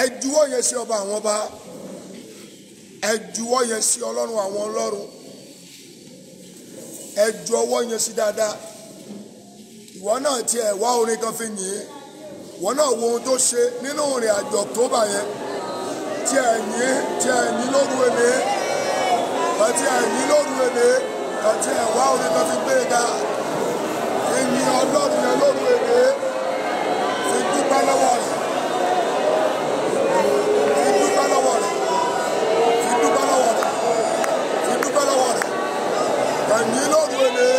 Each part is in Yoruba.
ẹ juwọ́ yẹn sí ọba àwọn ọba ẹ juwọ́ yẹn sí ọlọ́run àwọn ọlọ́run ẹ ju ọwọ́ yẹn sí dáadáa ìwọ náà tiẹ̀ wá orin kan fi yìn ín ìwọ náà wo ohun tó ṣe nínú ìrìn àjò October yẹn tiẹ̀ yìn tiẹ̀ yìn lóru èlé tiẹ̀ yìn lóru èlé tiẹ̀ wá orin kan fi gbé e ga ìyìn ọlọ́run yẹn lóru èlé fi dúpẹ́ lọ́wọ́ rẹ̀. ẹ̀mí lóru èlé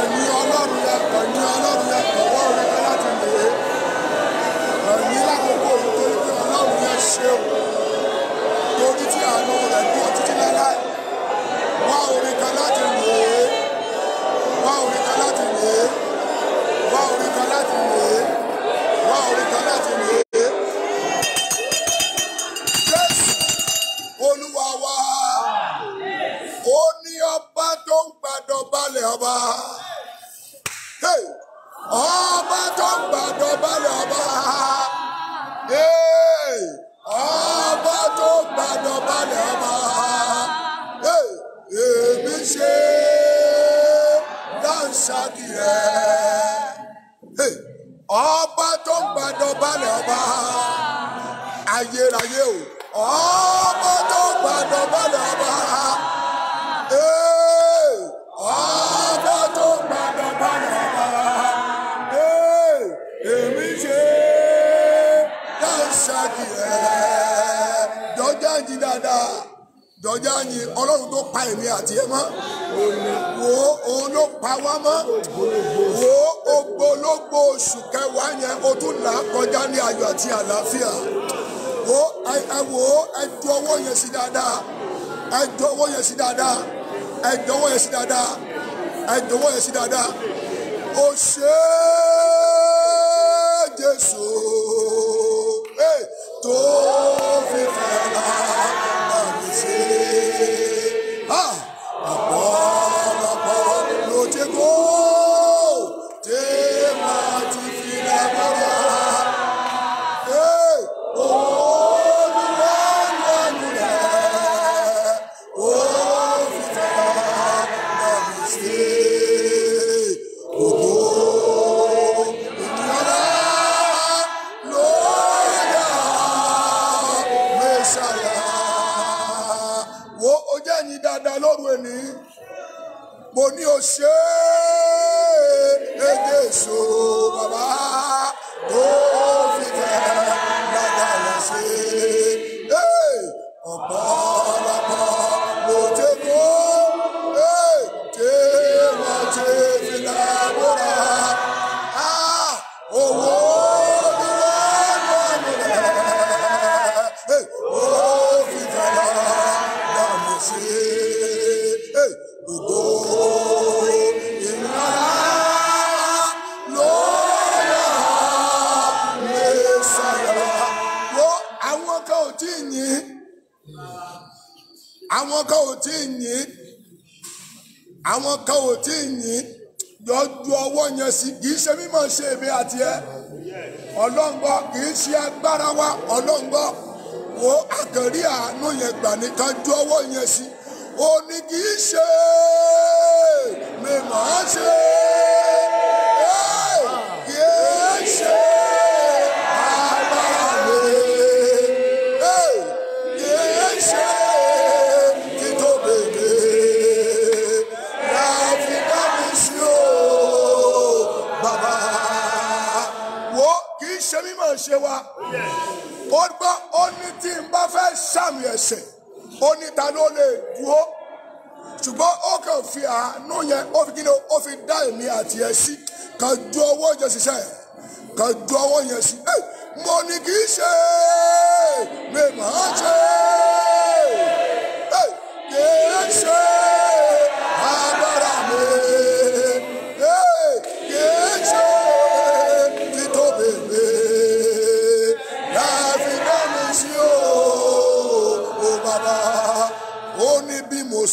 ẹ̀mí ọlọ́run yẹ ẹ̀mí ọlọ́run yẹ ọwọ́ rẹ fẹ́ láti lè é ẹ̀mí lákòókò nítorí pé ọlọ́run yẹ ṣe o torí tí àánú rẹ̀ bí ó títí láláì wá orin kan láti lè é wá orin kan láti lè é wá orin kan láti lè é wá orin kan láti lè é. ọba ọba tó ń gbàdọ̀bálẹ̀ ọba ọba tó ń gbàdọ̀bálẹ̀ ọba èmi ṣe ránṣáàkì rẹ ọba tó ń gbàdọ̀bálẹ̀ ọba ayérayé o ọba tó ń gbàdọ̀bálẹ̀ ọba. Oh! dọjá yin ọlọ́run tó pa èmi àti ẹ mọ́ wo òun ló pa wá mọ́ wo ògbólógbò oṣù kẹwàá yẹn o tún là á kọjá ní ayọ̀ àti àlàáfíà wo ẹ wo ẹ ju yẹn sí dáadáa ẹ ju yẹn sí dáadáa ẹ ju yẹn sí dáadáa ẹ ju yẹn sí dáadáa o ṣe Jésù eh, tó fi fẹ́ ọ̀pọ̀lọpọ̀ ló ti kó tí màá ti Deus. ì yìn àwọn kan ò tí ì yìn yọjú ọwọ́ yẹn sí kì í ṣe mímọ̀ ṣe èmi àti ẹ ọlọ́ngbọ́ kì í ṣe agbára wa ọlọ́ngbọ́ wo àkàrí àánú yẹn gbà nìkan ju ọwọ́ yẹn sí ó ní kì í ṣe mímọ̀ ṣe kì í ṣe. ṣe wa ó gbọ́ ó ní tí n bá fẹ́ ṣàmì ẹ̀ṣẹ̀ ó ní ta ló lè dúró ṣùgbọ́n ó kàn fi àánú yẹn ó fi kíni ó fi dá èmi àti ẹ sí kàn ju ọwọ́ yẹn ṣiṣẹ́ kàn ju ọwọ́ yẹn sí mo ní kì í ṣe mi máa ṣe kì í ṣe agbára mi. Oh,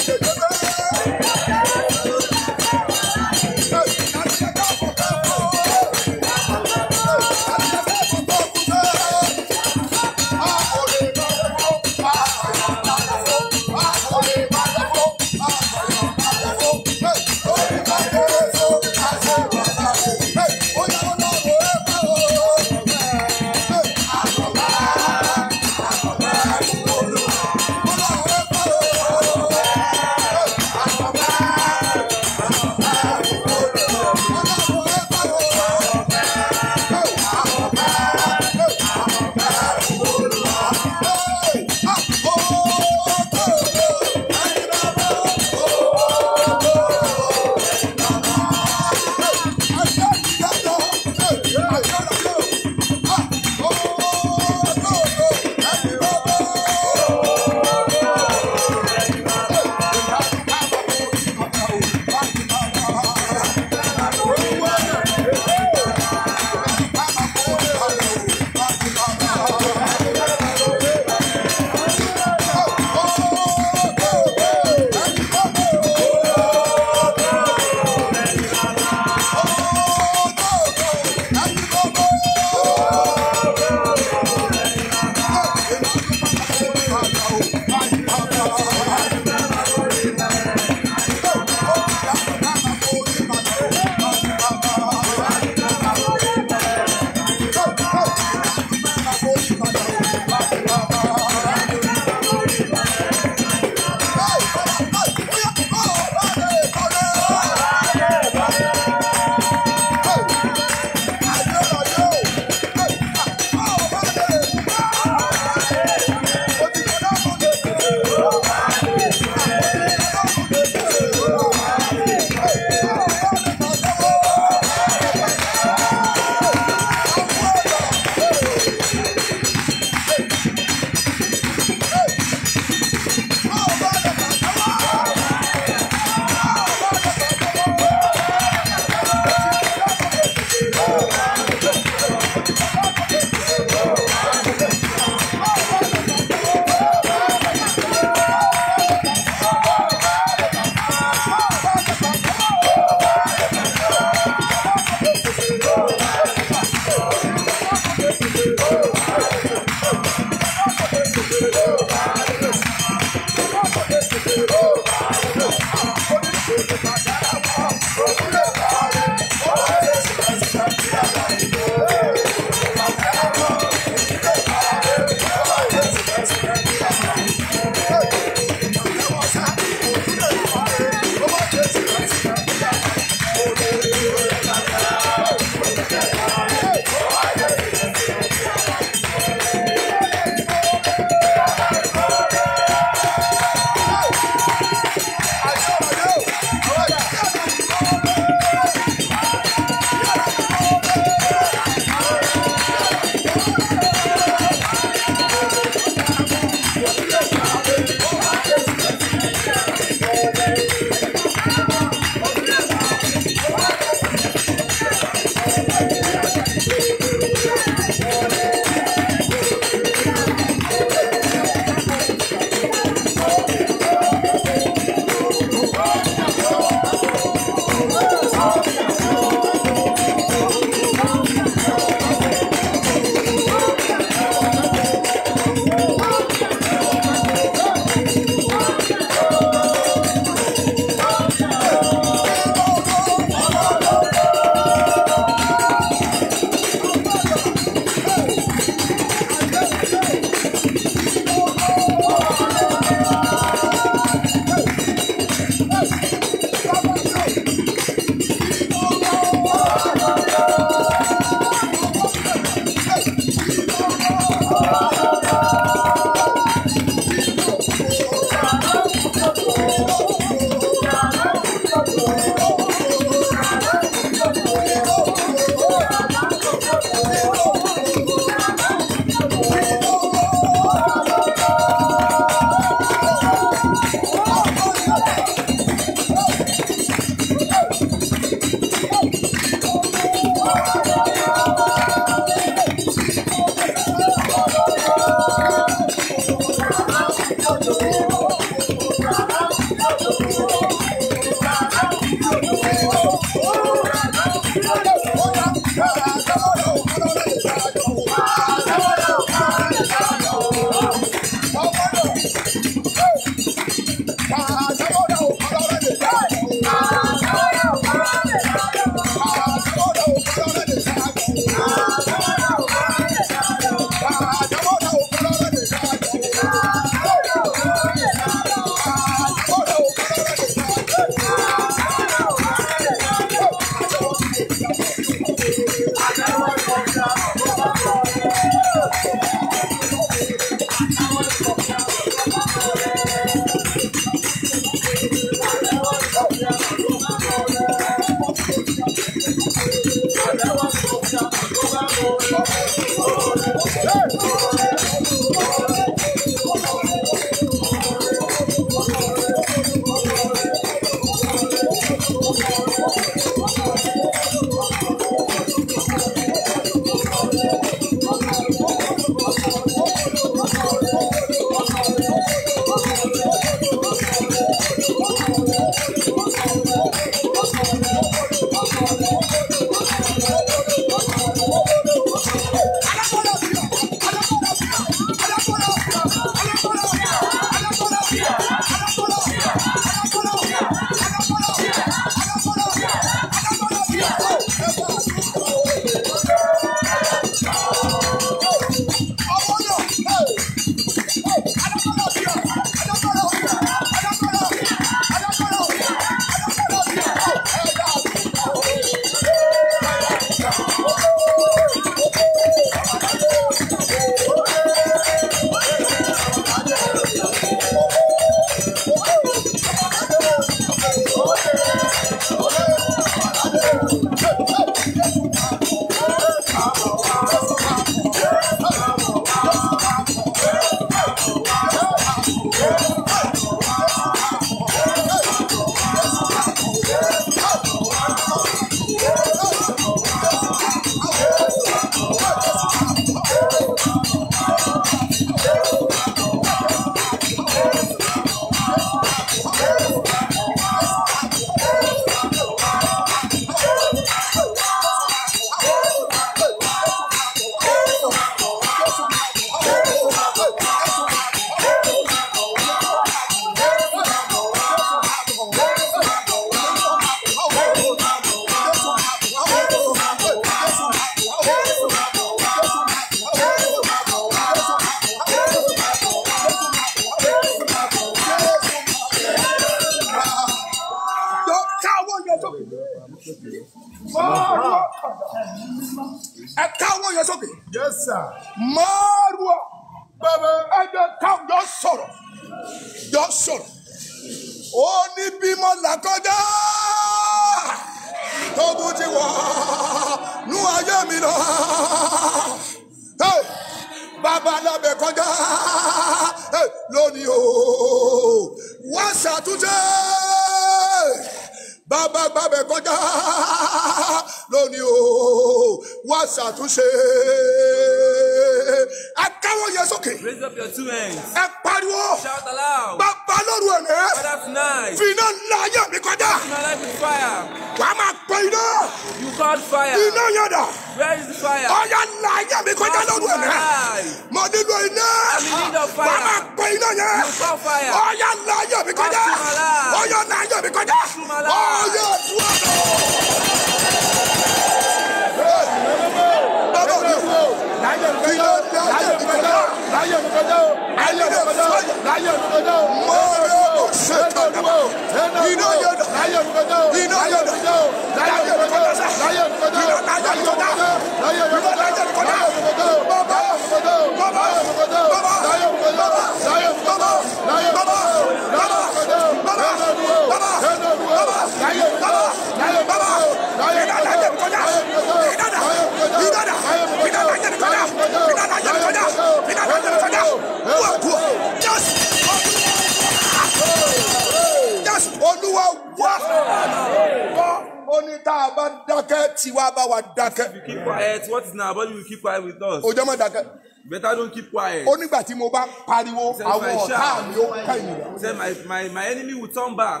don't keep quiet. ó nígbà tí mo bá pariwo àwọn ọ̀tá mi ó kẹ́yìn. he my my my enemy will turn back.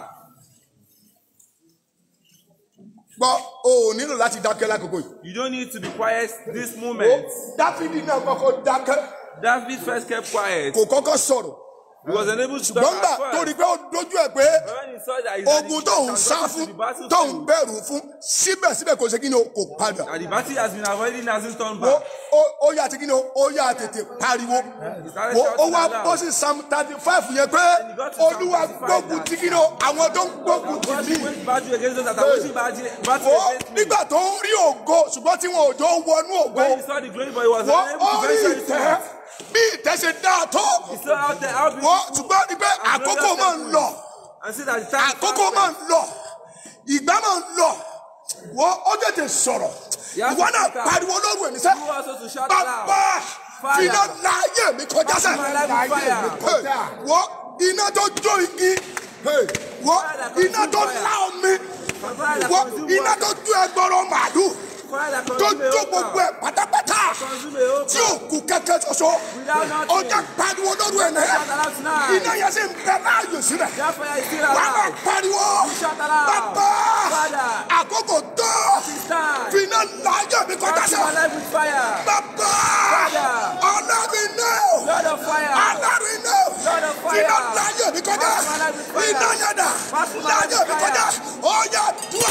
gbọ́ o ò nílò láti dákẹ́ lákòókò yìí. you don't need to be quiet this moment. dáfídì náà kọ́kọ́ dákẹ́. David first kept quiet. kò kọ́kọ́ sọ̀rọ̀. he was unable to talk at first. ṣùgbọ́n gbà pé ó dojú ẹ̀ pé ogun tó ń sá fún tó ń bẹ̀rù fún síbẹ̀síbẹ̀ kò ṣe kí ni o kò padà. the battle has been avoiding hasn't turned back. ó yà àti kí ni ó yà tètè pariwo ó wá bọ́ sí psalm thirty five yẹn pé olúwa gbógun ti kí ni àwọn tó ń gbógun ti mí. nígbà tó ń rí ògo ṣùgbọ́n tí wọn ò jọ wọnú ògo wọ́n ó rí ìtẹ́ bí ìtẹ́ ṣe dáa tó wọ́n ṣùgbọ́n ni pé àkókò máa ń lọ àkókò máa ń lọ ìgbà máa ń lọ wọ́n ó tètè sọ̀rọ̀ ìwọ náà pariwo lóru ẹ̀mí sẹ́ bàbá finá láàyè mi kọjá sẹ́ wọ́n iná tó jó igi wọ́n iná tó lá omi wọ́n iná tó jó ẹgbọrọ màálù tó jó gbogbo ẹ̀ pátápátá tí ò kú kẹ́kẹ́ ṣoṣo ọjà pariwo lóru ẹ̀ náà iná yẹn sì ń bẹ láàyò sílẹ̀ wàá máa pariwo bàbá àkókò tó finá láàyò mi kọjá sẹ́ bàbá ọlọ́run náà ọlọ́run náà finá láàyò mi kọjá iná yẹn dà láàyò mi kọjá ó yà dúró.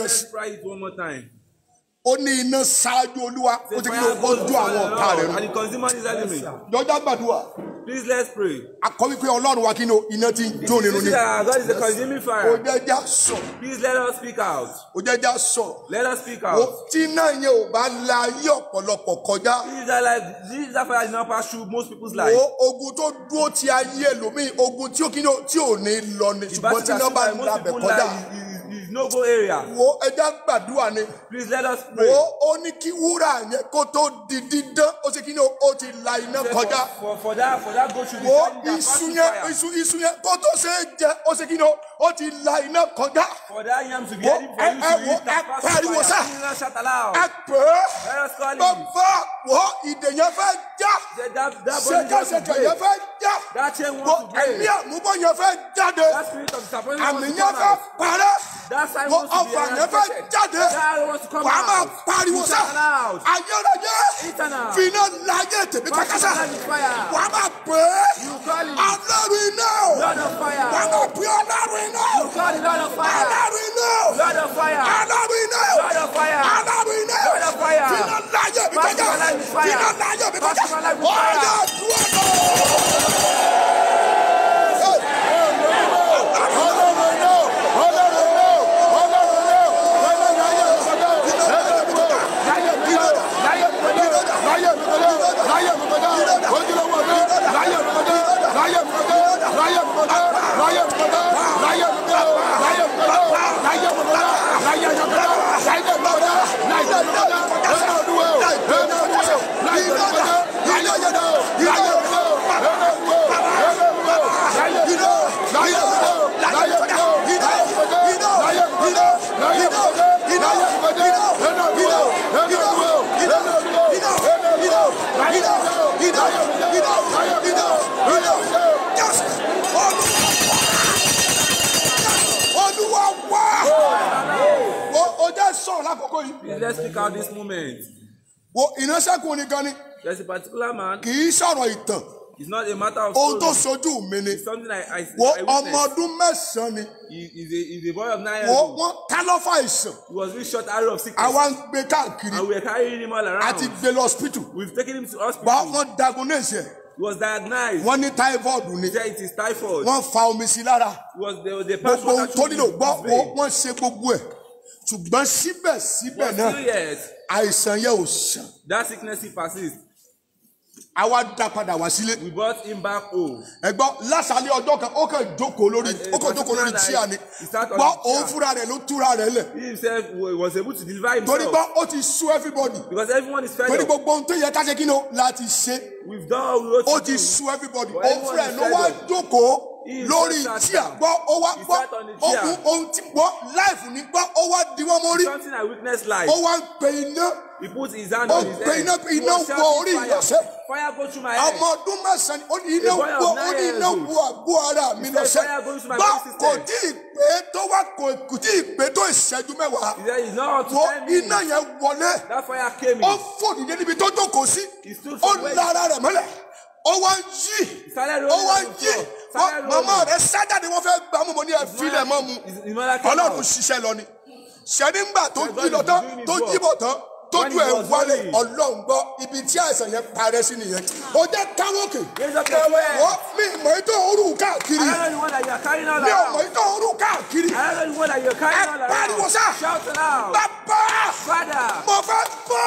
Let's try it one more time. ó ní iná ṣáájú olúwa ó ti kí ó dún àwọn ọ̀tá rẹ̀ rú. and the consumer is enemy. jọjá gbàdúrà. please let's pray. àkọ́bí pé ọlọ́run wa kí ni iná ti ń jó nínú ni. God is the consuming fire. ó jẹ́ já sọ̀rọ̀. please let us speak out. ó jẹ́ já sọ̀rọ̀. let us speak out. o tí náà yẹn ò bá la ayé ọ̀pọ̀lọpọ̀ kọjá. this is like this is that fire is not pass through most people's life. o ogun tó dúró ti ayé ẹlòmíì ogun tí ó kí ni tí ò ní lọ ni ṣùgbọ́n tí náà bá ń labẹ̀ kọjá no area. Wo ẹja gbàdúrà ni. Please let us pray. Wo ó ní kí wúrà yẹn kó tó di dídán ó ṣe kí ni ó ti la iná kọjá. For for that for that go to the fire. Wo iṣu yẹn iṣu iṣu yẹn kó tó ṣe jẹ ó ṣe kí ni ó ti la iná kọjá. For that yam to be ready for you to eat na pass fire. Wo ẹ wo ẹ pariwo sá. Ẹ pè é. Let us call him. Bàbá wo ìdè fẹ́ já. Ṣé ká ṣe kàn yẹn fẹ́ já. That chain wants to break. Ẹ̀mí àmúbọ̀ yẹn fẹ́ jáde. That spirit of disappointment wants come out. Àmì yẹn fẹ́ parẹ́ mo ọfà yẹn fẹ́ jáde wà á máa pariwo sá ayérayé fina láyé tèmi kakasa wà á máa pè é ọlọ́run iná o wà á máa pè ọlọ́run iná o ọlọ́run iná o ọlọ́run iná o ọlọ́run iná o fina láyé mi kọjá fina láyé mi kọjá ọ̀yà dúró lọ. Olúwa Let's speak out this moment. Wo ìránṣẹ́kùnrin gan ni. There is a particular man. sọ̀rọ̀ ìtàn it's not a matter of. ohun tó sojú mi ni. it's something I I wo ọmọ ọdún mẹ́sàn-án ni. he is a he is a boy of nine years old. wo wọ́n ká lọ́fà he was really short arrow of sickness. àwa ń gbé káàkiri. and we are carrying him all around. a ti gbé lọ hospital. We've taken him to hospital. bá wọn diagnose yẹn. He was diagnosed. Wọ́n ní typhoid ni. He said it is typhoid. Wọ́n fa omi sí lára. He was the the person that took him to his vein. Gbogbo ohun tó nílò gbọ́ wọ́n ṣe gbogbo ẹ̀. Ṣùgbọ́n síbẹ̀síbẹ̀ náà àìsàn yẹn ò sàn. That sickness he persists a wá dá padà wá sílé. we brought him back home. ẹ̀gbọ́n lásàlẹ̀ ọjọ́ kan ó kàn jókòó lórí ó kàn jókòó lórí tíà ni gbọ́ òun fúnra rẹ̀ ló túra rẹ̀ lẹ̀. he himself was able to deliver himself. torí gbọ́ ó ti sú everybody. because everyone is fed up. torí gbogbo ohun tó yẹ ká ṣe kí ni o láti ṣe. we've done all we want to do. ó ti sú everybody. òun fúnra rẹ̀ ló wá jókòó lórí tí a gbọ́ ó wá gbọ́ ohun ohun tí gbọ́ láìfù ní gbọ́ ó wá di wọ́n mórí ó wá ń pe iná ó pe iná iná wọ orí ìyàsẹ́ ọmọ ọdún mẹ́sàn-án ó ní iná wọ ó ní iná wọ àgbo ara mi lọ́sẹ̀ bá kò tí ì pé tó wá kò tí ì pé tó ìṣẹ́jú mẹ́wàá wọ iná yẹn wọlé ó fò nílé níbi tó jókòó sí ó lára rẹ̀ mọ́lẹ̀ ó wá ń ó wá ń màmá rẹ sájà ni wọ́n fẹ́ gbà mú mo ní ẹ filẹ̀ mọ́ mu ọlọ́run ṣiṣẹ́ lọ ni ṣẹ́ni ńgbà tó jí lọ tán tó jí bọ̀ tán tójú ẹ̀ wálé ọlọ́run gbọ́ ibi tí àìsàn yẹn parẹ́ sí nìyẹn ó jẹ́ káwọ́kì wọ́n mi mọ̀ ètò òru káàkiri mi ò mọ̀ ètò òru káàkiri ẹ pariwo sá bàbá mo fẹ́ bọ́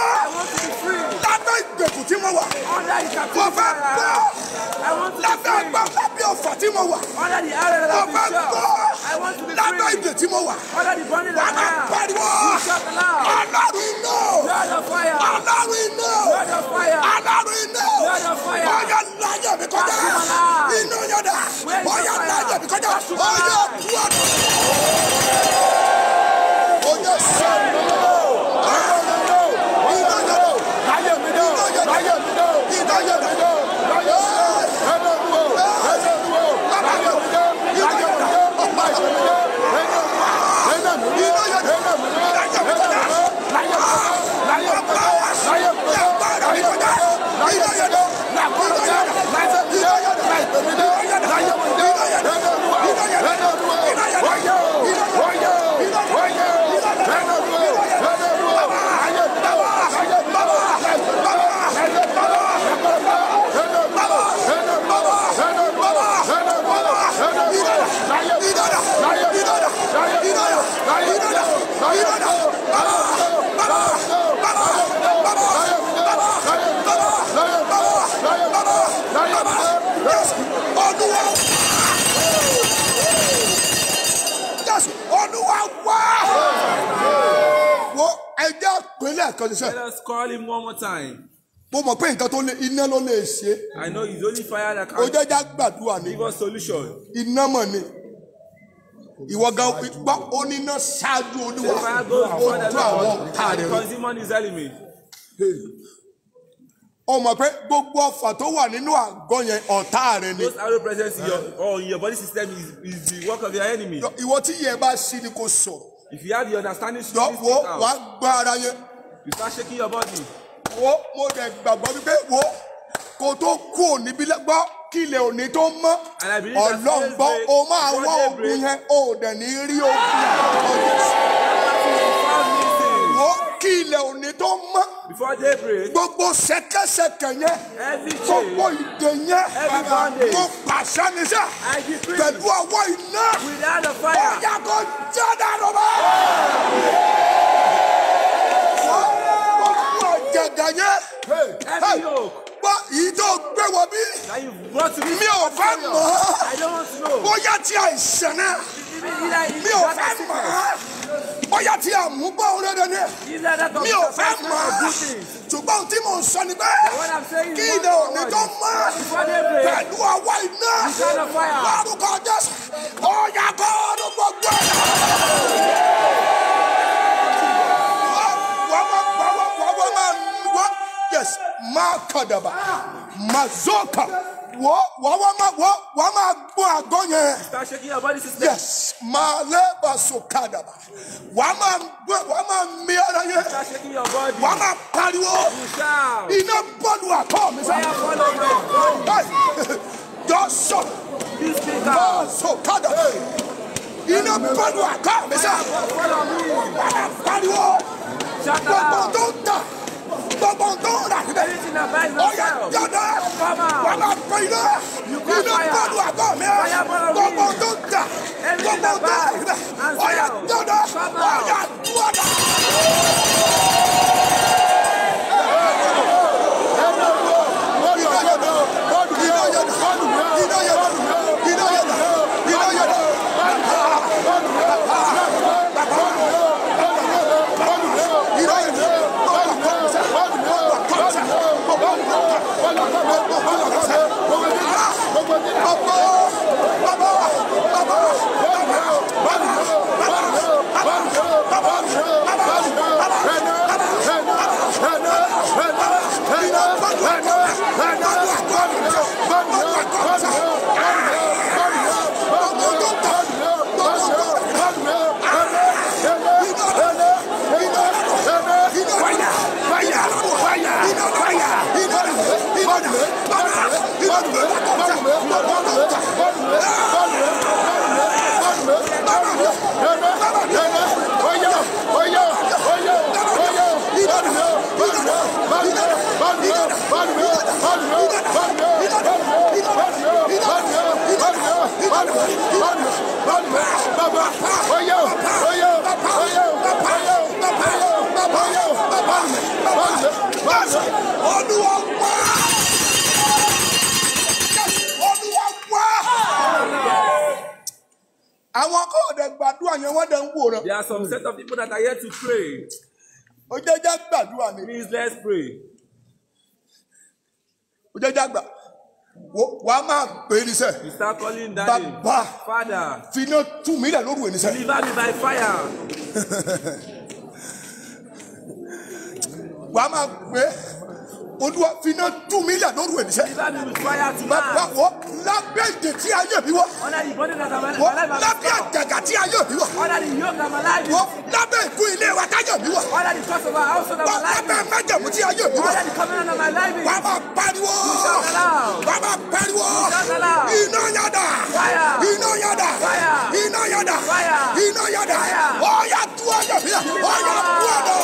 lábẹ́ ìgbèkùn tí mo wà mo fẹ́ bọ́ lábẹ́ ẹgbẹ́ lábẹ́ ọ̀fà tí mo wà mo fẹ́ bọ́ lábẹ́ ìgbè tí mo wà wàá pariwo ọlọ́run náà. Where the the the fire? fire? fire? And And now now we we know. know. know Oh oh because I Ọlọ́run iná. Ọlọ́run iná. Ọyọ láyé mi I Inú yọ̀dà. Ọyọ láyé mi kọjá. Ọyọ know. I Oyè sọ̀rọ̀. Ayé mi know, I mi dé. Ayé mi know. lẹ́ẹ̀kan ṣiṣẹ́. let us call him one more time. mo mọ̀ pé nǹkan tó lé iná ló lè ṣe. I know he's only fire that can. ó jẹ́ já gbàdúrà ni. give us solution. iná mọ̀ ni ìwọ gan gbọ́ oníná ṣáájú olúwa ojú àwọn ọ̀tá rẹ̀ o mọ̀ pé gbogbo ọfà tó wà nínú àgọ́ yẹn ọ̀tá rẹ̀ ni. those arrow presence in your or oh, in your body system is is the work of your enemy. ìwọ tí yẹn bá ṣí ni kò sọ. if you have the understanding to use it out. yọ ara yẹn. You start shaking your body. Wo mo dẹ̀ gbàgbọ́ wípé wo kò tó kú níbí lẹ́gbọ́ kí ilẹ̀ òní tó mọ́. Ọlọ́run o máa wá ogun yẹn o dẹ̀ ní rí ogun ọ̀dọ̀. Wo kí ilẹ̀ òní tó mọ́. Before day break. Gbogbo ṣẹ̀kẹ̀ṣẹ̀kẹ̀ yẹn. Gbogbo ìdè yẹn. Every bondage. Mo sẹ́. Pẹ̀lú ọwọ́ iná. Without a fire. Ó yà ọ̀gẹ̀dẹ̀ yẹn. Hey, gbọ́ tó gbé wọ bí. Mi ò fẹ́ mọ̀ ọ́. Bóyá tí àìsàn náà. Mi ò fẹ́ mọ̀ ọ́. Bóyá tí àmúgbọ́ òun rẹ̀ ni. Mi ò fẹ́ mọ̀ ọ́. Ṣùgbọ́n tí mò ń sọ ni bẹ́ẹ̀. Kí ilẹ̀ òní tó mọ́. Pẹ̀lú ọwọ́ iná. Lórúkọ Jésù. Ó yà kọ́ ọdún gbogbo ẹ̀. Makadaba, mazoka wọ́ wọ́n máa wọ́ wọ́n máa gbọ́ àgọ́ yẹn yes máa lẹ́bà sọ̀kadàbà wọ́n máa gbọ́ wọ́n máa mi ara yẹn wọ́n máa pariwo iná bọ́ọ̀lù àtọ́ mi sá dọ́sọ̀ iná bọ́ọ̀lù àtọ́ mi sá wọ́n pariwo gbogbo tó ń tà. gbogbo nǹkan rà síbẹ̀. ọyà jọ̀dọ̀ wọn máa pè oh yeah, bọ́ọ̀lù àgọ́ mi gbogbo tó ń tà gbogbo tó ń tà síbẹ̀ ọyà jọ̀dọ̀ ọyà dúọ̀dà. Let Olúwa wá. Àwọn kò dẹ̀ gbàdúrà yẹn wọ́n dẹ̀ ń wòran. There are some set of people that are here to pray. Ó jẹ́ jẹ́ gbàdúrà mi. Please let's pray. Ó jẹ́ jẹ́ gbàdúrà wàá máa pè ní sẹ. you start calling daddy. baba father. finá tú mi lẹ lóru ẹni deliver me by fire. wàá máa pè olúwa finá tú mi là lóru ẹ̀ níṣẹ́. bàbá wọ lábẹ́ ìdè tí a yẹ̀ bí wọ. wọ lábẹ́ àjàgà tí a yẹ̀ bí wọ. wọ lábẹ́ ìkú ilé wa tá yẹ̀ bí wọ. wọ lábẹ́ májàmú tí a yẹ̀ bí wọ. wà á máa pariwo. wà á máa pariwo. iná yàda. iná yàda. iná yàda. iná yàda. ọ̀ya tú ọ̀yẹ̀ bí wọ. ọ̀ya tú ọ̀dọ̀.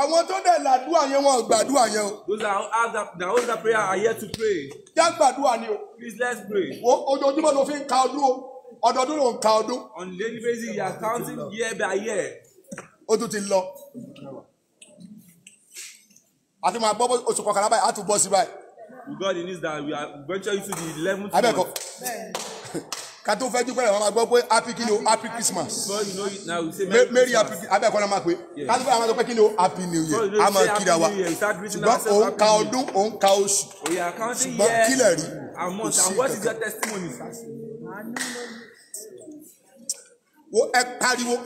àwọn tó dẹ̀ làdúrà yẹn wọn gbàdúrà yẹn o. those are have that that hold that prayer are here to pray. já gbàdúrà ni o. please let's pray. wo ojoojúmọ́ ló fi ń ka ọdún o ọdọọdún ló ń ka ọdún. on daily basis you are counting year by year. ó tún ti lọ. àti máa gbọ́ oṣù kọkànlá báyìí á sí báyìí. we got the news that we are venturing to the eleventh month. abẹ́ẹ̀kọ́ ká tó fẹ́ dúpẹ́ rẹ̀ wọ́n máa gbọ́ pé happy kí ni o happy christmas merry happy abẹ́ ẹ̀kọ́ máa pé ká tó fẹ́ àwọn àtọ́pẹ́ kí ni o happy new year a máa kíra wa ṣùgbọ́n òun ka ọdún òun ka oṣù oh, ṣùgbọ́n kílẹ̀ rí kò sí kankan wo ẹ pariwo.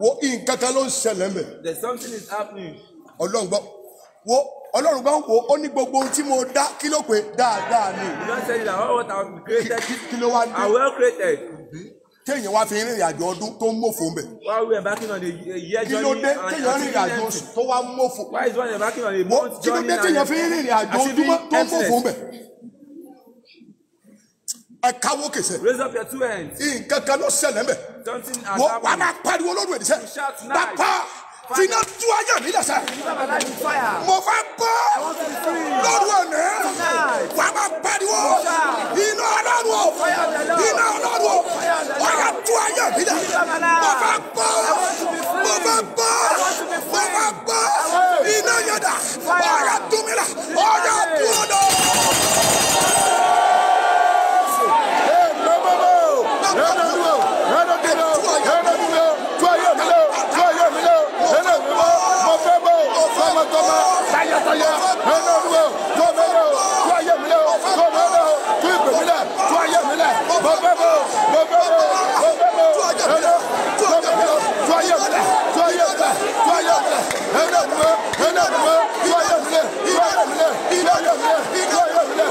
wo nǹkan ló ń ṣẹlẹ̀ mẹ́. ọlọ́ngbọ́n wo ọlọ́run bá ń wò ó ní gbogbo ohun tí mo dá kí ló pé dáadáa ni. you don say that all oh, what i been created kí ló wá dé i well created. téèyàn wá fi ń rìnrìn àjò ọdún tó ń mòfò ń bẹ̀. why we embarking on a year journey. kí ló dé téèyàn rìnrìn àjò oṣù tó wá mòfò. why is one embarking on a month journey. kí ló dé téèyàn fi ń rìnrìn àjò ojúmọ́ tó ń mòfò ń bẹ̀. ẹ káwó kèsè. raise up your two hands. nǹkan kan ló ṣẹlẹ̀ ń bẹ̀. something has happened. wọ́n wá máa pariwo lórí ẹ̀dísẹ́. you shout now tiná tú ayé mi lẹ́sẹ̀. mo fẹ́ bọ́ lóru ẹ̀mí wà á máa pariwo iná ọlọ́run o iná ọlọ́run o ọ̀yà tú ayé mi lẹ̀. mo fẹ́ bọ́ mo fẹ́ bọ́ mo fẹ́ bọ́ iná yẹn dà ọ̀yà tú mi lẹ̀ ọ̀yà tú ọ̀dọ̀. tọmọtọmọ tayẹtayẹ ẹnu olúwo tó mẹlẹ o tó ayé mi lẹ o tó mẹlẹ o tó ìpè mi lẹ tó ayé mi lẹ mo fẹ́ mo mo fẹ́ mo mo fẹ́ mo ẹnu tó mẹlẹ o tó ayé mi lẹ tó ayé mi lẹ tó ayé mi lẹ ẹnu olúwo ẹnu olúwo tó ayé mi lẹ tó ayé mi lẹ tó ayé mi lẹ.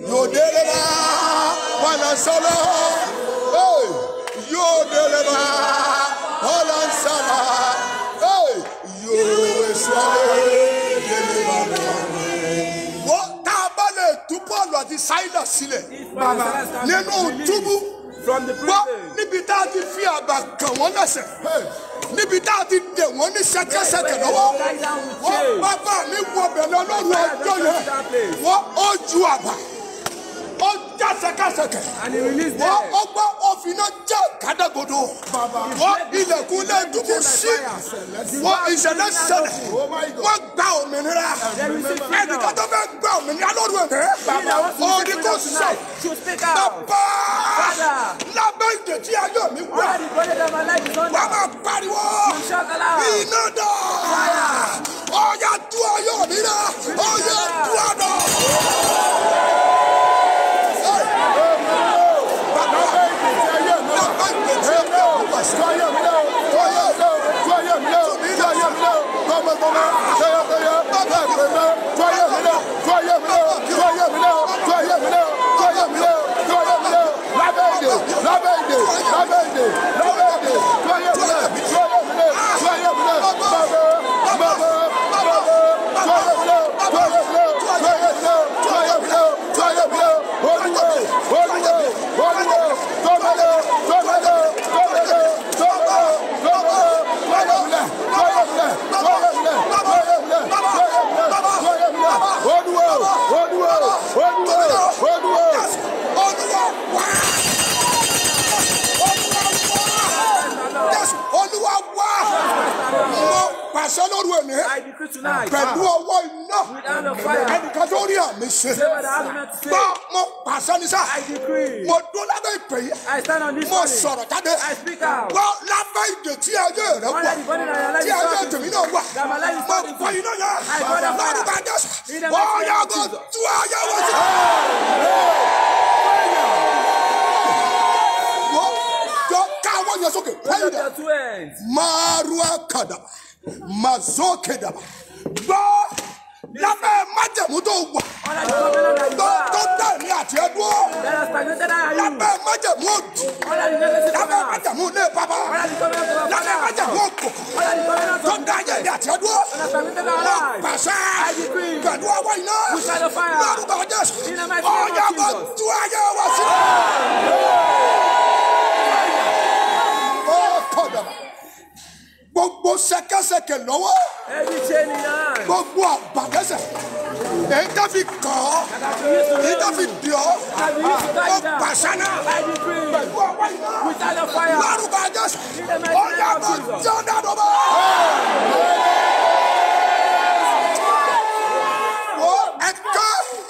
You deliver one and solo. Hey, you deliver all and solo. Hey, you deliver. Wọ́n tá a bá lè tú Pọ́ọ̀lù àti Sáídà sílẹ̀. Bàbá nínú túbú. Wọ́n níbi tá a ti fi àbà kàn wọ́n lẹ́sẹ̀ níbi tá a ti dè wọ́n ní sẹ́kẹ́sẹ́kẹ́ lọ́wọ́ wọ́n bàbá mi wọ̀bẹ̀ lọ́lọ́run ọjọ́ yẹn wọ́n ó ju àbá ó já sẹ́kẹ́sẹ́kẹ́ wọ́n ọgbọ́ òfinà já kádàgodo wọ́n ilẹ̀kùn lẹ́ẹ̀dùnkù sí wọ́n ìṣẹ̀lẹ̀ ṣẹlẹ̀ wọ́n gba òmìnira ẹnìkan tó fẹ́ gba òmìnira lórí ẹ̀mí òní kò sọ bàbá lábẹ́ ìdèjì ayọ̀ mi wá wọ́n máa pariwo iná dà ọ̀yà tú ayọ̀ mi rà ọ̀yà tú àná. kọ́mọ́kọ́mọ́ tẹ́yẹ́tẹ́yẹ́ bàbá ìpèmẹ́ tó ayé mi lẹ́ tó ayé mi lẹ́ tó ayé mi lẹ́ tó ayé mi lẹ́ tó ayé mi lẹ́ tó ayé mi lẹ́ lábẹ́ ìdè lábẹ́ ìdè lábẹ́ ìdè lábẹ́ ìdè tó ayé mi lẹ́ tó ayé mi lẹ́ tó ayé mi lẹ́ bàbá bàbá bàbá tó ayé mi lẹ́ tó ayé mi lẹ́ tó ayé mi lẹ́ tó ayé mi lẹ́ tó ayé mi lẹ́ olúwe olúwe olúwe tọ́mọdé tọ́mọdé tọ́mọdé tọ́mọdé tọ́mọdé tọ́mọdé. Ô, Duel! Ô, Duel! Ô, Duel! àṣẹ lóru ẹ̀mí pẹ̀lú ah. ọwọ́ iná ẹnìkan tó rí àmì ṣe gbọ́ mo pàṣẹ ní sá mo dún lábẹ́ ìpè yìí mo sọ̀rọ̀ jáde gbọ́ lábẹ́ ìdè tí ayé rẹ wà tí ayé tèmi náà wà mo kọ́ iná yẹn lórí bá wọ́n yà tú ayé wọ́n sọ. Jọ káwọn yẹn sókè. Wọ́n yóò mazokedaba gbọ́ lábẹ́ májẹ̀mú tó wà tó tẹ̀ mí àti ẹ dúró lábẹ́ májẹ̀mú òdì lábẹ́ májẹ̀mú ilé bàbá. gòkè lọ́wọ́. ẹni ṣe ni náà. gbogbo àbàdẹ́sẹ̀ èyí tó fi kàn ọ́ èyí tó fi dì ọ́ ó pàṣẹ náà pẹ̀lú ọwọ́ iná lárúkọ ajẹ́sẹ̀ ó yà kó jẹ́ ọ̀dà tó bá.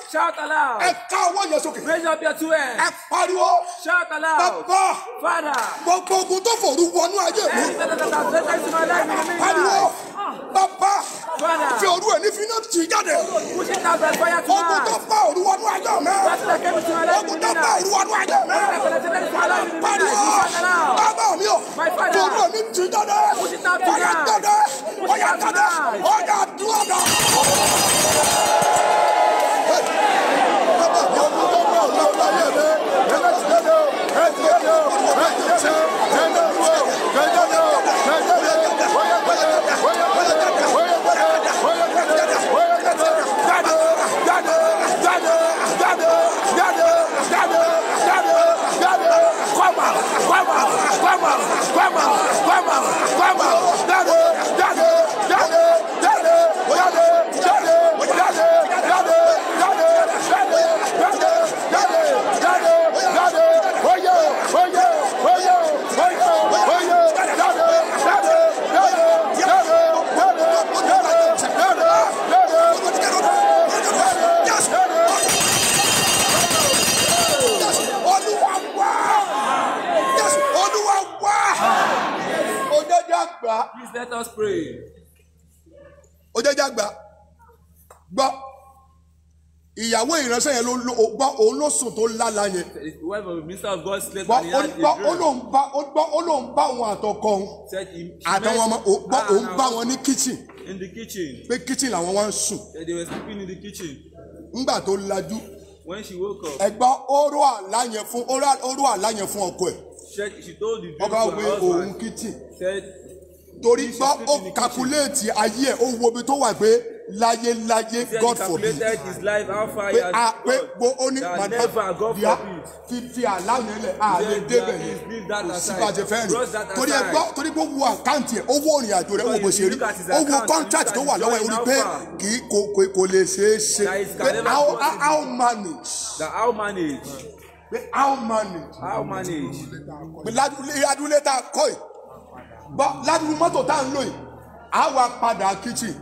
Shout aloud. Ẹ ká ọwọ́ yẹn sókè. Raise up your two hands. Ẹ pariwo. Shout aloud. Bàbá. Father. Gbogbo ogun tó fòru wọnú ayé mi. Ẹni tẹ́tẹ́ tẹ́tẹ́ tẹ́tẹ́ tẹ́tẹ́ tẹ́tẹ́ tẹ́tẹ́ tẹ́tẹ́ pariwo. Bàbá. Father. Fi òru ẹni fi náà tì jáde. Push it out by fire tonight. Ogun tó fà òru wọnú ayé mi. Ogun tó fà òru wọnú ayé mi. Pariwo. Bàbá mi o. Fi òru ẹni tì jáde. Ọ̀yà jáde. Ọ̀yà jáde. Ọ̀yà dúró náà. Vamos, vamos, vamos, vamos, vamos, dale, dale. gbàdúrà. Please let us pray. Ó jẹ́ jágbá. Gbọ́. Ìyàwó ìránṣẹ́ yẹn ló gbọ́ òun ló sùn tó lála yẹn. The wife of the minister of God slept and he had a dream. Gbọ́ ó lóun bá ó gbọ́ ó lóun bá òun àtọkọ òun. Àtàwọn ọmọ gbọ́ òun bá wọn ní kitchen. In the kitchen. Pé kitchen làwọn wá ń sùn. They were sleeping in the kitchen. Ngbà tó lajú. When she woke up. Ẹ̀gbọ́n oró àlá yẹn fún oró àlá yẹn fún ọkọ ẹ̀. She told the dream to òun kitchen torí gbọ́ ó kakuléètì ayé ẹ̀ ó wo ibi tó wà pé láyé láyé God forbid pé a pé gbó ó ní màdàbíà fífi àlàyé lẹ̀ àlè débẹ̀ yẹn kò sí bàjẹ́ fẹ́ rìn torí ẹ gbọ́ torí gbó wo àkáǹtì ẹ̀ ó wo òrìn àjò rẹ̀ wò bó ṣe rí ó wo contract tó wà lọ́wọ́ ẹ̀ ó rí pé kì í kò lè ṣeé ṣe pé how manage. how manage. pé how manage. how manage. pé adúlé ta kọ́ ẹ̀ gbọ́ ládùúgbò mọ́tò tá à ń lò yìí á wá padà kitchen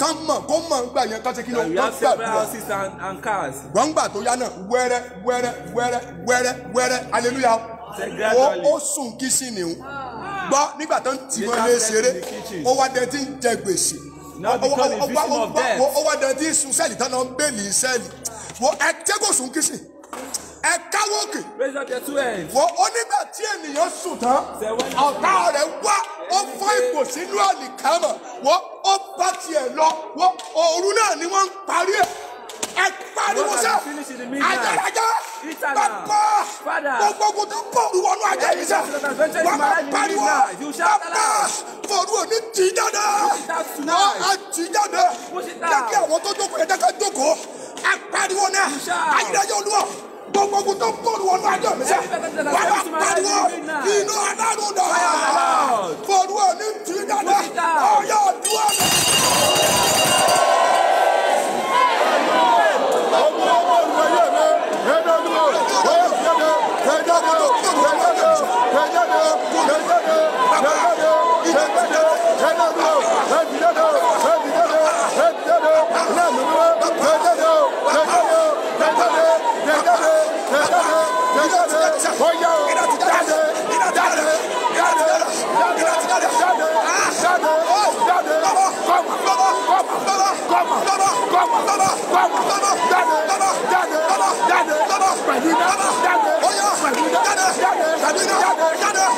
kán mọ̀ kó mọ̀ ń gbà yẹn kán ṣe kí ló ń gbà dúró gbọ̀ngbà tó yá náà wẹ́rẹ́ wẹ́rẹ́ wẹ́rẹ́ wẹ́rẹ́ wẹ́rẹ́ hallelujah ó ó sùn kíṣì nìhun gbọ́ nígbà tó ń tì mọ́ ilé ṣeré ó wá dé tí ń jẹ gbèsè ó wá dé tí ń sun sẹ́ẹ̀lì tán náà ń bẹ́ẹ̀lì sẹ́ẹ̀lì ẹ jẹ́ kó sùn kíṣì ẹ káwọ́ òkè. raise up your two hands. wo onígbà tí ènìyàn sùn tán ọ̀tá rẹ̀ wá ó fọ́ ipò sínú àlìkámà wo ó bá tiẹ̀ lọ wo òru náà ni wọ́n ń parí ẹ̀ ẹ pariwo sọ àjàràjà bàbá gbogbo ogun tó pọ̀ ìwọ̀nù àjẹ́ yìí sọ wọ́n máa pariwo bàbá fòru òní tì í jáde wọ́n á tì í jáde jẹ́kẹ́ àwọn tó jókòó yẹn jẹ́kẹ́ jókòó ẹ pariwo náà àjàràjà olúwa gbogbo ogun tó pọ̀ ìwọ̀nù àjẹ́ yìí sọ wọ́n máa pariwo inú adágún náà fòru òní tì í jáde ọ̀yọ́ àdúrà náà. Oya o, jáde, jáde. kọ́mọ̀ kọ́mọ̀ kọ́mọ̀ jáde jáde jáde pẹ̀lú iná jáde pẹ̀lú iná jáde pẹ̀lú iná jáde jáde jáde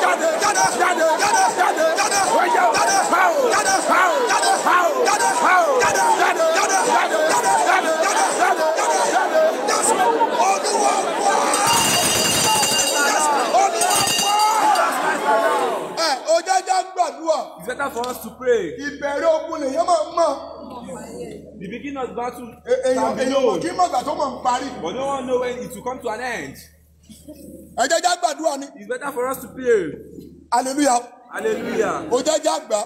jáde jáde jáde jáde wáyà o pàwọ̀ pàwọ̀ pàwọ̀ pàwọ̀ jáde jáde jáde jáde jáde jáde. ó jẹ́ já gbàdúrà. it's better for us to pray. ìbẹ̀rẹ̀ ogun lèyàn máa ń the beginning of battle. èèyàn e-, e-, e-, èèyàn kì í mọ̀ ìgbà tó mọ̀ ń parí. but no one know when it will come to an end. ẹ jẹ́ gbàdúrà ni. it's better for us to pray. hallelujah. hallelujah. ó jẹ́ já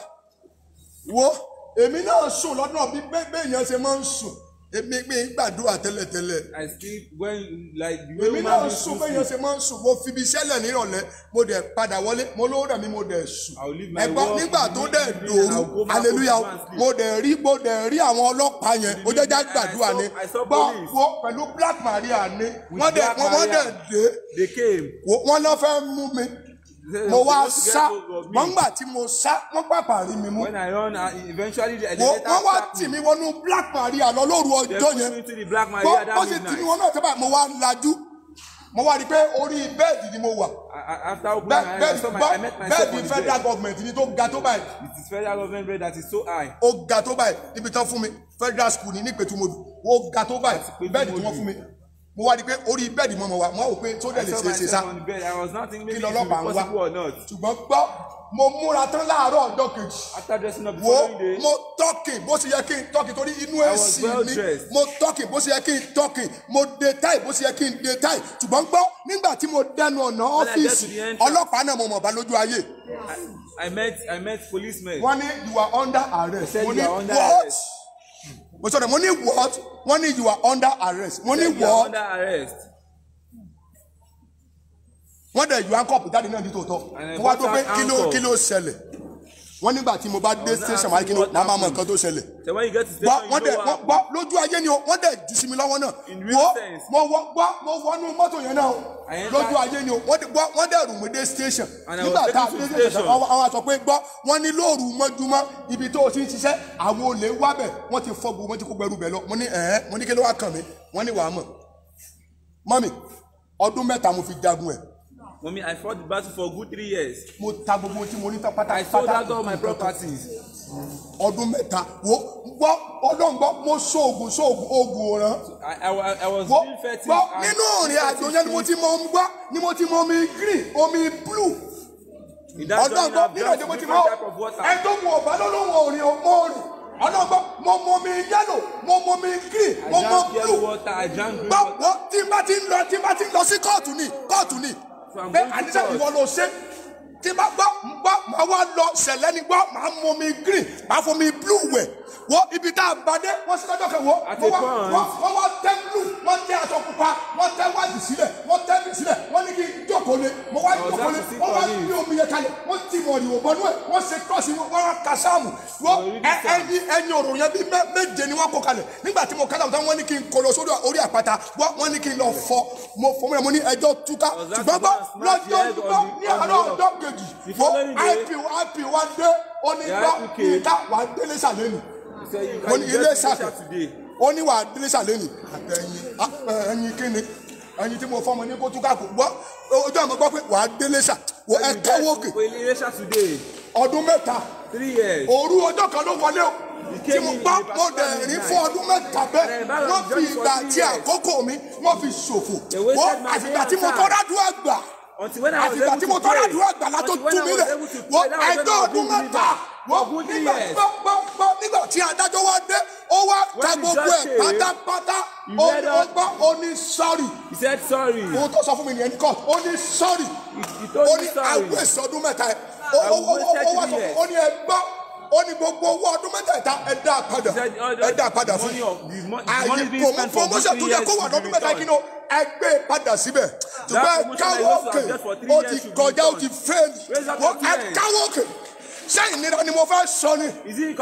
wo èmi náà sùn lọ́dún ọ̀bí bẹ́ẹ̀ bẹ́ẹ̀ yẹn ṣe máa ń sùn èmi gbé gbàdúrà tẹ́lẹ̀tẹ́lẹ̀. I see when like the way woman be sleep. èmi náà sùn bẹ́ẹ̀ yẹn ṣe máa ń sùn mo fi ibi sẹ́lẹ̀ nírọ̀lẹ́ mo dẹ̀ padà wọlé mo lówó dà mí mo dẹ̀ sùn. ẹ̀gbọ́n nígbà tó dẹ̀ dòru hallelujah mo dẹ̀ rí mo dẹ̀ rí àwọn ọlọ́pàá yẹn mo jẹ́jà gbàdúrà ni gbọ́ wo pẹ̀lú Black Maria ni wọ́n dẹ̀ wọ́n dẹ̀ dé wọ́n náà fẹ́ mú mi mo wá sá wọ́n gbà tí mo sá wọ́n pàpà rí mi mú. when I run uh, eventually the elevator. wọ́n wá tì mí wọnú Black Maria lọ lóru ọjọ́ yẹn bó ṣe tì mí wọnú ọjọ́ báyìí mo wá lajú mo wá rí i pé orí bẹ́ẹ̀dì ni mo wà. after opening my eyes I saw my I met myself bed. bẹ́ẹ̀dì federal government ni tó ga tó báyìí. it is federal government that is so high. ó ga tó báyìí níbi tán fún mi federal school ní nípẹ̀tùmọ̀dù ó ga tó báyìí bẹ́ẹ̀dì tí wọ́n fún mi mo wá di pé orí bẹ́ẹ̀dì mọ́ mọ́ wa mo wò pé tó dẹ̀ lè ṣe é ṣe sá kí lọ́lọ́pàá ń wá ṣùgbọ́n gbọ́ mo múra tán láàárọ̀ ọjọ́ kejì wo mo tọ́kì bó ṣe yẹ kí n tọ́kì torí inú èsì mi mo tọ́kì bó ṣe yẹ kí n tọ́kì mo de táì bó ṣe yẹ kí n de táì ṣùgbọ́n gbọ́ nígbà tí mo dẹnu ọ̀nà ọ́fíìsì ọlọ́pàá náà mo mọ̀ bá lójú ayé. I met I met policemen. wọ́n ní you are under arrest. mo ní what? mo sọ̀rọ̀ mo ní what wọ́n ní you are under arrest mo ní what wọ́n dẹ̀ yọ ankọ́pù jáde náà ní tòótọ́ mo wá tó pé kí ló kí ló ṣẹlẹ̀ wọ́n nígbà tí mo bá dé station máa kí ni wọ́n máa mọ nǹkan tó ṣẹlẹ̀ wọ́n dẹ̀ gbọ́ lójú ayé ni o wọ́n dẹ̀ jù sí mi lọ́wọ́ náà mo wọ́ gbọ́ mo wọ́nú mọ́tò yẹn náà o lójú ayé ni o wọ́n dẹ̀ rù mí dé station nígbà tá a fi dé station àwọn àṣọ pé gbọ́ wọ́n ní lóòrù mọ́júmọ́ ibi tó o ti ń ṣiṣẹ́ àwọn olè wá bẹ̀ wọ́n ti fọ́ gbogbo wọ́n ti kó gbẹrú bẹ̀ lọ mo ní ẹ̀ẹ́ mo ní kí ló wá kàn mí wọ́n ní wàá mọ̀ mọ́mì ọdún mẹ́ta mo fi jagun ẹ̀ Mummy, I fought the battle for good three years. Mo ta gbogbo tí mo ní tán pátápátá. I sold out all my properties. Ọdún mẹ́ta wo gbọ́ ọdún gbọ́ mo ṣoògùn ṣoògùn oògùn òràn. I I was still fertile. Gbọ́ nínú ìrìn àjò yẹn ni mo ti mọ omi gbọ́ ni mo ti mọ omi green omi blue. Ọdún gbọ́ nínú àjò mo ti mọ ẹ tó mu ọ̀bá lọ́lọ́wọ́ òrìn ọmọ rẹ̀ ọlọ́run gbọ́ mo mọ mi yẹ́lò mo mọ mi green mo mọ blue gbọ́ tí n bá ti lọ tí n bá ti lọ sí kóòtù ni kóòtù ni pé àníṣe ìwọ ló ṣe tí n bá gbọ́ n gbọ́ màá wá lọ sẹ̀lẹ́ ni gbọ́ màá mu omi green màá fọ omi blue wẹ̀ wo ibi tá a bá dé wọ́n sì lọ́jọ́ kẹwọ́ wọ́n wá tẹ́ blue wọ́n tẹ́ aṣọ pupa wọ́n tẹ́ wájú sílẹ̀ wọ́n tẹ́ mi sílẹ̀ wọ́n ní kí n jókòó lé mo wá jókòó lé wọ́n wá gbé omi yẹn kalẹ̀ wọ́n ti mọ̀ ìwò bọ́nú ẹ̀ wọ́n ṣe tọ́sí wọn wọ́n ka sáàmù wọ́n ẹni ẹni ọ̀rọ̀ yẹn bí méje ni wọ́n kó kalẹ̀ nígbà tí mo kálá wọn wọ́n ní kí n kó sórí orí àpáta wọ́n ní kí n lọ fọ mo fọmọ mo ní ẹjọ́ túká ṣùgbọ́n lọ́jọ́ gbọ́ ní àlọ́ ọ̀dọ́ méjèèjì ó ip ip wá dé ó ní gbá ìta wà á délé sàlẹ̀ nì ó ní ilé sàlẹ̀ ó ní wà á délé sàlẹ̀ nì ẹyin kíni ẹyin tí mo fọmọ ní kó tún káàkó gbọ́ ojú àmọ́ gbọ́ pé wà á délé sà wọ ẹ káwọ́ kè ọdún mẹ́ta òru ọjọ́ kan ló wọlé o tí mo gbọ́ mo dẹ̀ rí fún ọdún mẹ́ta bẹ́ẹ̀ eh, wọ́n fi ìgbà àti àkókò mi wọ́n fi ṣòfò wọ́n àtìgbà tí mo tọ́ dájú àgbà àtìgbà tí mo tọ́ra àdúrà àgbàlá tó tú mi rẹ̀ wọ́n ẹgbẹ́ ọdún mẹ́ta wọ́n nígbà gbọ́ngbọ́ngbọ́ nígbà tí adájọ́ wá dé ó wá ta gbogbo ẹ̀ pátápátá ó oh. gbọ́ ó ní sọ́ọ̀rì òun tó sọ fún mi nìyẹn ní ó ní sọ́ọ̀rì ó ní àwọn èso ọdún mẹ́ta ó wá sọ fún mi ó ní ẹ gbọ́ ó ní gbogbo owó ọdún mẹ́tẹ̀ẹ̀ta ẹ dá padà oh, ẹ dá padà fún mi àyè kò mú promotion tó yẹ kó wà lọ́dún mẹ́ta kí ni o ẹ gbé padà síbẹ̀ ṣùgbọ́n ẹ káwọ́ òkè ó ti kọjá ó ti fail ẹ káwọ́ òkè ṣé ìnira ni mo fẹ́ sọ ni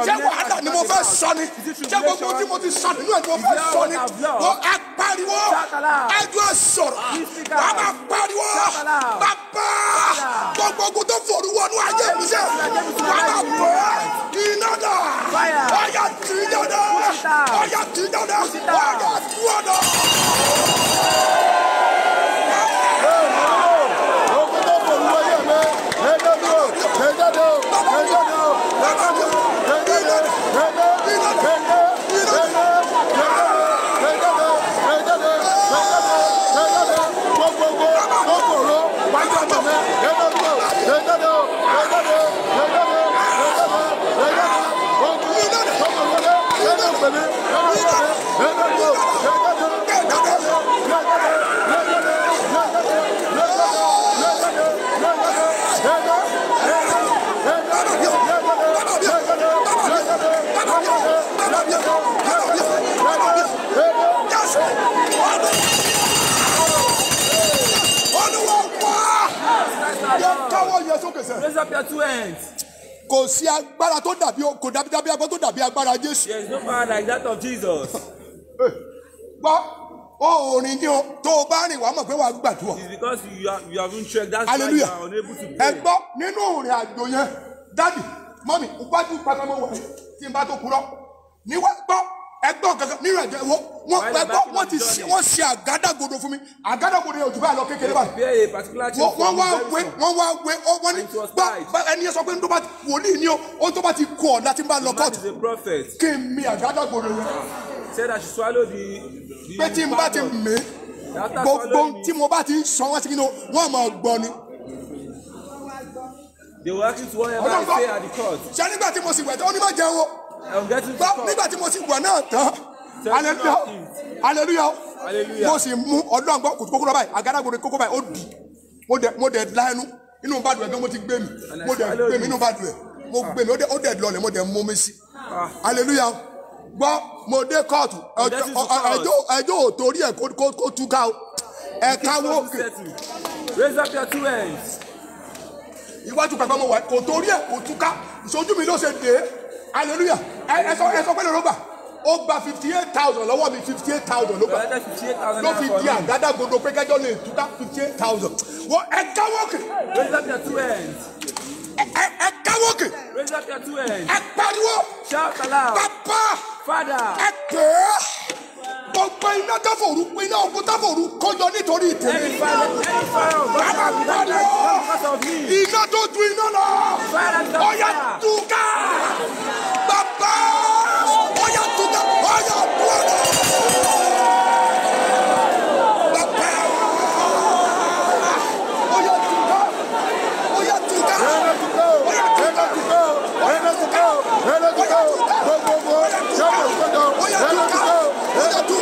ṣé wàhálà ni mo fẹ́ sọ ni ṣé gbogbo tí mo ti sọ nínú ẹ̀ ni mo fẹ́ sọ ni mo á pariwo ẹjọ́ sọ̀rọ̀ ah, wà á máa pariwo bàbá gbogbo ogun tó forúwọ́ ní ah, ayé mi ṣe wà á máa bọ̀ iná dà ọ̀yà tì í ọ̀yà tì í ọ̀yà tì í Let's go. kò sí agbára tó dàbí kò dàbí dàbí agbára tó dàbí agbára Jésù. there is no power like that of Jesus. gbọ́ orin ni o tó o bá rìn wá mọ̀ pé wàá gbàdúrà. it is because you are you have been checked that's Hallelujah. why you are unable to pray. ẹ gbọ́ nínú ìrìn àjò yẹn dádì mọ́mì wájú pàtàkì wọ̀ tí n bá tó kúrọ́ mi wá gbọ́ ẹgbọ́n kankan mi rẹ̀ jẹ́ wọ́n ẹgbọ́n wọ́n ti wọ́n ṣe àgádágodo fún mi àgádágodo yẹn ò jù báyìí lọ kékeré báyìí wọ́n wá wé wọ́n wá wé wọ́n ní gbọ́ ẹni yẹn sọ pé nítorí wòlíì ni ó tó ti kú ọ̀dà bá lọ kóòtù kí n mi àgádágodo yẹn pé tí n bá ti mí gbogbo tí mo bá ti ń sọ wọ́n sí kí ni wọ́n máa gbọ́ ni. They were asking to whatever I say at the court. Ṣé nígbà tí mo sì wẹ̀ tó ní má jẹun o? nígbà tí mo ti wẹ̀ náà tán aleluya aleluya mo sì mú ọdún àgbọ̀ kòtòkókó lọ báyìí àgádágodo kókó báyìí ó dì mo dẹ̀ la ẹnu inú bá dùn ẹ̀ gan mo ti gbé mi mo dẹ̀ gbé mi inú bá dùn ẹ̀ mo ah. gbé mi ó dẹ̀ lọlẹ̀ mo dẹ̀ mú mi sí aleluya ah. gbọ́ mo dé kóòtù ẹjọ́ ò torí ẹ̀ kó túká o ẹ̀ka wókè iwájú pẹ̀pẹ́ mo wà kò torí ẹ̀ kò túká ìṣojú mi ló ṣe dé hallelujah ẹ sọ ẹ sọ pé lọ́rọ́ gbà ó gba fifty eight thousand lọ́wọ́ mi fifty eight thousand ló gbà ló fi di àgádágodo pé kẹjọ lè túká fifty eight thousand wọ ẹ káwọ́kì ẹ káwọ́kì ẹ pariwo papa ẹ pè é gbogbo iná táfòrú iná ogun táfòrú kọjọ nítorí tèmi. bàbá gbàdé iná tó ju iná lọ ọyà túká bàbá Let us go! Let us go! Let us go! Let us go! Let us go!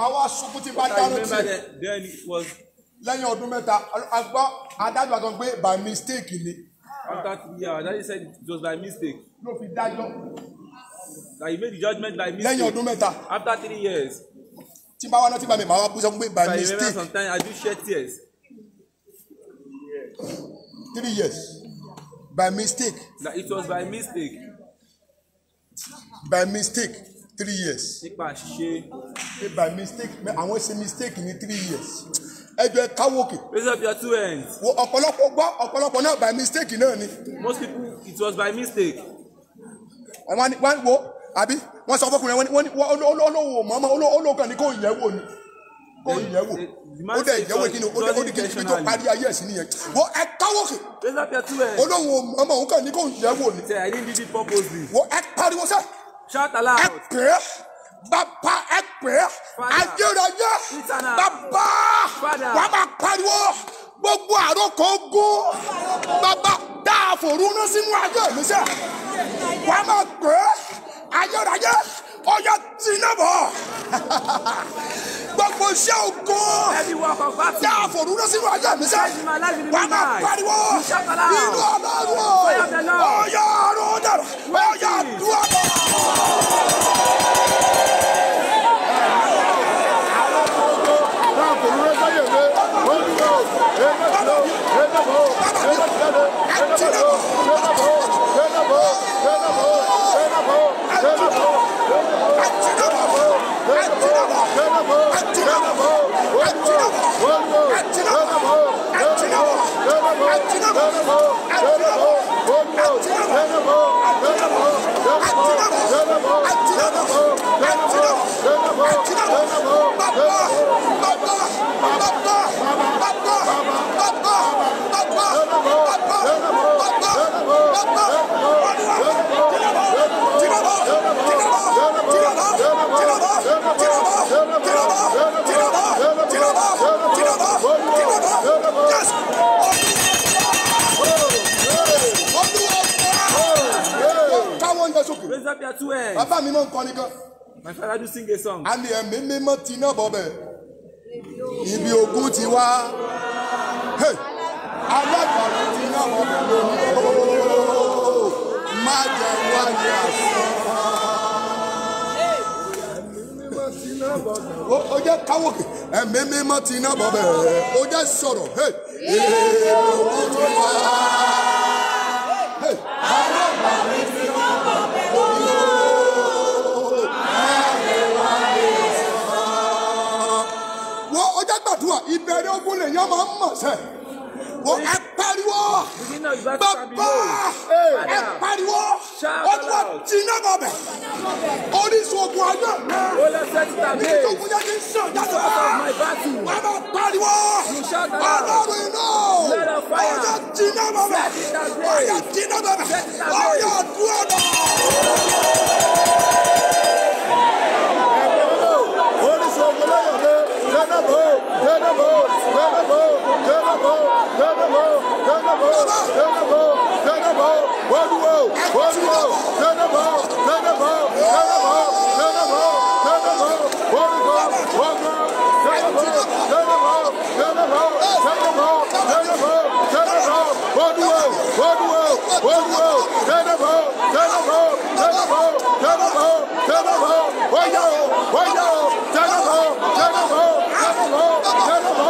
màá wá sunkún tí bá dáná tì. lẹ́yìn ọdún mẹ́ta agbọ́ adájọ́ àtọ́ pé by mistake ni. after three years adájọ́ said it was by mistake. ló fi dájọ́. that he made the judgement by mistake. lẹ́yìn ọdún mẹ́ta. after three years. tí bá wá náà tí bá mi màá wá bú sọ pé by mistake. by mistake sometimes I do shed tears. three years by mistake. that it was by mistake. by mistake three years. nípa àṣìṣe. by mistake àwọn ṣe mistake ní three years. ẹjọ ẹ káwọ òkè. raise up your two hands. wo ọ̀pọ̀lọpọ̀ gbọ́ ọ̀pọ̀lọpọ̀ náà by mistake náà ni. most people it was by mistake. wọ́n wọ́n wo àbí wọ́n sọ fọkùnrin wọn ni wọ́n ní olówó mọ́mọ́ olóògùn ni kò yẹ̀ wò ni kò yẹ̀ wò ó dẹ̀ yẹ̀ wò kí ni ó ní kẹ́kẹ́ tó parí ayé ẹ̀sìn nìyẹn wo ẹ káwọ òkè. raise up your two hands. olówó mọ́mọ́ òun kàn ní kò yẹ̀ wò ni. sẹ́ I didn't do it purposely. wo ẹ pariwo sẹ́. Shout aloud. Ẹ pè baba, Bàbá ẹ pè é. Ayérayé. Bàbá wà máa pariwo. Gbogbo àròkọ ogun. Bàbá dá àfòrúnú sínú ayé mi sẹ́. Wà máa ọ̀yà tìǹbọ̀ gbogbo iṣẹ́ ogun dá àfòrúró sínú ayé mi sẹ́ wà á pariwo inú ọlọ́run ọ̀yà àrùn dàrú ọ̀yà dúró. Turn up, turn up, turn up, turn up, turn up, turn up. Come on! Bàbá mi náà ń kọrin gan. My father do sing a song. A ní ẹ̀mí mímọ́ ti náà bọ̀ bẹ̀. Ibi ògùn ti wá. Alágbàdo ti náà bọ̀ bẹ̀ lónìí. Má jẹ́ wáyé àṣọ ó jẹ́ káwọ́kì ẹ̀mí mímọ́ ti iná bọ̀ bẹ̀rẹ̀ ó jẹ́ sọ̀rọ̀ èrè òkú tó wá. alábàá mi ti wọ́n bọ̀ bẹ̀rẹ̀. wọ́n ó jẹ́ gbàdúrà ìbẹ̀rẹ̀ ogun lè yàn máa ń mọ̀ sẹ́ wọ́n á pariwo bàbá ẹ pariwo ó tún wá jiná ogun ayé rẹ. ó lọ sẹ́tì tàbí. ibi tó kúnjẹ́ ti ń sàn jáde wá. wà á máa pariwo. ọlọ́run iná. ọjà jiná bàbà. ọjà jiná bàbà. ọjà dúró náà. Turn the ball, turn the ball, turn the ball, Let the ball, turn the ball. Why y'all? Why y'all? Take them home. Take them home. Take them home. Take them home.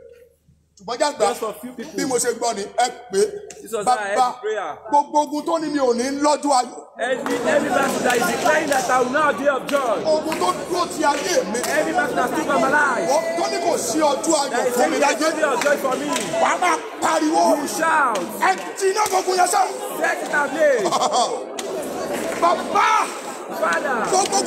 ṣùgbọ́n jàgbá bí mo ṣe gbọ́ ni ẹ pé bàbá gbogbo ogun tó ní mi ò ní lọ́jọ́ ayọ̀. Every every battle that is declaring that I will now be of joy. Ogun tó dúró ti ayé mi. Every battle that still come alive. Wọ́n tó ní kò sí ọjọ́ ayọ̀ fún mi láyé. That is every day of joy for me. Wà á máa pariwo. You shout. Ẹ jiná gbogbo yẹn sẹ́wọ̀n. Set it ablaze. Bàbá. Gbogbo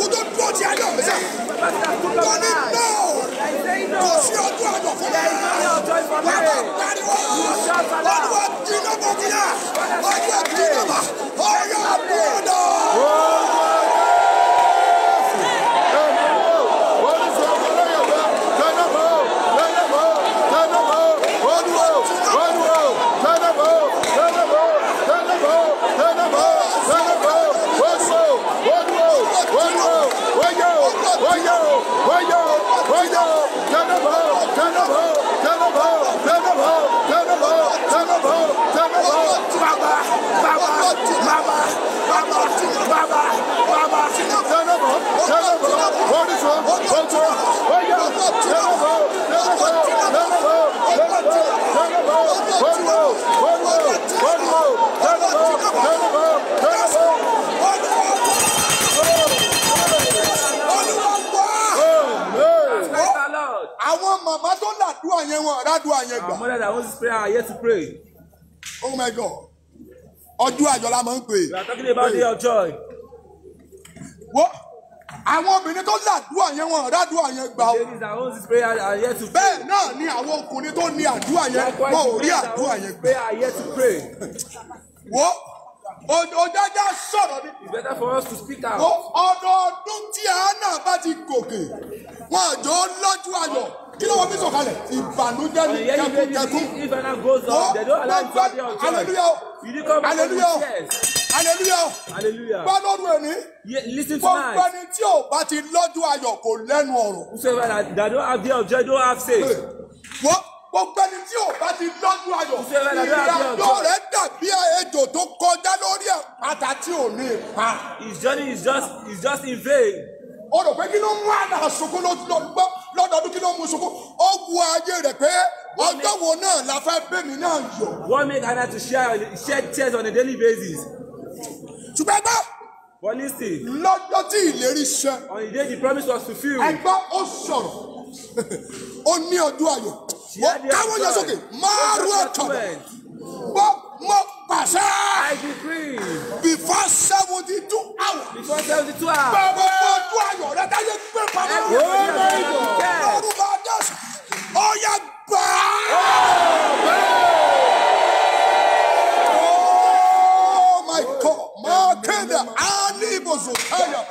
àwọn màmá tó làdúrà yẹn wọn làdúrà yẹn gbà. our mother that wants to pray are yet to pray. oh my god ọjọ́ àjọ la máa ń pè. we are talking about day of joy. wo Àwọn obìnrin tó làdúrà yẹn wọn ràdúrà yẹn gbà ó. Bẹ́ẹ̀ náà ni àwọn ọkùnrin tó ní àdúrà yẹn wọn ò rí àdúrà yẹn gbà. Wo Ojájá sọ̀rọ̀ ní. It's better for us to speak out. Ọdọọdún tí Anna bá ti gòkè, wọn àjọ lọ́jọ́ ayọ̀ kí ló wọ́n fi sọ̀kalẹ̀ ìbànújẹ́ ni kẹkùkẹkùn ó gbọ́dọ̀ aleluya aleluya aleluya aleluya gbọ́dọ̀ ẹni gbogbo ẹni tí ò bá ti lọ́jọ́ ayọ̀ kò lẹ́nu ọ̀rọ̀. dàdó àbí ọjọ́ ìdó àfṣe. wọ́n gbogbo ẹni tí ò bá ti lọ́jọ́ ayọ̀ ìrìnàjò rẹ̀ dàbí ejò tó kọjá lórí ẹ̀ pátá tí ò ní pa. his journey is just is just in vain. o rò pé kí ló ń wá àdàsókó lójú lọ gbọ́ lọ́dọọdún kí ló mú sunkún ó wu ayé rẹ̀ pé ọjọ́ wo náà la fẹ́ bẹ́mi náà yọ. What make Hannah to share shed tears on a daily basis? ṣùgbọ́n ẹgbẹ́. But listen. lọ́jọ́ tí ìlérí ṣẹ. On the day the promise was fulfilled. ẹgbẹ́ ó sọ̀rọ̀ ó ní ọdún ayọ̀ wọ́n káwọn yẹn sókè máa rú ẹ̀kọ́ bọ́ mọ́ I decree. Before seventy two hours. Before seventy two hours. Bàbá ọdún ayọ̀ rẹ̀ dáyé gbé pamọ́. Ẹ̀kọ́ ọ̀rọ̀ ìbò. Lórúkọ Jésù. Ọ̀yà gbà. Oh my God. my Mọ̀ọ́kẹ́dà. Á ní ibùsùn. Ẹ̀yọ̀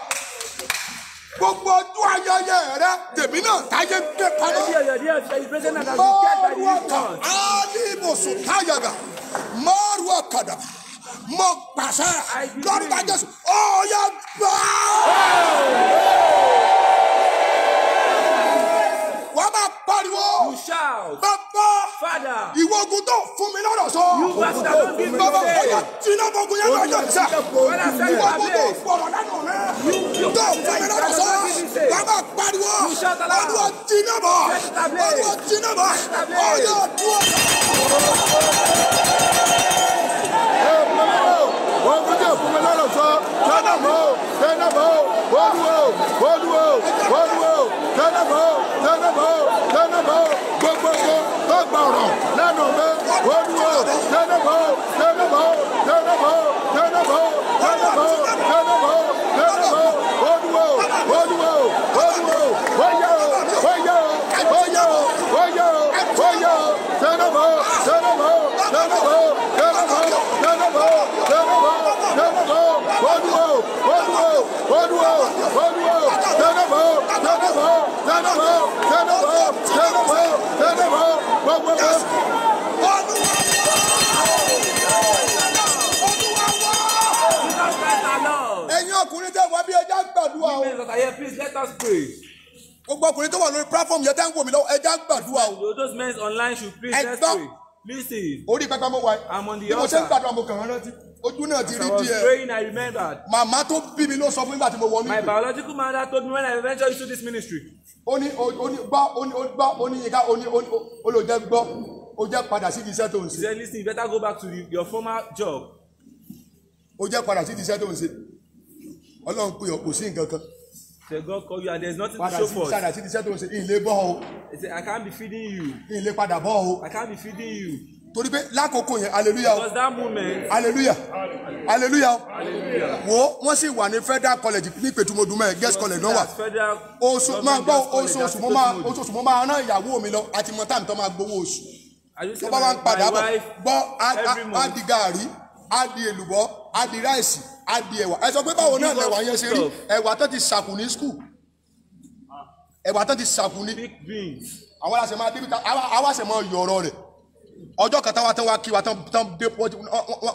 gbogbo ọdún ayẹyẹ rẹ tèmi náà táyé gbé paná. mọ́ọ̀rù ọ̀kà alimusu táyàgà mọ́ọ̀rù ọ̀kà mọ́ pàṣẹ lọ́rùn jésù ọ̀ọ́yà gbà. pariwo. you shout. Papa, father. ìwọ ogun tó fún mi lọ́rọ̀ sọ. you pastor don give me faith. bàbá bóyá tiná ogun yẹn lọ́jọ́ ìṣá. ìwọ ogun tó fọ̀rọ̀ lánàá rẹ̀. tó fún mi lọ́rọ̀ sọ. bàbá pariwo. olúwa tiná bọ̀. olúwa tiná bọ̀. ọ̀yọ́ dúró. ogun tó fún mi lọ́rọ̀ sọ. tẹ́lẹ̀ mọ́ tẹ́lẹ̀ mọ́ olúwo olúwo olúwo tẹ́lẹ̀ mọ́ tẹ́lẹ̀ mọ́. sẹ́nẹ̀mọ́ gbogbogbò tó gbọ̀rọ̀ lẹ́nu mi olúwo sẹ́nẹ̀mọ́ sẹ́nẹ̀mọ́ sẹ́nẹ̀mọ́ sẹ́nẹ̀mọ́ sẹ́nẹ̀mọ́ sẹ́nẹ̀mọ́ sẹ́nẹ̀mọ́ olúwo olúwo olúwo wọ́yẹ̀ o wọ́yẹ̀ o wọ́yẹ̀ o wọ́yẹ̀ o wọ́yẹ̀ o sẹ́nẹ̀mọ́ sẹ́nẹ̀mọ́ sẹ́nẹ̀mọ́ sẹ́nẹ̀mọ́ sẹ́nẹ̀mọ́ sẹ́nẹ̀mọ́ sẹ́nẹ̀mọ́. olúwo olúwo olúwo olúwo tẹnumọ tẹnumọ tẹnumọ tẹnumọ tẹnumọ tẹnumọ gbogbo. ẹ̀yin ọkùnrin tẹ̀ wá bí ẹja ń gbàdúrà o. women that are here please let us pray gbogbo ọkùnrin tó wà lórí platform yẹn tẹ́ ń wò mí lọ́wọ́ ẹ já gbàdúrà o. those men online should please let's pray. ẹ gbọ́ orí pẹpẹ mo wà yìí bí mo ṣe ń gbàdúrà mo kàn án rántí ojú náà ti rí díẹ̀. I was praying I remembered. màmá tó bí mi ló sọ fún mi tí mo wọ nílùú. my biological mother told me when I venture into this ministry. ó ní ó ní gbọ́ ó ní gbọ́ ó ní yíká ó ní ó ló jẹ́ gbọ́ ó jẹ́ padà sí iṣẹ́ tó ń ṣe. he said listen you better go back to the, your former job. ó jẹ́ padà sí iṣẹ́ tó ń ṣe ọlọ́run pé ọ kò sí nǹkan kan. Say God call you and there is nothing padà to show for it. Padà sí iṣẹ́ tó ń ṣe, ìlé bọ́ o. He said I can't be feeding you. Ìlé padà bọ́ o. I can't be feeding you torí pé lákòókò yẹn hallelujah o hallelujah hallelujah o wo wọ́n sì wà ní federal college ní ìpètùmọ̀dúnmẹ́ guest college náà wà oṣù máa gbọ́ oṣooṣù mo máa oṣooṣù mo máa rán ìyàwó mi lọ àti mọ táàmì tó máa gbowó oṣù tó bá máa ń padà bọ̀ gbọ́ á di gàárì á di èlùbọ́ á ráìsì á ẹ̀wà ẹ sọ pé báwo náà lẹ̀wà yẹn ṣe rí ẹ̀wà tó ti sàkù ní school ah. ẹ̀wà tó ti sàkù ní àwọn aláṣẹ máa débi ta àwọn aláṣẹ máa yọ ọ̀rọ̀ rẹ̀ ọjọ́ kan táwa tán wá kí wa tán tán dé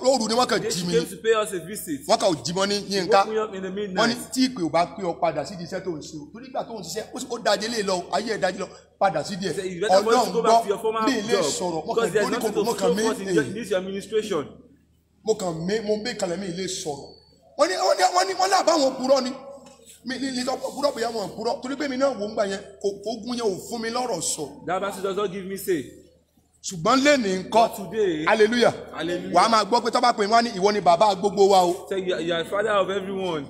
lóru ni wọ́n kàn jí mi ni wọ́n kàn jí mọ́ ní yínká wọ́n ní tí ìpè ò bá pé ọ padà sídìí iṣẹ́ tó ń ṣe o torí ìgbà tó ń ṣiṣẹ́ ó dajé lè lọ ayé ẹ̀ dajé lọ padà sí díẹ̀ ọlọ́run gbọ́ lè lè sọ̀rọ̀ mo kàn mí mo kàn mí mo mí kalẹ̀ mi lè sọ̀rọ̀ wọ́n ní wọ́n ní wọ́n ní wọ́n lábàá wọn purọ́ ni mi ní ní sọpọ purọ́ bóyá wọn purọ́ torí pé mi náà wò ń gbà yẹn kò ogun yẹn ò fún mi lọ́rọ̀ sọ. that verse does not give me say ṣùgbọ́n lè ní nkọ́ hallelujah wàá máa gbọ́ pé tọ́ pè wá ní ìwọ ni bàbá gbogbo wa o. you are father of everyone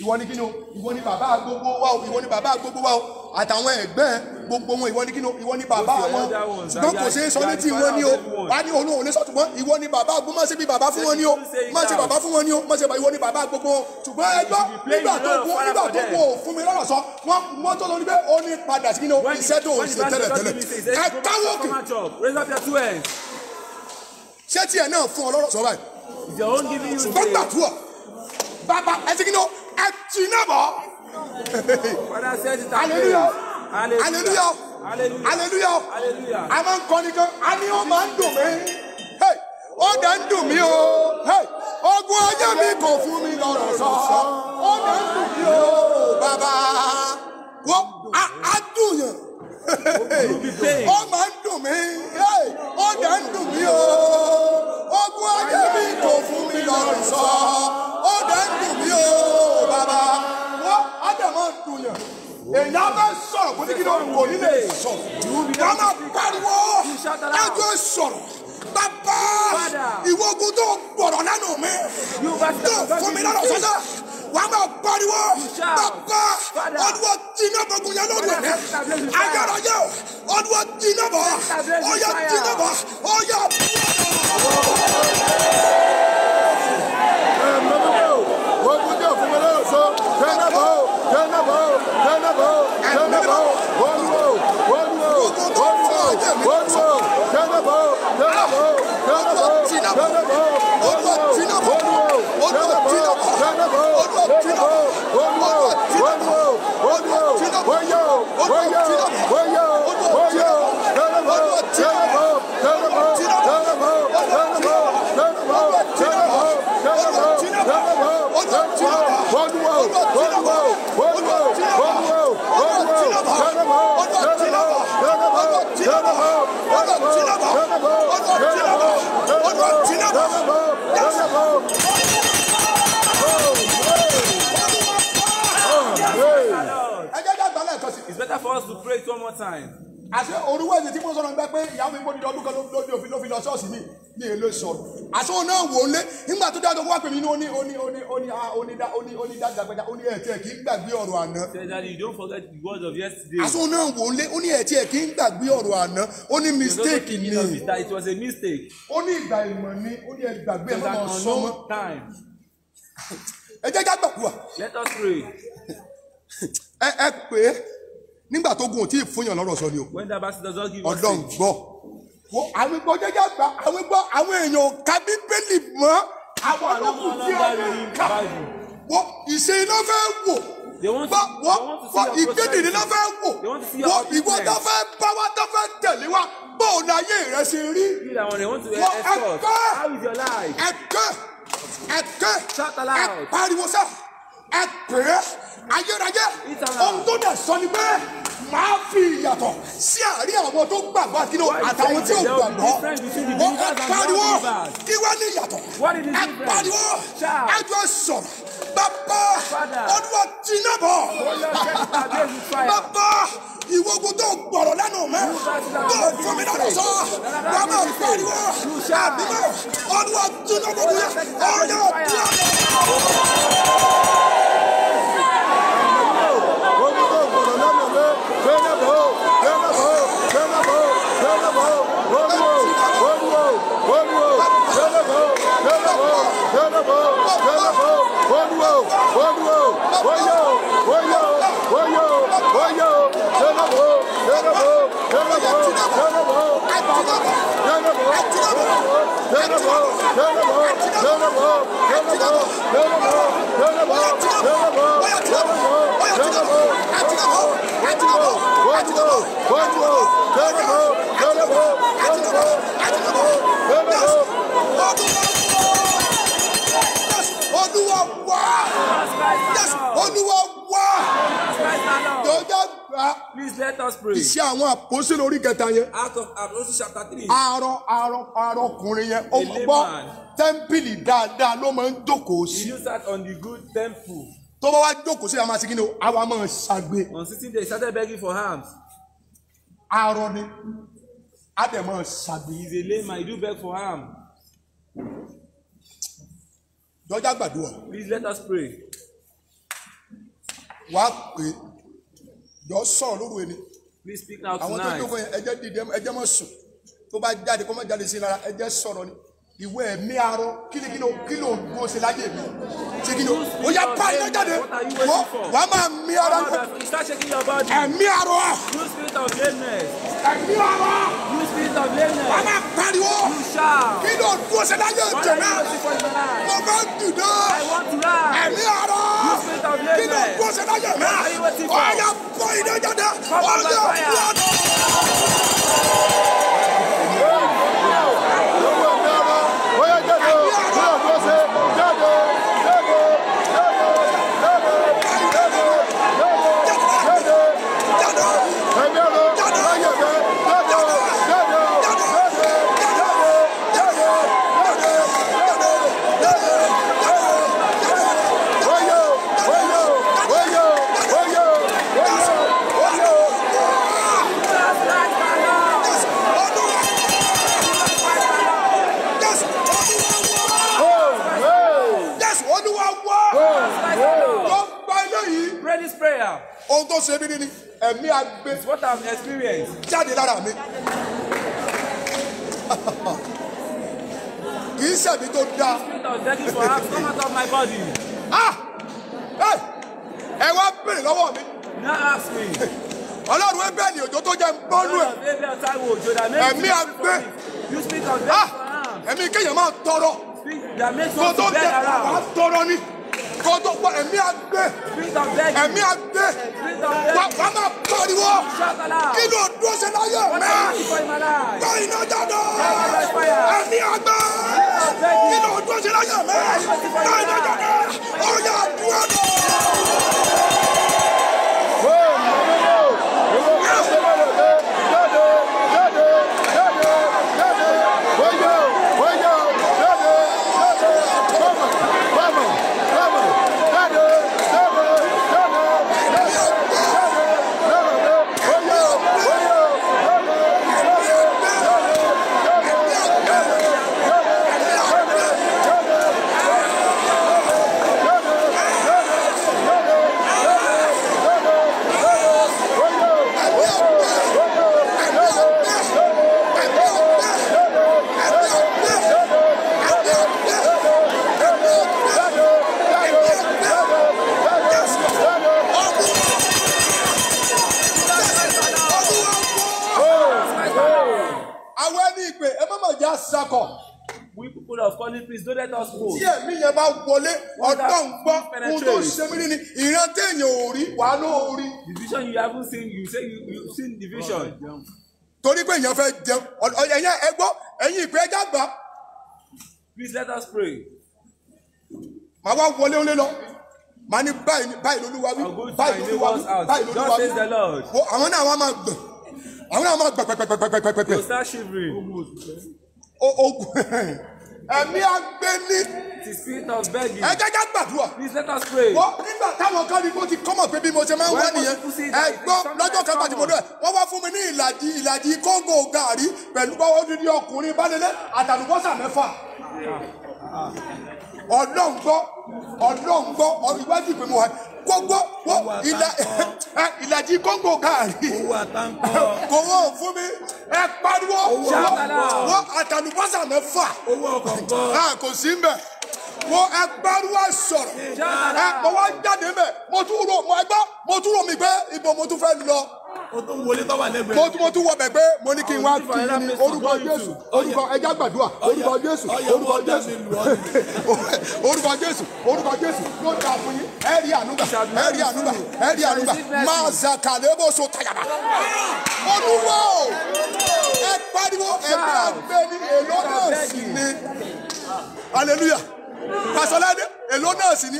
ìwọ ni kí ni o ìwọ ni bàbá gbogbo wa o ìwọ ni bàbá gbogbo wa o àtàwọn ẹgbẹ́ gbogbo wọn ìwọ ni kí ni o ìwọ ni bàbá wọn ṣùgbọ́n kò ṣeé sọ létí wọn ni o wà á ní olóhùn olè sọ̀tún wọn ìwọ ni bàbá gbogbo má ṣe bí bàbá fún wọn ni o má ṣe bàbá fún wọn ni o má ṣe ìwọ ni bàbá gbogbo wọn ṣùgbọ́n ẹgbọ́ nígbà tó kú nígbà tó kú o mi lọ́rọ̀ sọ wọn mọ́ tó lọ pé o ní padà sí kí ni o iṣẹ́ tó ń ẹ̀jìnà bọ̀. hallelujah hallelujah hallelujah a máa ń kọ́ni kan a ní ó máa ń dùn mí ó dẹ̀ ń dùn mí o ogun ọjọ́ mi kò fún mi lọ́rọ̀ sọ ó dẹ̀ ń dùn mí o bàbá wọ́n á dùn yàn ó máa ń dùn mí ó dẹ̀ ń dùn mí o ogun ayé mi kò fún mi lọ́rùn sọ ó dẹ̀ ń dùn mí o bàbá wọ́n á dẹ̀ máa ń dùn yàn èyàn bẹ sọ̀rọ̀ kò ní kí ló kò ní lè sọ̀rọ̀ ká máa pariwo ẹjọ́ sọ̀rọ̀ bàbá ìwọ́gun tó gbọ̀rọ̀ lánàá mi tó fún mi lọ́rùn sọ́sọ́ wàá máa pariwo bàbá olúwa jiná gbogbo yẹn lóde rẹ agbára yẹ olúwa jiná bọ̀ ọ̀yà jiná bọ̀ ọ̀yà Whoa! Bravo! it's better for us to pray it one more time. àṣé orúkọ èdè tí mo sọ̀rọ̀ nígbà pé ìyá mi gbódìdọ́ ọdún kan lóbi òfin ló fi lọ ṣọ́ọ̀ṣì mi mi èlò sọ̀rọ̀ àṣé òun náà wò ó lé nígbà tó dáadọ́ wá pè mí ní oní oní oní oní onídá oní onídàgbàgbà oní ẹ̀tí ẹ̀ kì í gbàgbé ọ̀rọ̀ àná. Daddy, you don't forget the words of yesterday. àṣé òun náà wò ó lé oní ẹ̀tí ẹ̀ kì í gbàgbé ọ̀rọ̀ àná ó ní mistake ni. it was a mistake. ó ní ìgbà ìmọ̀ ni ó ní ẹ̀ gbàgbé ẹ̀ mọ́ ẹ jẹ́ ká gbàgbọ́. let us pray. ẹ ẹ pè é nígbà tó gun òtí ìfúnyàn lọ́rọ̀ sọ ni o. when the ambassador just give us ọdún gbọ́. àwọn gbọ́ jẹ́jẹ́ àgbà àwọn gbọ́ àwọn èèyàn ò ka bíbélì mọ́. àwọn olókùn tí ọdún kà wọ́n ìṣe iná fẹ́ wò wọ́n wọ́n ìkéde iná fẹ́ wò wọ́n ìwọ tó fẹ́ bá wa tó fẹ́ tẹ̀lé wa bóò ní ayé rẹ ṣe rí. wọ́n ẹ̀kẹ́ ẹ̀kẹ́ ẹ̀kẹ́ ẹ̀ pariwo sá ẹ̀kẹ́ ayérayé ohun tó dẹ̀ sọ ni pé máa fi ìyàtọ̀ sí àárín àwọn tó gbàgbọ́ àti àtàwọn tí ò gbàgbọ́ wọn ẹ pariwo kí wọ́n ní ìyàtọ̀ ẹ pariwo ẹ jọ sọ̀rọ̀ bàbá olúwa jiná bọ̀ bàbá ìwógun tó gbọ̀rọ̀ lẹ́nu mẹ́ tó fún mi náà sọ wọ́n máa pariwo àbí mọ́ olúwa jiná bọ̀ bóyá ọ̀yọ́ bí ọ̀yọ́. Let's go. olúwa wá olúwa wá jọjọ gbà. please let us pray. iṣẹ́ àwọn àpòsí lórí kẹta yẹn. out of Apostles chapter three. àárọ̀ àárọ̀ àárọ̀ ọkùnrin yẹn ó gbọ́ tẹ́ḿpìlì dáadáa ló máa ń jókòó sí. he used that on the good temple. tó bá wá jókòó sí àmà sígi ni àwa máa ṣàgbé. on sitting days he started begging for alms. àárọ̀ ni a dẹ̀ máa ṣàgbé. he is a layman he do beg for alms jọjá gbàdúrà. please let us pray. wà á pè jọ sọ̀rọ̀ lóru ẹni. please speak now tonight. àwọn tó dókòó yẹn ẹ jẹ́ dìde ẹ jẹ́ mọ̀ sùn tó bá jáde kó má jáde sí i lára ẹ jẹ́ sọ̀rọ̀ ni ìwé ẹ̀mí arọ kíni kíni kíni ògbó ṣe láyé mi ṣe kíni ó yá pa iná jáde wọ́n wà á máa mí ara ń pẹ́ ẹ̀mí arọ ẹ̀mí arọ wà á máa pariwo kíni ògbó ṣe láyé jẹ̀mẹ́ mo fẹ́ dùdọ́ ẹ̀mí arọ kíni ògbó ṣe láyé mẹ́ ó yá pa iná jáde ó yá pa iná. ohun tó ṣe mí ní ni ẹ̀mí agbe. it's what i'm experienced. jáde lára mi. kì í ṣẹ̀mí tó dáa. come out of my body. ah ẹ wá bèrè lọ́wọ́ mi. now ask me. ọlọ́run ebéèlì òjò tó jẹ́ gbọ́nú ẹ̀. ẹ̀mí agbe. you speak of death. ah ẹ̀mí kéèyàn máa tọrọ. speak that makes one to beg tọrọ ni nǹkan tó pọ̀ ẹ̀mí àgbé ẹ̀mí àgbé wàá máa pariwo kí ló dúró ṣe láyé mẹ́ gbọ́ iná jáde ẹ̀mí àgbé kí ló dúró ṣe láyé mẹ́ gbọ́ iná jáde ó yà dúró lọ. back We people of calling please don't let us go. Tí ẹ̀mí yẹn bá wọlé, ọ̀dọ́n gbọ́, ohun tó ṣe mí nínú ìran téèyàn ò rí wàá ló rí. The you haven't seen, you say you you seen division. Torí pé èèyàn fẹ́ jẹun, ẹ̀yìn ẹgbọ́, ẹ̀yìn ìpè ẹja gbà. Please let us pray. Màá wá wọlé ó lọ màá ní báyìí báyìí lolúwa wí báyìí lolúwa wí báyìí lolúwa wí àwọn náà wọn máa gbọ̀n àwọn náà wọn máa gbọ̀n pẹ̀pẹ̀pẹ̀pẹ̀pẹ̀pẹ̀ ogun ẹ̀mí agbẹ́ni. the spirit of begging. ẹ jẹ́ ká gbàdúrà. please let us pray. wọ́n nígbà táwọn kan ní kó ti kọ́mọ̀ pé bí mo ṣe máa ń wá nìyẹn. ẹ gbọ́ lọ́jọ́ kan gbàdúrà mo dọ̀ ẹ̀ wọ́n wá fún mi ní ìlàjì ìlàjì kóńgò gàárì pẹ̀lú bọ́wọ́ dídí ọkùnrin balẹ̀lẹ̀ àtàlùbọ́sà mẹ́fà ọlọ́run gbọ́ ọlọ́run gbọ́ ọ̀rùbájú pé mo wà kógbó wó ah, ìlàjì kóńgò káàrí kò wọ́n ò fún mi ẹ pariwo wọ́n àtàlùbọ́sà mẹ́fà ah, kò sí mbẹ́ wo ẹgbẹ́rúwà sọ̀rọ̀ ẹ ah, mo wá jáde mbẹ́ mo tún rò mo ẹgbẹ́ mo tún rò mí pé ibo mo tún fẹ́ lọ mo tún mo tún wọ bẹ pé mo ní kí n wá kí n ní orúkọ Jésù orúkọ ẹja gbàdúrà orúkọ Jésù orúkọ Jésù orúkọ Jésù orúkọ Jésù yóò dà fún yín ẹ̀rí ànúgbà ẹ̀rí ànúgbà ẹ̀rí ànúgbà máa zàkàlẹ̀ bó so tàyàbà olúwa ẹ pariwo ẹ̀mí àgbẹ̀ ni èlò náà sì ni hallelujah. Pàṣọládé èló náà sì ní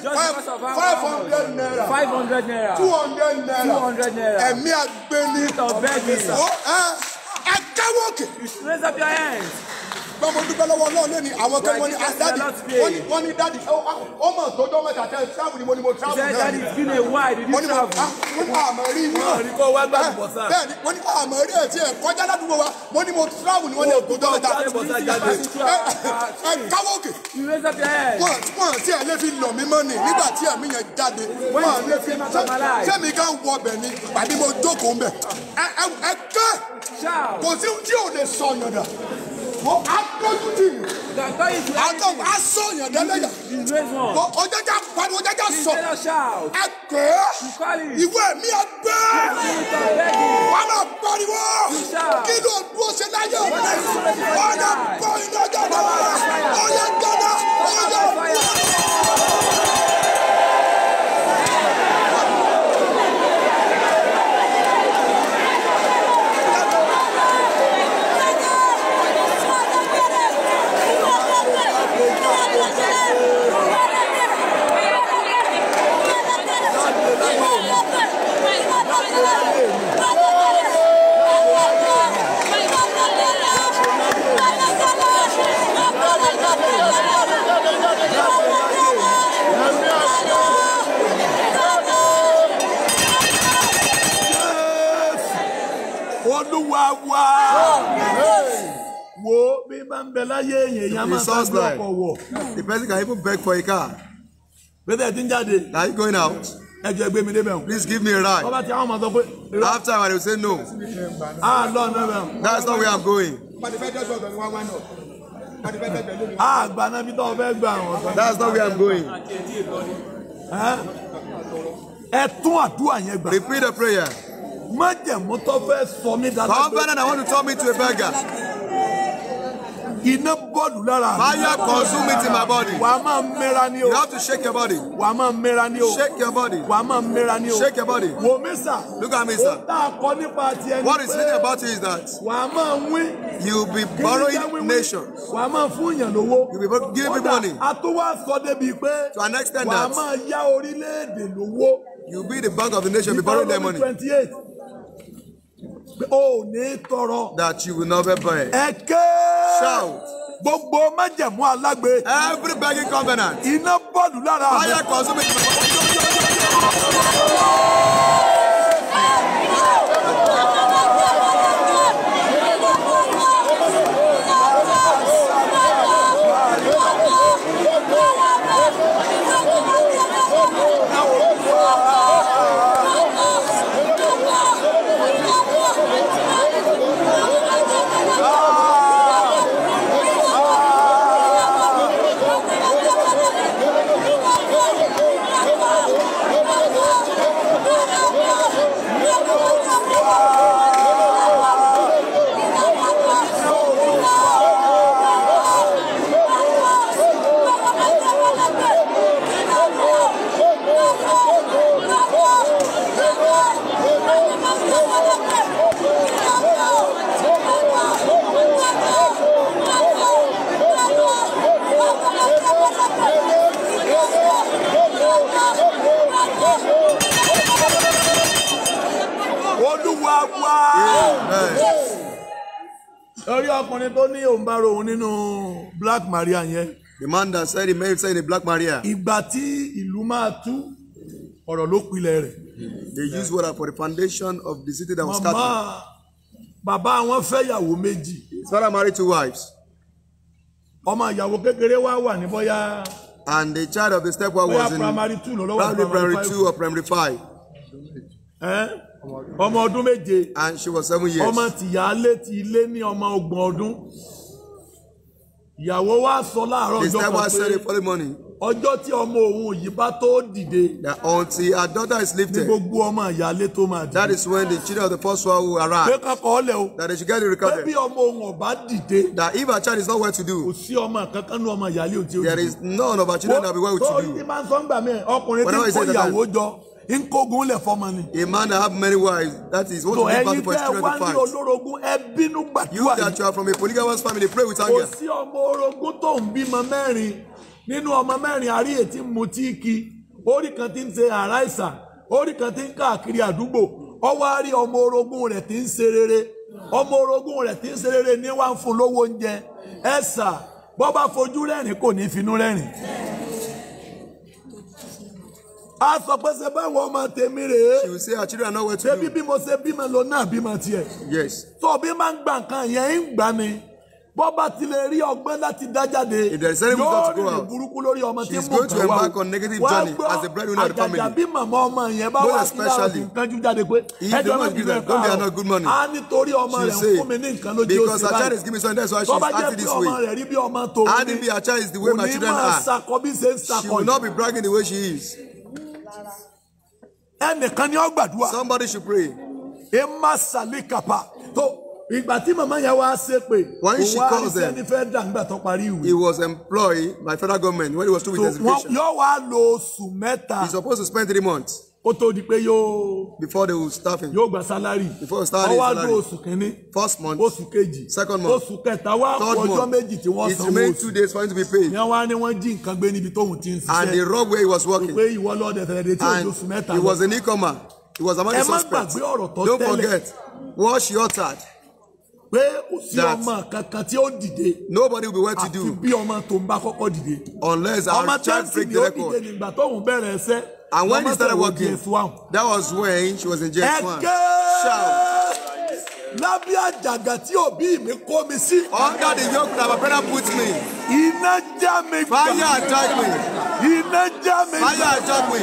five hundred naira five hundred naira two hundred naira two hundred naira ẹ̀mí àgbẹ̀ni ọ̀bẹ̀ni ẹ̀ káwọ́kè. You raise up your hands ṣùgbọ́n mo dúpẹ́ lọ́wọ́ náà lé ní àwọn tó wọ́n ní asadi ah, wọ́n ní dadi ah, ó mọ̀ tó jọ́ mẹ́ta tẹ́ travel ni mo ní mo travel náà. dadi bin a wide did you ah, travel. mo ní àmọ́ rí inú náà. kò wá gbà eh, bọ̀ sá. bẹ́ẹ̀ ni mo ní àmọ́ rí ètí ẹ̀ kọjá ládùúgbò wa mo ní mo travel ni wọ́n ní ògùn dọ́ọ̀ta. ẹ eh, eh, káwọ́ òkè. wọ́n ti ẹ̀ lé fi lọ̀ mí mọ́ ni nígbà tí ẹ̀mí yẹn jáde wọ́n lé fi sẹ́mi ká wọ ọbẹ̀ ni pàdé mo jókòó ń bẹ̀ ẹ ẹ ká kò sí tí ò lè sọ yọ̀dà wọ́n á lójú tì í. àtọ̀ wọ́n á sọ yàn dẹ́lẹ́yà. ọjọ́jà pariwo ọjọ́jà sọ. ẹ pé ìwé mi ẹ gbé. wọ́n á pariwo kí ló dúró ṣe láyé òde. wọ́n á bọ̀ iná jáde wọ́n á yẹ jáde wọ́n á yẹ fún wa. wá wá. Wo bí bá ń bẹ láyé èèyàn yẹn a máa sáré ọkọ̀ wọ̀. The person can even beg for a car. Bẹ́tẹ̀ ti ń jáde. Na you going out? Ẹ jẹ́ gbé mi débẹ̀ o. Please give me a ride. Bọ́lá ti àwọn ọmọ sọ pé. Half time I will say no. Ah lọ nẹ́bẹ̀. That's not where I'm going. Ah gba náà bí tọ́ fẹ́ gbà wọ́n. That's not where I'm going. Ẹ tún àdúrà yẹn gbà. Repeat the prayer májẹ̀mú tó fẹ́ sọ mí dáadáa. I want to turn me to a beggar. Iná bọ́ọ̀lù lára. Fire consume it in my body. You have to shake your body. Shake your body. Shake your body. Look at me sir. What is written about you is that. Wà You be borrowing nations. Wà You be giving people money. To an extent that. Wà You be the bank of the nation, be borrowing their money. 28 o that you will never buy. shout. gbogbo májẹ̀mú alágbe. every begging covenant. iná bọ́ọ̀lù lára. fire consuming. orí ọkùnrin tó ní òun bá nínú Black Maria yẹn. the man that said he married say the Black Maria. ìgbà tí ìlú máa tú ọ̀rọ̀ ló pilẹ̀ rẹ̀. they used water for the foundation of the city that was scattered. mama bàbá wọn fẹ́ ìyàwó méjì. his father married two wives. ọmọ ìyàwó kékeré wa wà ní bóyá. and the child of the stepwa was in primary two or primary five ọmọ ọdún méje and she was seven years ọmọ tìyáálé ti ilé ní ọmọ ọgbọ̀n ọdún ìyàwó wa sọ láàárọ̀ ọjọ́ kan pé ọjọ́ tí ọmọ òun yìí bá tó dìde. that until her daughter is lifted. ní gbogbo ọmọ ìyáálé tó máa dìde. that is when the children of the first one will arrive. pé kankan ọlẹ o. that they should get the recovery. pé bí ọmọ òun ọba dìde. that if her child is not well to do. kò sí ọmọ kankan ní ọmọ ìyáálé òtí òtí. there is none of her children that be well to do. tó ní máa ń sọ ń gbà mí ìyàwó jọ. nkogun lẹ fọmọ ni. a man that have many wives that is one ọmọ orogún tó ń bímọ mẹ́rin nínú ọmọ mẹ́rin àrí ètí mutí kí orí kan ti ń ṣe àráìsà orí ti ń káàkiri àdúgbò ọwọ́ ọmọ orogún rẹ̀ ti ń ṣe rere ọmọ orogún rẹ̀ ti ń ṣe rere ní wá fún lówó oúnjẹ ẹ̀sà a sọ pé ṣe báwọn ọmọ tèmi rèé. she will say her children know where to do. ṣebí bí mo ṣe bímọ lọ náà bímọ tiẹ̀. yes. tó o bí máa ń gba nǹkan yẹn ń gbà ni bọ́ bá ti lè rí ọgbẹ́ láti dá jáde yóò rí ní burúkú lórí ọmọ tí mú kàn wá wá gbọ́ àjàjà bí màmá ọmọ yẹn bá wá sí láwọn tí nǹkan jú jáde pé ẹjọ́ náà ti bẹ̀rẹ̀ káàrọ̀ á nítorí ọmọ rẹ̀ ń fún mi ní nǹkan lójú oṣù báyìí tó bá jẹ́ pé ọmọ rẹ̀ rí bí ọmọ children are. She will not be bragging the way she is ẹnìkan ni ó gbàdúrà. somebody should pray. ẹ má sàlẹ̀ kàpá tó ìgbà tí mama, yẹn wá ṣe pé òun wá iṣẹ́ ní federal nígbà tó parí ìwé. he was employed by federal government when he was through with his education. yóò wá lò oṣù mẹ́ta. he is supposed to spend three months ó tó di pé yóò. before they will start him. yóò gba salary. before you start his salary. ọwọ́ àdó oṣù kìíní. first month oṣù kejì. second month oṣù kẹta wá ọjọ́ méjì tí wọ́n sanwó oṣù. it remain two days for him to be paid. ní wọ́n ní wọ́n jí nǹkan gbé níbi tóun ti ń ṣiṣẹ́. and the rock where he was working. pé ìwọ lọ́dẹ fẹ̀rẹ̀ retí ojú oṣù mẹ́ta. and he was a newcomer he was among the suspects. ẹ má gbàgbé ọ̀rọ̀ tó tẹ́lẹ̀. don't forget wash your uttered pé kò sí ọmọ kankan tí ó dìde. nobody will be well to do. àfi bí ọmọ tó ń bá kọ́kọ́ dìde. unless our child break the record. ọmọ tẹ́sí ó dìde nígbà tóun bẹ̀rẹ̀ ẹsẹ̀. and when he started working that was when she was in js one. shout. lábẹ́ àjàgà tí òbí mi kó mi sí. under the yoke that my brother put me. iná já mi gbà. fire attack me. iná já mi gbà. fire attack me.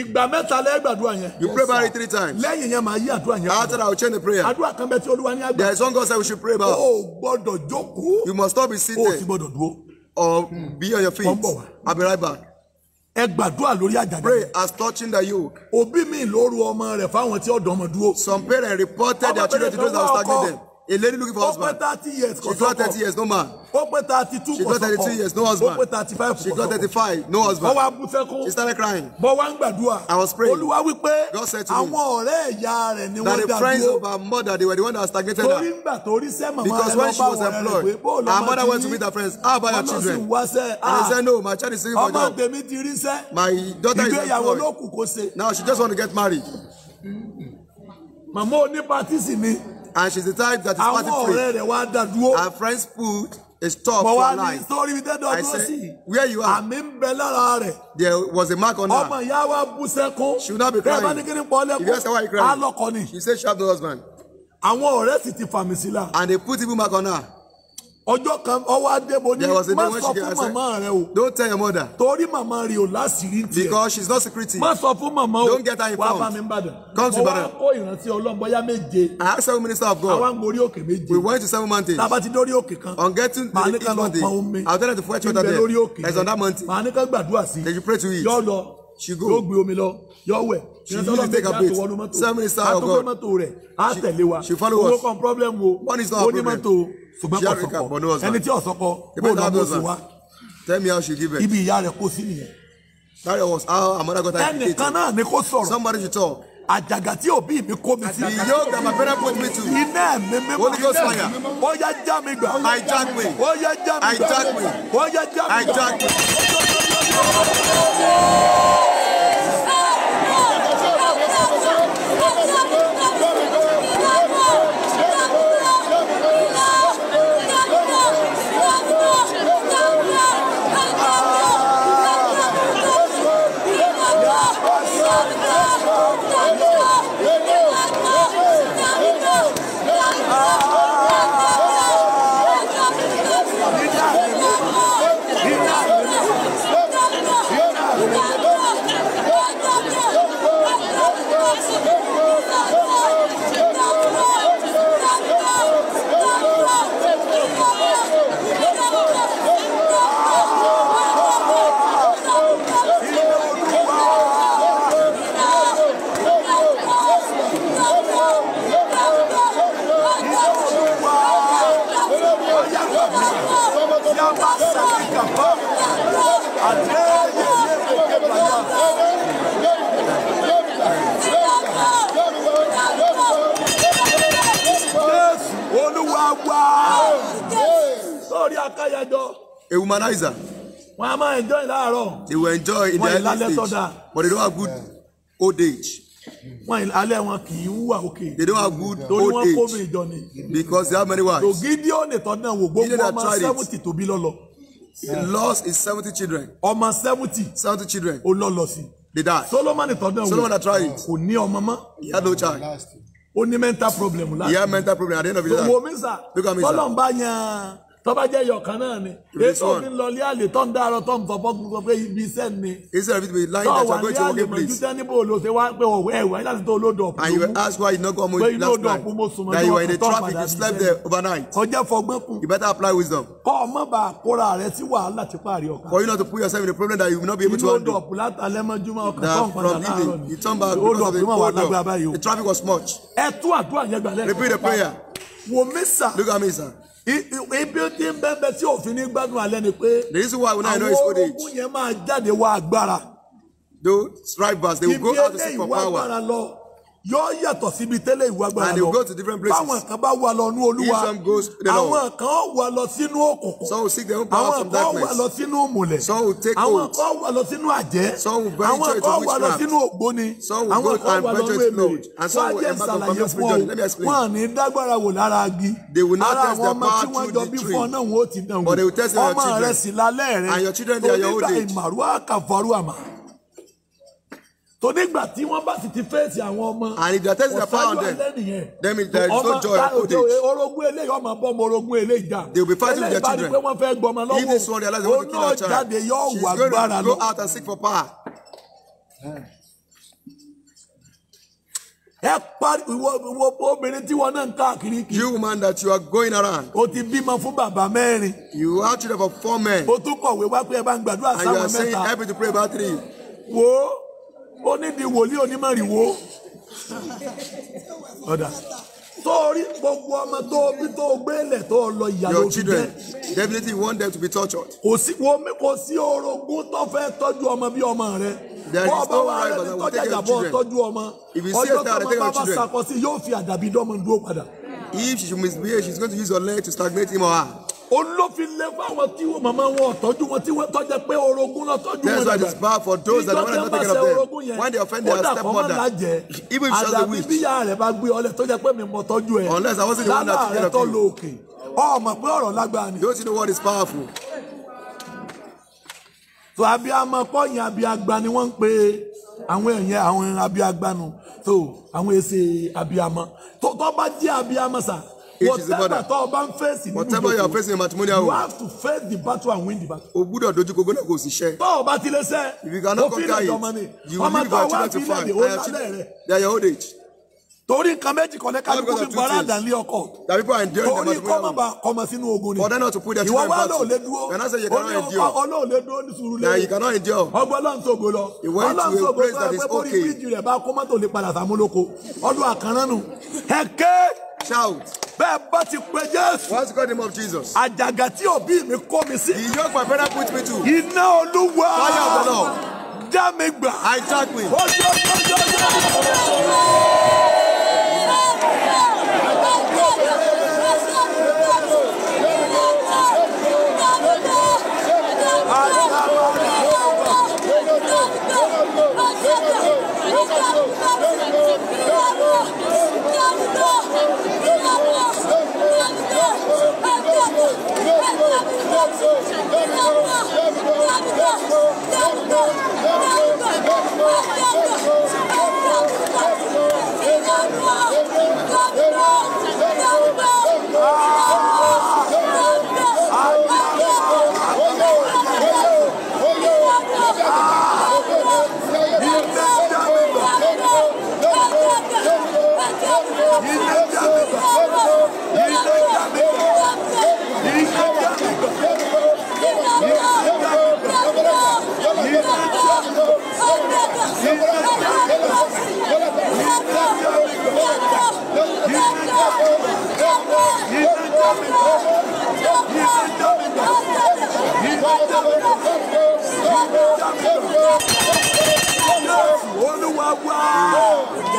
ìgbà mẹ́ta lẹ́yìn gbàdúrà yẹn. you pray about it three times. lẹ́yìn yẹn màá yí àdúrà yẹn. after that I will change the prayer. àdúrà kan bẹ tí olúwa ní àgbà. there is one God say we should pray about. o gbọ́dọ̀ jókòó. you must not be seated. o ti gbọ́dọ̀ dúró. or be on your feet. ọ̀n bọ̀ I be right back ẹ gbàdúrà lórí àjàdá. pray as touching the yoke. òbí mi lóru ọmọ rẹ̀ fáwọn tí ọ̀dọ́ ọmọ dúró. some parents reported their children to those that were staggering them. A lady looking for husband. thirty years She got thirty years no man. Ó thirty two She got thirty two years no husband. Ó thirty five She got thirty five no husband. Ó She started crying. Bọ́ wá ń I was praying. God said to me. That the friends of her mother they were the one that stagnated her. Because when she was employed, her mother went to meet her friends. How about your children? And they ah, said no, my child is looking for a job. My daughter is employed. Ìgbéyàwó ló Now she just want to get married. Màmá onípatí sì ni. And she's the type that is party free. Her friends put a stop for her life. I said, where you are? There was a mark on her. She will not be crying. If you ask her why you crying, she said she have no husband. And they put even mark on her ọjọ́ kan ọwọ́ adébó ní sọ fún màmá rẹ o. don't tell your mother. torí mama, rẹ o láṣìírí tiẹ̀. because she is not security. má sọ fún màmá o. don't get her informed. wàá bá mi bàdàn. come to Ibadan. mo wá kó ìrántí ọlọ́gbọ́yá méje. I have seven ministers of God. àwa ń gorí òkè méje. we went to seven mountains. tá ti dórí òkè kan. on getting to the east mountain. I will tell them to fetch water there. there is on that mountain. màá ní ká gbàdúrà sí. they should pray to it. yọ lọ she go yóò gbé omi lọ yóò wẹ she usually take a bath seven ministers of God. àtúgbé mọ́tò rẹ̀ á she follow us. owó is problem wo onímọ́tò ṣùgbọ́n kò sọ̀kọ ẹni tí ọ̀sọ́kọ bó lọ bó sì wá ibi ìyá rẹ̀ kó sí nìyẹn. that was how amada got that. ẹnìkan náà ni kò sọ̀rọ̀. somebody should àjàgà tí òbí mi kó mi sí. the yoke that my parents put me iná mi mi mọ iná mi ó yá já mi gbà. I jack ó yá já mi gbà. I jack ó yá já mi gbà. I jack torí akáyẹjọ. a womanizer. wọn a máa enjoy láàárọ̀. they will enjoy in their early stage but they don't have good yeah. old age. wọn alẹ́ wọn kì í wúwà òkè. they don't have good yeah. old age torí wọn kó mi ìjọ ni. because they have many wives. so Gideon náà wò gbogbo ọmọ seventy tó lọ́lọ́. he lost his seventy children. ọmọ seventy. seventy children. ó lọ lọ sí. they die. Solomon ìtọ́ náà wò. Solomon that tried it. kò ní ọmọ mọ́. he had no child ó ní mental problem He had mental problem at the end of the day. tòwó mi sà tọ́lọ́mbà yan tó bá jẹ́ yọ̀kan náà ni èso ní lọlé àlè tó ń dárọ tó ń fọpọ́ gbogbo pé ibi iṣẹ́ ni. iṣẹ́ rẹ̀ fi láyé ìdájọ́ pé tí wọ́n ké place. tọ́wọ́ ní àlè mọ̀jú tẹ́ wá pé ọ̀wẹ́ ẹ̀wẹ́ láti láti tó olódò ọ̀pọ̀ and you ask why you no come home last night that you were in the traffic you slept there overnight. ọjọ́ fọgbọ́n kù. you better apply wisdom. kọ́ ọ mọ́ bá kóra rẹ sí wàhálà tí parí ọkàn. for you not to put yourself in a problem that you will not be able to handle. ilé odò ọ̀pọ̀ látàlẹ́mọ́júmọ́ ọkàn ibi tí ń bẹ́ẹ̀ bẹ́ẹ̀ tí òfin ní gbádùn alẹ́ ni pé àwọn ogun yẹn máa jáde wá agbára. those strivers they will go out to seek power. ibi eléyìí wá agbára lọ yóò yàtọ̀ síbi tẹ́lẹ̀ ìwà agbára and they will go to different places. báwọn kan bá wà lọ ní olúwa. if some goes to the Lord. àwọn kan wà lọ sínú òkùnkùn. some will seek their own power from darkness. àwọn kan wà lọ sínú òmùlẹ̀. some will take oath. àwọn kan wà lọ sínú àjẹ́. some will venture to witchcraft. àwọn kan wà lọ sínú ògbóni. some will go and venture into lord. and some will embark on confessed religion. let me explain. wọn ní dágbára wò lára agi. they will not test their power through the tree. but they will test their children. ọmọ rẹ sì lálẹ́ rẹ. and your children they are your old tó nígbà tí wọ́n bá sì ti fèsì àwọn ọmọ. and if their test e, orogún eléyìí ọmọ bọ́ orogún eléyìí jà. they will be fighting their children. bá ní pé wọ́n fẹ́ gbọmọ lọ́wọ́. if this one realize they want to kill their náà jáde yóò wà gbára lọ. going to go out and seek for power. ẹ parí wo obìnrin tí wọn náà ń káàkiri. you man that you are going around. o ti bímọ fún bàbá mẹ́rin. you have children for four men. o tún kọ̀wé wá pé ẹ bá ń gbàdúrà sáwọn mẹ́ta. and you are saying help me to pray about three. wo ó ní di wòlíì onímọ̀rìwó ọ̀dà torí gbogbo ọmọ tó bí tó gbélé tó lọ ìyàwó ti dẹ. your children want them to be tortured. kò sí kò sí orogún tó fẹ́ tọ́jú ọmọ bí ọmọ rẹ there is no right but i will take children if you see a star take your children ọjọ́ tó bá bá sakọ sí yóò fi àdàbí dọ́mọ dúró padà. if she misbehave she is going to use her leg to stagnate him or her olófin lé fáwọn tí wọn màmá wọn tọ́jú wọn tí wọn tọ́jú pé orogún lọ tọ́jú wọn. that's why it's bad for those that don't want to take care of when they offend step mother even if she doesn't àdàbí bíyà rẹ̀ bá gbé ọlẹ̀ tọ́jú pé mi mọ̀ tọ́jú ẹ̀ unless I wasn't the one that took care òkè ọmọ pé ọ̀rọ̀ lágbára ni. don't you know what is powerful. so abiyamọ kọyìn abiyagba ni wọ́n ń pe àwọn èèyàn àwọn abiyagba nu so àwọn èsè abiyamọ tó bá jẹ́ abiyamọ sáà It is the border. Whatever you are facing in matrimonial You have to face the battle and win the battle. O gbúdọ̀ dojú kogbó náà kò sì ṣẹ́. Tọ́ ọba ti lé sẹ́. If you cannot conquer it, you will live by children to find. They are your old age torí nǹkan méjì kan lẹ́ka ló kún gbọ́dọ̀ àdánlé ọkọ torí kọ́mọba kọ́mọ sínú ogun ni ìwọ wa lóò lé dúró ó lóò lé dúró ní sùúrù lẹ́yìn ọgbọ́n lọ́n lọ ọlọ́n sógo pé bórí bíríjì rẹ̀ bá kó mọ́tò lè padà sàmúlòkọ ọdún àkànrán nù ẹ̀kẹ́ bẹ́ẹ̀ bá ti pe Jésù. What's God name of Jesus? Àjàgà tí òbí mi kó mi sí. The yoke my brother put me to. Iná Olúwa. Fire of the Lord. Dá mi gbà. I tag me. Ojoojúmọ́. You know Olúwa wá!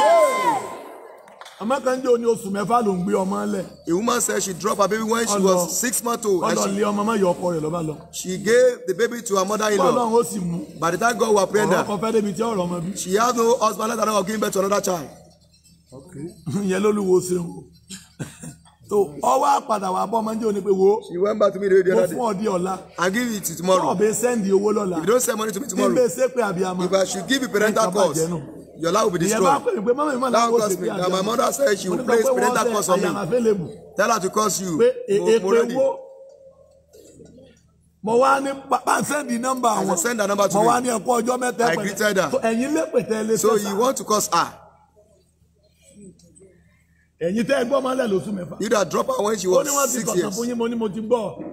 amakanjo ni oṣù mẹ́fà ló ń gbé ọmọ lẹ̀. a woman said she dropped her baby when she was six months old. ọlọ lé ọmọ má yọ ọkọ rẹ̀ lọ. she gave the baby to her mother-in-law. bọ́lá ó sì mú. by the time God was praying that. ọ̀rọ̀ kọfẹ́ débi tí ọ̀rọ̀ ọmọ bí. she has no husband let her know of giving birth to another child. yẹn lóluwo ṣeun o so ọwọ́ àpàdà wà bọ́ máa ń jẹ́ òní pé wo. she went back to me the radio that day. mo fún ọ di ọ̀la. I give it to tomorrow. tọ́ọ̀bẹ send owó lọ́la. if you don't send money to me tomorrow. if I should give you parental cause your life will be destroyed. That cause me. That my mother said she will place parental curse on me. Tell her to curse you. Already. E-, mo wá ní pa send the number àwọn send the number to me mo wá ní ẹ̀kọ́ ọjọ́ mẹ́ta ẹ̀pẹ̀lẹ́ I greeted her so ẹ̀yin lẹ́pẹ̀tẹ́ lé sẹ́sà so you want to curse her. ẹ̀yin tẹ́ gbọ́ máa lóṣù mẹ́fà. you da drop her when she was six years. ó ní wọ́n ti kọ̀ọ̀kan fún yín mo ní mo ti gbọ́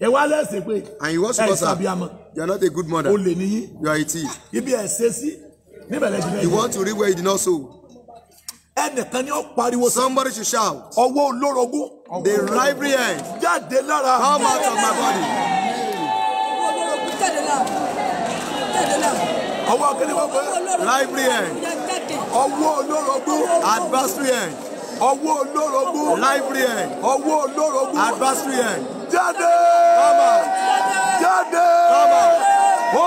ẹ wá lẹ́sìn pé ẹ sábìámọ̀ you are not a good mother o lè níyí you are a thief ibi ẹ̀ ṣe sí níbẹ̀rẹ̀ jùlọ you want to read where you did not sow ẹnìkan ni ó pariwo sọ. somebody should shout. ọwọ́ olórogún. the library. end. jáde lára. come out of my body. ọwọ́ olórogún jáde lára. jáde lára. end. ọwọ́ olórogún. adversary end ọwọ́ olórogún library ẹ̀ ọwọ́ olórogún adversary ẹ̀ jáde jáde jáde ó.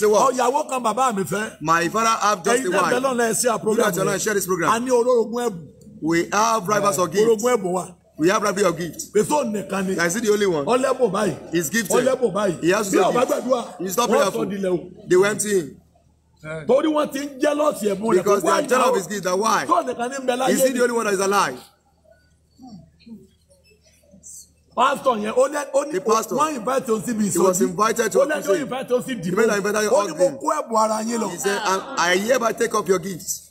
say what? ọ̀yàwó kan bàbá mi fẹ́. my father have just a wife. ẹ̀yin tẹ́lẹ̀ náà ẹ ṣe à program. you know share this program. a ní olórogún ẹ̀bùn. we have rivals of gifts. olórogún ẹ̀bùn wa. We have rabbi of gifts. Èso nìkan ni. Is he the only one? Ọlẹ́bùn báyìí. He is gifted. Ọlẹ́bùn báyìí. He has to be gifted. He is not prayerful. Wọ́n sọ di lẹ́wọ̀. They went in. Torí wọ́n ti ń jealous ẹ̀bùn rẹ̀. Because they are jealous of his gift. That why? Is he the only one that is alive? pastor yẹn ó lẹ ó ní wọn invite òun síbi ìsọjí he was invited to a crusade ó lẹ ní invite òun sí dìbò ó ní mo kó ẹ̀bùn ara yín lọ. he said I hereby take up your gifts.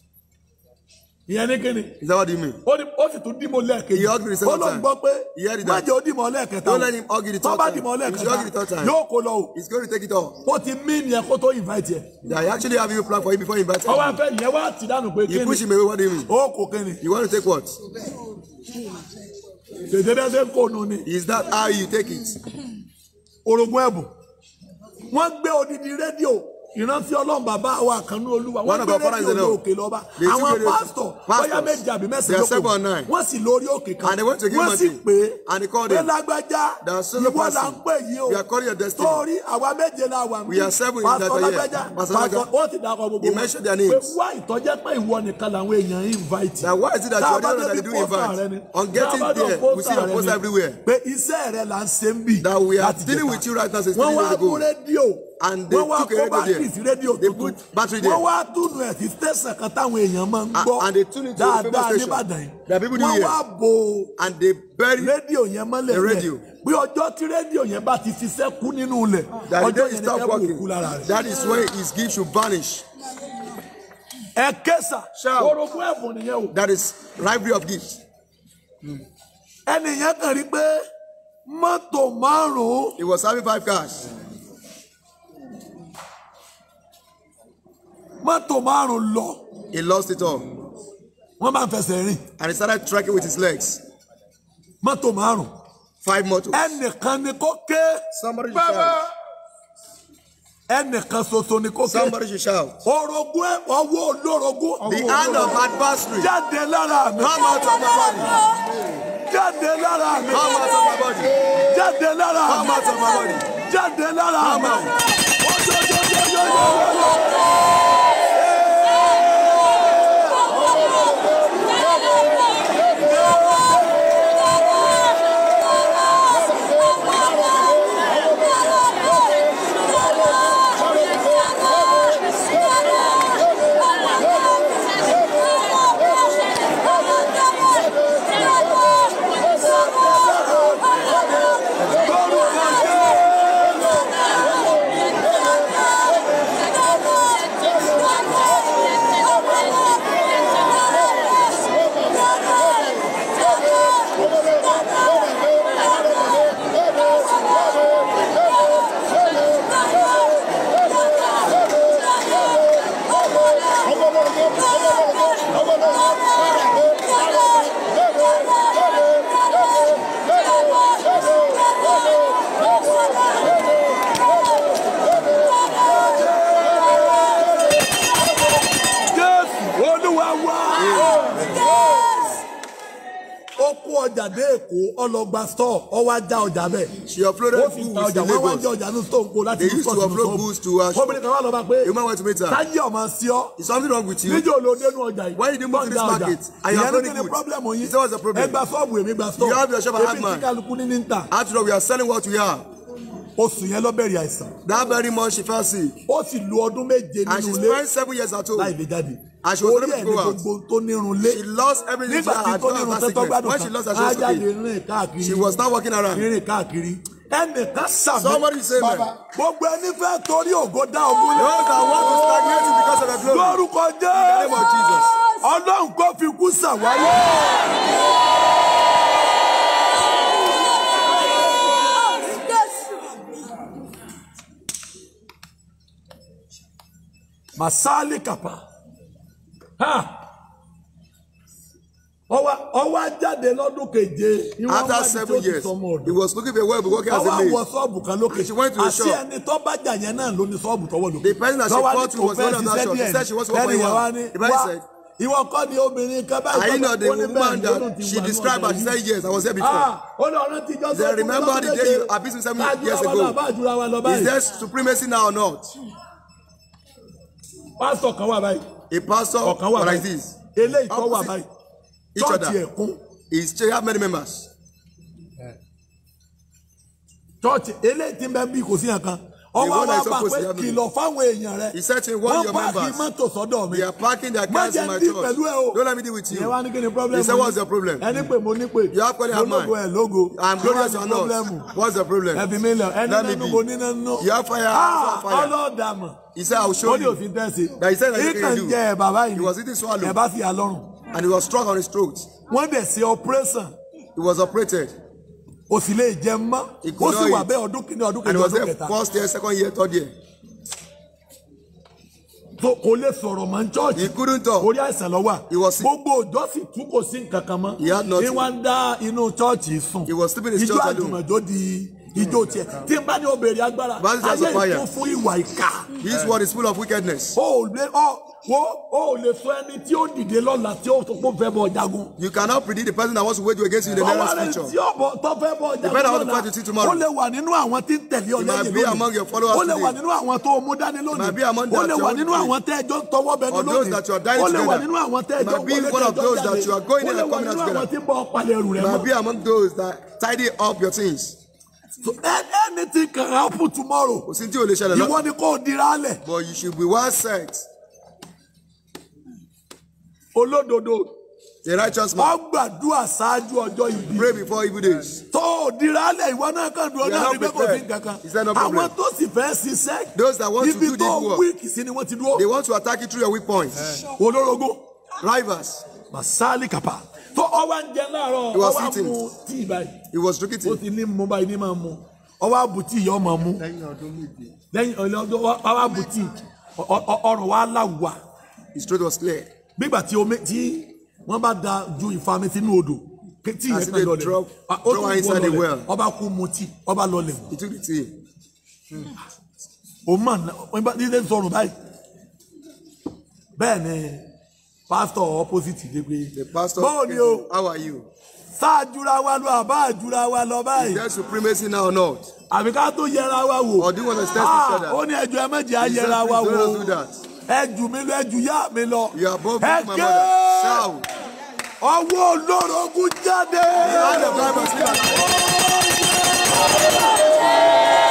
ìyẹn ní kíni. is that what you mean. ó ní ó sì tún dìbò lẹ́ẹ̀kejì. he hugged me the second time. ó ló ń gbọ́ pé má jẹ́ ó dìbò lẹ́ẹ̀kẹta. don't let him hug you the third time. tó bá dìbò lẹ́ẹ̀kẹta yóò kó lọ o. he is going to take it all. ó ti mí ni ẹ kó tó invite yẹ. I actually have you plan for him before he invite you. ọwọ́ afẹ́ yẹn wá ti dànù pé kíni. you push him away what do you mean. ó kò kíni. you want to take what dèdèdè ṣe nu ni. is that how you take it. orogún ẹ̀bùn wọ́n gbé odidi rédíò ìrántí ọlọ́run bàbá wa kan ní olúwa wọ́n gbére ní orí òkè lọ́ba àwọn pásítọ̀ bóyá méjì àbí mẹ́sàn-án lóko wọ́n sì lórí òkè kan wọ́n sì pé pé lágbájá ìwọ là ń pè yí o torí àwa méje la wà mí pásítọ̀ lágbájá pásítọ̀ ó ti dàkọ̀ gbogbo pé wá ìtọ́jẹ́ pé ìwọ nìkan làwọn èèyàn invite dábàá débi pọ́sà rẹ ni dábàá débi pọ́sà rẹ ni pé iṣẹ́ rẹ là ń ṣe ń bì láti jẹta wọ́n wá kú rédíò and they took a radio there they put battery there. wọ́n wá túnú ẹ̀ sí tẹ̀sán kan táwọn èèyàn máa ń gbọ́ and they tune people do hear wọ́n wá bo and they bury yẹn mọ́lẹ̀ the radio bí ọjọ́ tí rédíò yẹn bá ti ṣiṣẹ́ kú nínú ilẹ̀ ọjọ́ yẹn ni ẹ bò lára rẹ̀. that is when his gift should vanish. ẹ kẹsà orogún ẹ̀bùn nìyẹn o. that is rivalry of gifts. ẹnìyẹn kàn rí pé mọ́tò márùn-ún. he was having five cars. mọ́tò márùn-ún lọ. he lost it all. wọ́n máa fẹsẹ̀ rìn. and he started tracking with his legs. mọ́tò márùn-ún. five motos. ẹnìkan ni kò ké. somebody shout. ẹnìkan ṣoṣo ni kò ké. somebody should shout. orogún ọwọ́ olórogún. the hand of adversary. jáde lára mi. come out of my body. jáde lára mi. come out of my body. jáde lára mi. come out of my body. jáde lára mi. come out. ojoojoojoojoojo. ọlọgba store ọwọ ajá ọjà bẹ. she uploaded goods to Lagos. wọ́n wá jẹ ọjà ní stone kó láti ní stone kó. goods to her shop. obìnrin kan wà lọ́ba pé. you man want to meet her. táyé ọmọ sí is something wrong with you. níjó ló dénú ọjà yìí. why you dey move to this market and you are not good. ní problem oyin. is that what's the problem. ẹ gba sọ́ọ̀bù èmi gba store. you have your shop at hand after all we are selling what we are oṣù yẹn ló bẹ̀rẹ̀ àìsàn. that very month she fell sick. ó sì lu ọdún méje nínú ilé. and she spent seven years at home. láì jáde. and she was ready to go out. orí ẹni gbogbo tó nírun lé. she lost everything she had done her secret when she lost her social security. she was not working around. rìnrìn káàkiri ẹnìkan sàmì. somebody say amen. gbogbo ẹni fẹ́ torí ògo dá ogun lé. those that want to stagnate because of the glory. lórúkọ jẹ́ ọlọ́run kò fi kú sàwárí. masali kapa ha ọwọ ọwọ ajáde lọdún keje. after seven years he was looking for work. wife working as a maid. ọwọ wọ sọ́ọ̀bù kan lókè. she went to the shop. àti ẹni tó bá jà yẹn náà ló ní sọ́ọ̀bù tọwọ́ lókè. the person that she called to was one of that shop she said she wants to work for him now the person said. Ìwọ kọ́ ni obìnrin kan báyìí. I know the woman that she described as she said yes I was there before. Ah, lọ rántí jọ́sọ̀ fún mi lọ́dún. remember the day you abuse me seven years ago. Is there supremacy now or not? pásítọ̀ kan wà báyìí. a pastor ọ̀kan wà báyìí eléyìí kan wà báyìí church yẹ kún. his church have many members. church Ele ti ń bẹ bí kò sí yàn kan ọwọ́ àwọn àgbà pé kìlọ̀ fáwọn èèyàn rẹ wọ́n pààkì mọ́tò sọ́dọ̀ mi má jẹ́ ń di pẹ̀lú ẹ o ìyẹn wá ní kí ni problem ẹni pé mo ní pé ológo ẹ lógo kí wọ́n ní problem ẹbí mi lẹ ẹni nínú mo ní nínú ah, ọlọ́dàmọ̀ ó ní òfin tẹ́sí ìkànjẹ ẹ̀ bàbá yìí ẹ̀ bá fi àlọ́run and he was struck on his throat. wọ́n dẹ̀ ṣe operation. he was operated o sì lè jẹ mọ́ o sì wà bẹ́ẹ̀ ọdún kìíní ọdún kìíní ọdún kẹta. first year second year third year. so kò lè sọ̀rọ̀ mọ́ ní church. he couldn't orí àìsàn ló wà. he was sick. gbogbo ọjọ́ sì tún kò sí nǹkan kan mọ́. he had nothing. he wan da inú church sùn. he was sleeping in his church alone. ìjọ àjùmọ̀jọ́ di ijó tiẹ̀ tí n bá ní obèrè agbára ayé ìkún fún ìwà ìkà. This word is full of wickedness. o ò lè ọ wo o ò lè sọ ẹni tí ó dìde lọ́la tí ó tó fẹ́ bọ̀ jagun. You cannot predict the person that wants to wage you against you in the nearest future. ọwọ́ rẹ tí ó bọ̀ tó fẹ́ bọ̀ jagun lọ́la ó lè wà nínú àwọn tí ń tẹ̀lé ọ lẹ́yìn lónìí ó lè wà nínú àwọn tó mú dání lónìí ó lè wà nínú àwọn tẹ́ ẹjọ́ tọwọ́ bẹ lónìí ó lè wà nínú àwọn tẹ́ ẹjọ́ wọlé tẹ́jọ́ jáde ó lè wà nínú àwọn tí ń bọ̀ palẹ̀ ẹrù Tidy up your things so anything can happen tomorrow. kò sí tí o lè ṣẹlẹ̀ lọ. ìwọ ni kò dira lẹ̀. but you should be well set. olódodo. The righteous man. Wọ́n gbàdúrà ṣáájú ọjọ́ ìbí. Pray before evil days. Tó o dira lẹ̀ ìwọ náà kàn dúró náà nígbà kò fi kankan. Is there no problem? Àwọn tó sì fẹ́ ṣiṣẹ́. Those that want to do this work. Ibi tó wíìkì sí ni wọ́n ti dúró. They want to attack you through your weak points. Olórogún. Rivals masali kapa tó ọwọ́ ń jẹ láàárọ̀ ọwọ́ á mu tíì báyìí ó ti ní mu báyìí ní máa mu ọwọ́ àbùtì yìí ọmọ mu lẹ́yìn ọdún ọwọ́ àbùtì ọrọ̀ wa láwùwà. his throat was clear. gbígbà tí omi tí wọ́n bá da ju ìfami sínú odò tí ìyẹn kan lọlẹ̀ ó tún wọ́n lọlẹ̀ ọba kú mu tí ọba lọlẹ̀ mọ́. he took the tea. Hmm. o mọ̀ nílé sọ̀rọ̀ báyìí bẹ́ẹ̀ ni pastor opposite dé the pastor báwo ni how are you. sáàjúra wa lọ àbá àjúra wa lọ báyìí. is there supremacy now or not. àbí ká tó yẹra wa wò. or do you understand each ah, other. ó ní ẹjọ́ ẹ á yẹra wa wò. don't do that. ẹ jù lọ ẹ yá mi lọ. you are above my mother. ẹ ọwọ́ olórogún jáde. the lord of the bible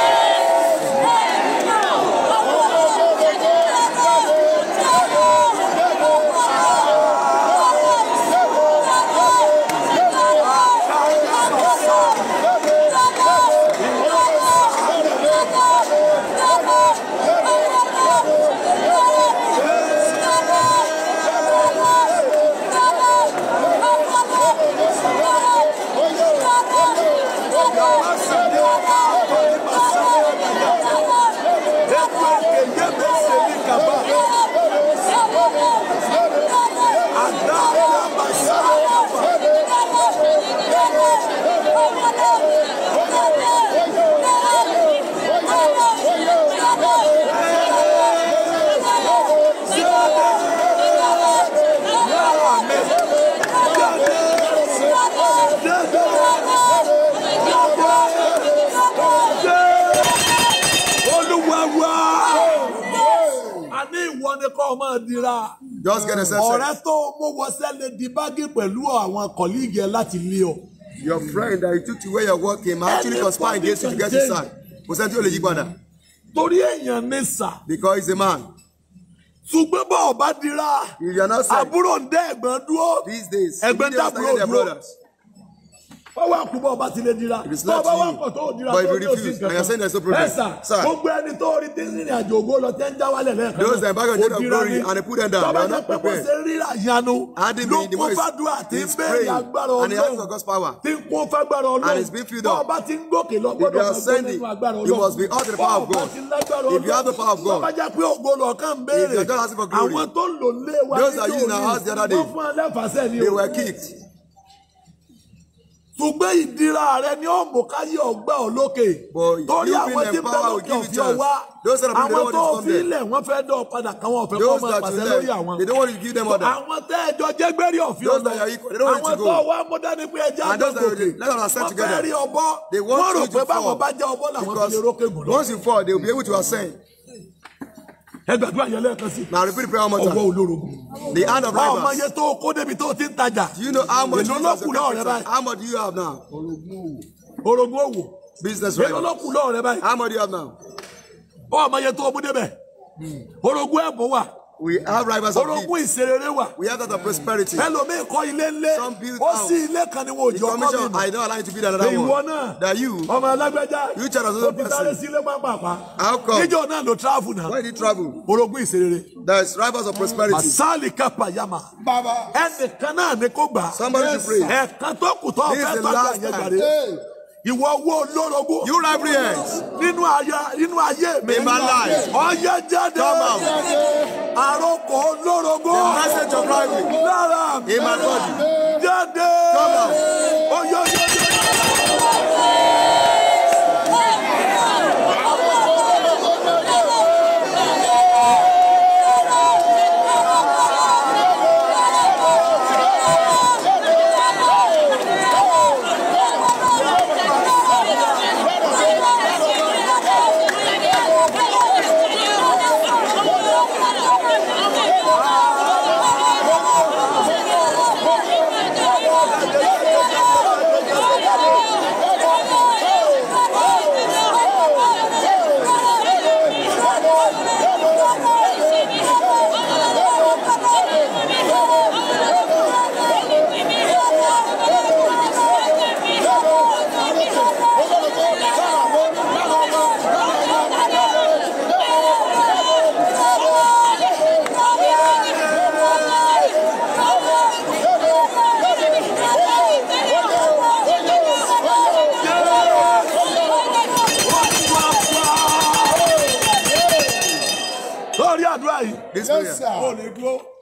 kọ́ dira. just get a sense. ọ̀rẹ́ tó mo wọṣẹ́ lè di báàgì pẹ̀lú àwọn kọ̀líìgì ẹ láti lé ọ. your friend that you took to where your work came actually conspire against you to get inside. side kò sẹ́ni tí ó lè yí padà. torí èèyàn ní sà. because he a man. ṣùgbọ́n bá ọba dira. you are not saying. àbúrò ń dẹ́ ẹ̀gbọ́n dúró. these days. ẹ̀gbọ́n dàbúrò dúró báwo àkùbọ̀ ọba ti lè dira báwo àwọn akọ̀ tó dira tó tó sí kankan ẹ̀sà gbogbo ẹni tó rí tí ń rìnrìn àjò ògo lọ tẹ́ ń já wálẹ̀ lẹ́ẹ̀kan náà ó dira ní bàbá náà pé kò ṣe ríra ìyanu ló kún fàdúrà tí ń bẹ̀rẹ̀ agbára ọlọ́run tí ń kún fàgbára ọlọ́run bọ́ ọba ti ń gòkè lọ gbọ́dọ̀ kan gbọ́dọ̀ agbára ọlọ́run bọ́ ọba ti lágbára ọlọ́run bọ́bá jẹ́ pé ògo lọ kàn àwọn tó lò lé tùgbé ìdíra rẹ ní òmù káyé ọgbà òlókè torí àwọn tí bẹ lókè ọfẹ wá àwọn tó fi lẹ wọn fẹ́ dọ padà káwọn ọfẹ kọ máa pàṣẹ lórí àwọn àwọn tẹ ẹjọ jẹgbẹrí ọfẹ ọlọ àwọn tó wá mọdá ní pé ẹjẹ àjọ gòkè fẹ́ rí ọbọ wọn rò pé báwọn bá jẹ ọbọ làwọn fi lè rókè gùn lọ. once you fall they will be able to ascend ẹ gbàdúrà yẹn lẹ́ẹ̀kan sí. na repeat prayer one more time. ọwọ́ olórogún. the hand of rivers. ọmọ yẹn tó kó débi tó ti ń tajà. do you know how much. èlò lókun náà rẹ báyìí. how much do you have now. orogún òwò. orogún òwò. business rivers. èlò lókun náà rẹ báyìí. how much do you have now. ọmọ yẹn tó mú débẹ̀. orogún ẹ̀bùn wà. We have rivals of deep. Orogún ìṣerere We have that of prosperity. Ẹlòmíì kọ́ ilé ńlé. Some build house. Ó sí ilé kan ni wọn ò jọ kọ́ mi nù. I don't allow you to be build other one. Ìwọ náà. That you. Ọmọ alágbèjà. You child of the person. Òpìtàrẹ́ sí ilé pápá. How come? Níjọ́ náà ló travel náà. Why did he travel? Orogún ìṣerere. There is rivals of prosperity. Masali kapa yama. Baba. Ẹnìkan náà ni kò gbà. Somebody to pray. Ẹ̀kan tó kù fẹ́ tó àgbà yẹn gbàdé. Ìwọ owó olórogún. You ruffians. Nínú aya nínú ayé mi. In my life. Ọyẹ jáde. Come out. Àròkọ olórogún. The message of rivalry. Lára mi. In my body. Jáde. Come out. Oyè oyè.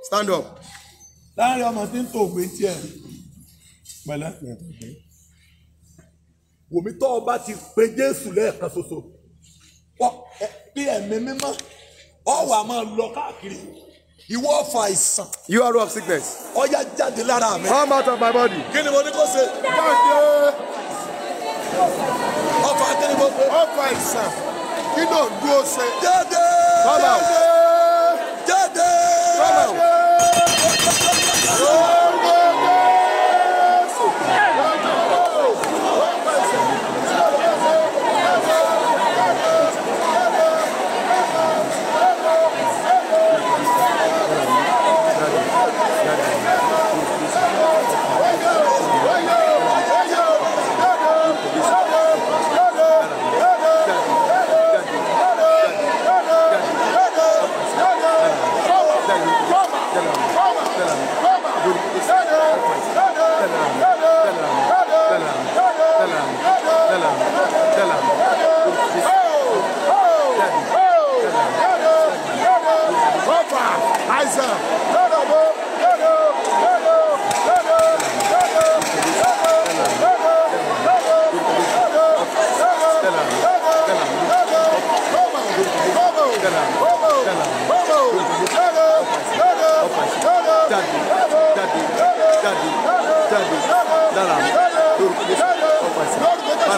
stand up. láàrin ọmọ tí ń tó ògbé tiẹ̀ pẹ̀lẹ́. wòmí tó o bá ti pe jésù lẹ́ẹ̀kan ṣoṣo bí ẹ̀mí mímọ́ ọ wà máa lọ káàkiri ìwọ ọfà àìsàn. you are of sickness. ọya jáde lára mi. come out of my body. kí ni mo ní kó ṣe. jáde. ọfà kí ni mo ṣe. ọfà àìsàn kí ló ń dúró ṣe. jáde. jáde. jáde. jáde. 감사합니다.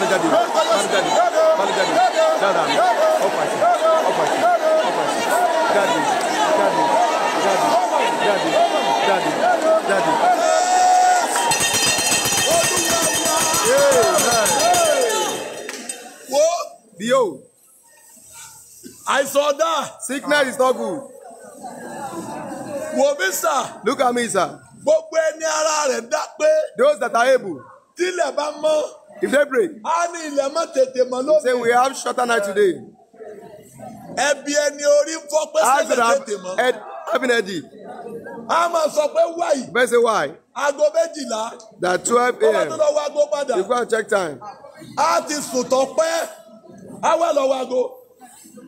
bari jáde bari jáde bari jáde dáadáa mi ọkọ àti ọkọ àti ọkọ àti jáde jáde jáde wo Dio I saw that. Sickness is not good. Wo Mister, Look at me sà. Those that are able. If they break. Say we have shorter night today. Ẹbí ẹni orí been eh, ready. A máa sọ pé why. I say why. Aago méjìlá. That 12 a.m. You go and check time. A ti sùn tán pẹ́. A wá lọ wá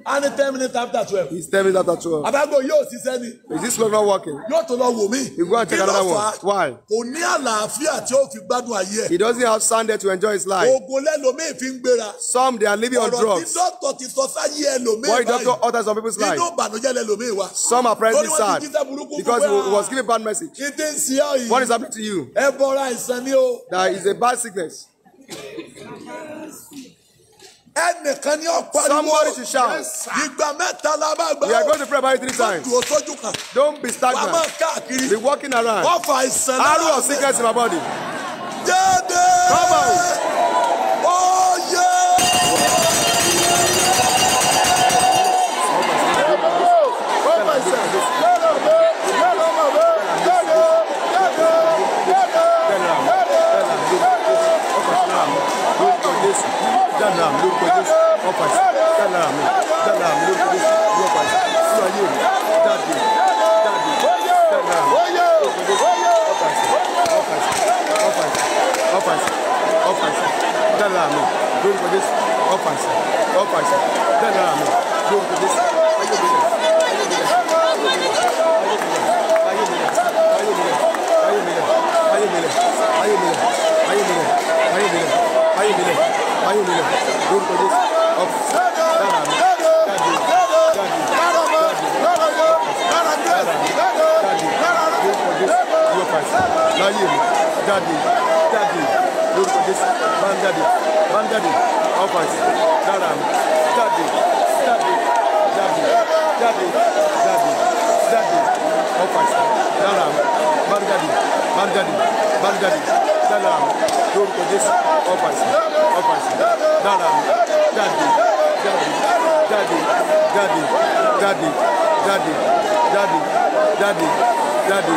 and ten minutes after twelve. it's ten minutes after twelve. abago yóò ṣiṣẹ́ ni. is this one not working. yóò tó lọ wò mí. you go and check another one. why. kò ní àlàáfíà tí ó fi gbádùn ayé. he doesn't have standard to enjoy his life. oògùn lẹ́lòmíì fi ń gbéra. some they are living on drugs. ọ̀rọ̀ tí dọ́kítọ̀ ti sọ sáyé ẹlòmíì báyìí. why doctor alter some people's life. inú ìbànújẹ́ lẹ́lòmíì wa. some are presently sad because he was giving bad message. it is here. what is happening to you. ẹ bọra ìsàn ni o. that is a bad sickness ẹnìkan ní ọ̀pọ̀ ariwo ìgbà mẹ́ta la bá gbà we are going to pray about it three times. dùn sójú kan. don't be stagnant. wàá máa káàkiri. be walking around. ọ̀fà ìsàn náà. arrow of sickness in my body. jẹ́dẹ̀. come out. Oh yeah. pàṣẹ dáná àmì dáná àmì ló kéré ìwọ pàṣẹ sínú ayé mi jáde jáde dáná àmì ọpàṣẹ ọpàṣẹ ọpàṣẹ ọpàṣẹ ọpàṣẹ dáná àmì lórúkọ Jésù ọpàṣẹ ọpàṣẹ dáná àmì lórúkọ Jésù ayé mi rẹ ayé mi rẹ ayé mi rẹ ayé mi rẹ ayé mi rẹ ayé mi rẹ ayé mi rẹ ayé mi rẹ ayé mi rẹ ayé mi rẹ ayé mi rẹ ayé mi rẹ. báyìí mi lọ lórúkọ jésù ọ̀pọ̀ dára mi jáde jáde jáde jáde jáde lórúkọ jésù yóò pa ẹsẹ̀ láyé mi jáde jáde lórúkọ jésù máa ń jáde máa ń jáde ọ̀pọ̀ ẹsẹ̀ dára mi jáde jáde jáde jáde jáde jáde ọ̀pọ̀ ẹsẹ̀ dára mi máa ń jáde máa ń jáde máa ń jáde. dára lórúkọ Jésù ọba ìsìn ọba ìsìn dára jáde jáde jáde jáde jáde jáde jáde jáde jáde jáde jáde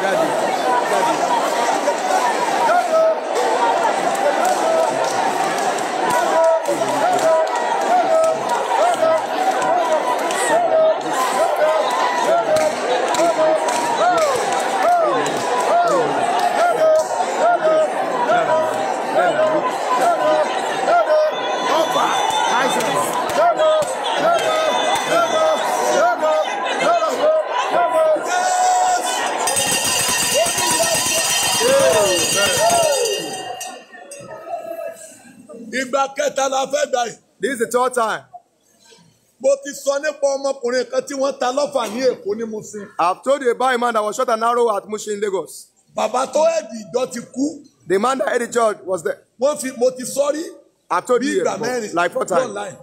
jáde jáde jáde. ẹlẹ́ẹ̀kẹta la fẹ́ gbà yìí. this is the third time. mo ti sọ nípa ọmọkùnrin kan tí wọ́n ta lọ́fà ní èkó ní Mushin. I told you about a man that was shot and narrow at Mushin Lagos. bàbá tó ẹ̀dì ìjọ ti kú. the man that headed church was there. wọ́n fi mo ti sọ́rí. I have told you about like four times. online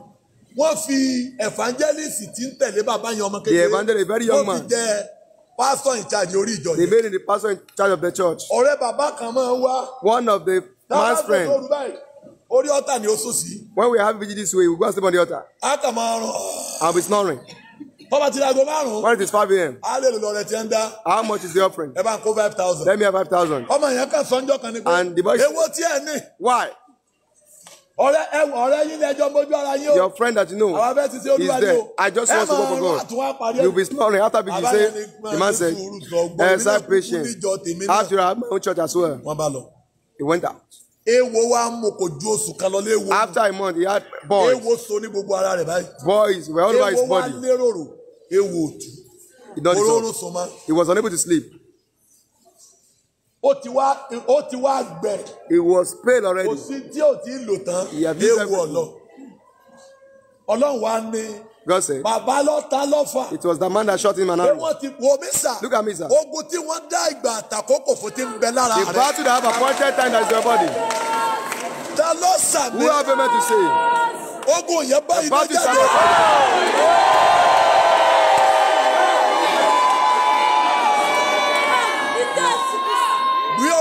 wọ́n fi evangelist tí ń tẹ̀lé bàbá yẹn ọmọ kékeré. the evangelist very young man. wọ́n fi jẹ pastor in charge orí ìjọ yẹn. they made him the pastor in charge of the church. ọ̀rẹ́ bàbá kan máa ń wá. one of the man's friend orí ọ̀tà ni ó sùn sí. when we have vigil this way we go and sleep on the altar. a kà máa rán. and we snoring. Bọ́ba ti dago márùn When it is five a.m. A lọ rẹ̀ tí ń dá. How much is the offering? Ẹ bá ń kó five thousand. Let me have five thousand. Ọmọ yẹn kàn sọ́njọ́ kan ni And the boy. Èwo tí ẹ ní. Why? ọ̀rẹ́ ẹwọ ọ̀rẹ́ yín lẹjọ mójú ara yín o. your friend that you know is there i just want to work for god you be snoring after beginning say the man said exercise patience after i church as well he went out. Ewo wa mú kò ju oṣù kan lọ léwo. After a month he had boils. Ewo so ní gbogbo ara rẹ̀ báyìí. Boils were all over his body. Ewo wa lérò ewo òtù. He doesn't sleep. He was unable to sleep. Ó ti wá ó ti wá gbẹ. He was pale already. Kò sí tí ò tí ń lò He had used everything. Ewo ọ̀lọ́. Ọlọ́run wa ní. God said. Bàbá ló ta lọ́fà. It was the man that shot him an arrow. wọ́n ti wo mí sà. Look at me sir. Ogun tí wọ́n dá ìgbà àtàkókò fún ti ń bẹ lára rẹ̀. The battle that have appointed time that is your body. Ta ló sàmì? Who have amen to say? Ogun yẹn bá iná jáde. The battle is sacrificed.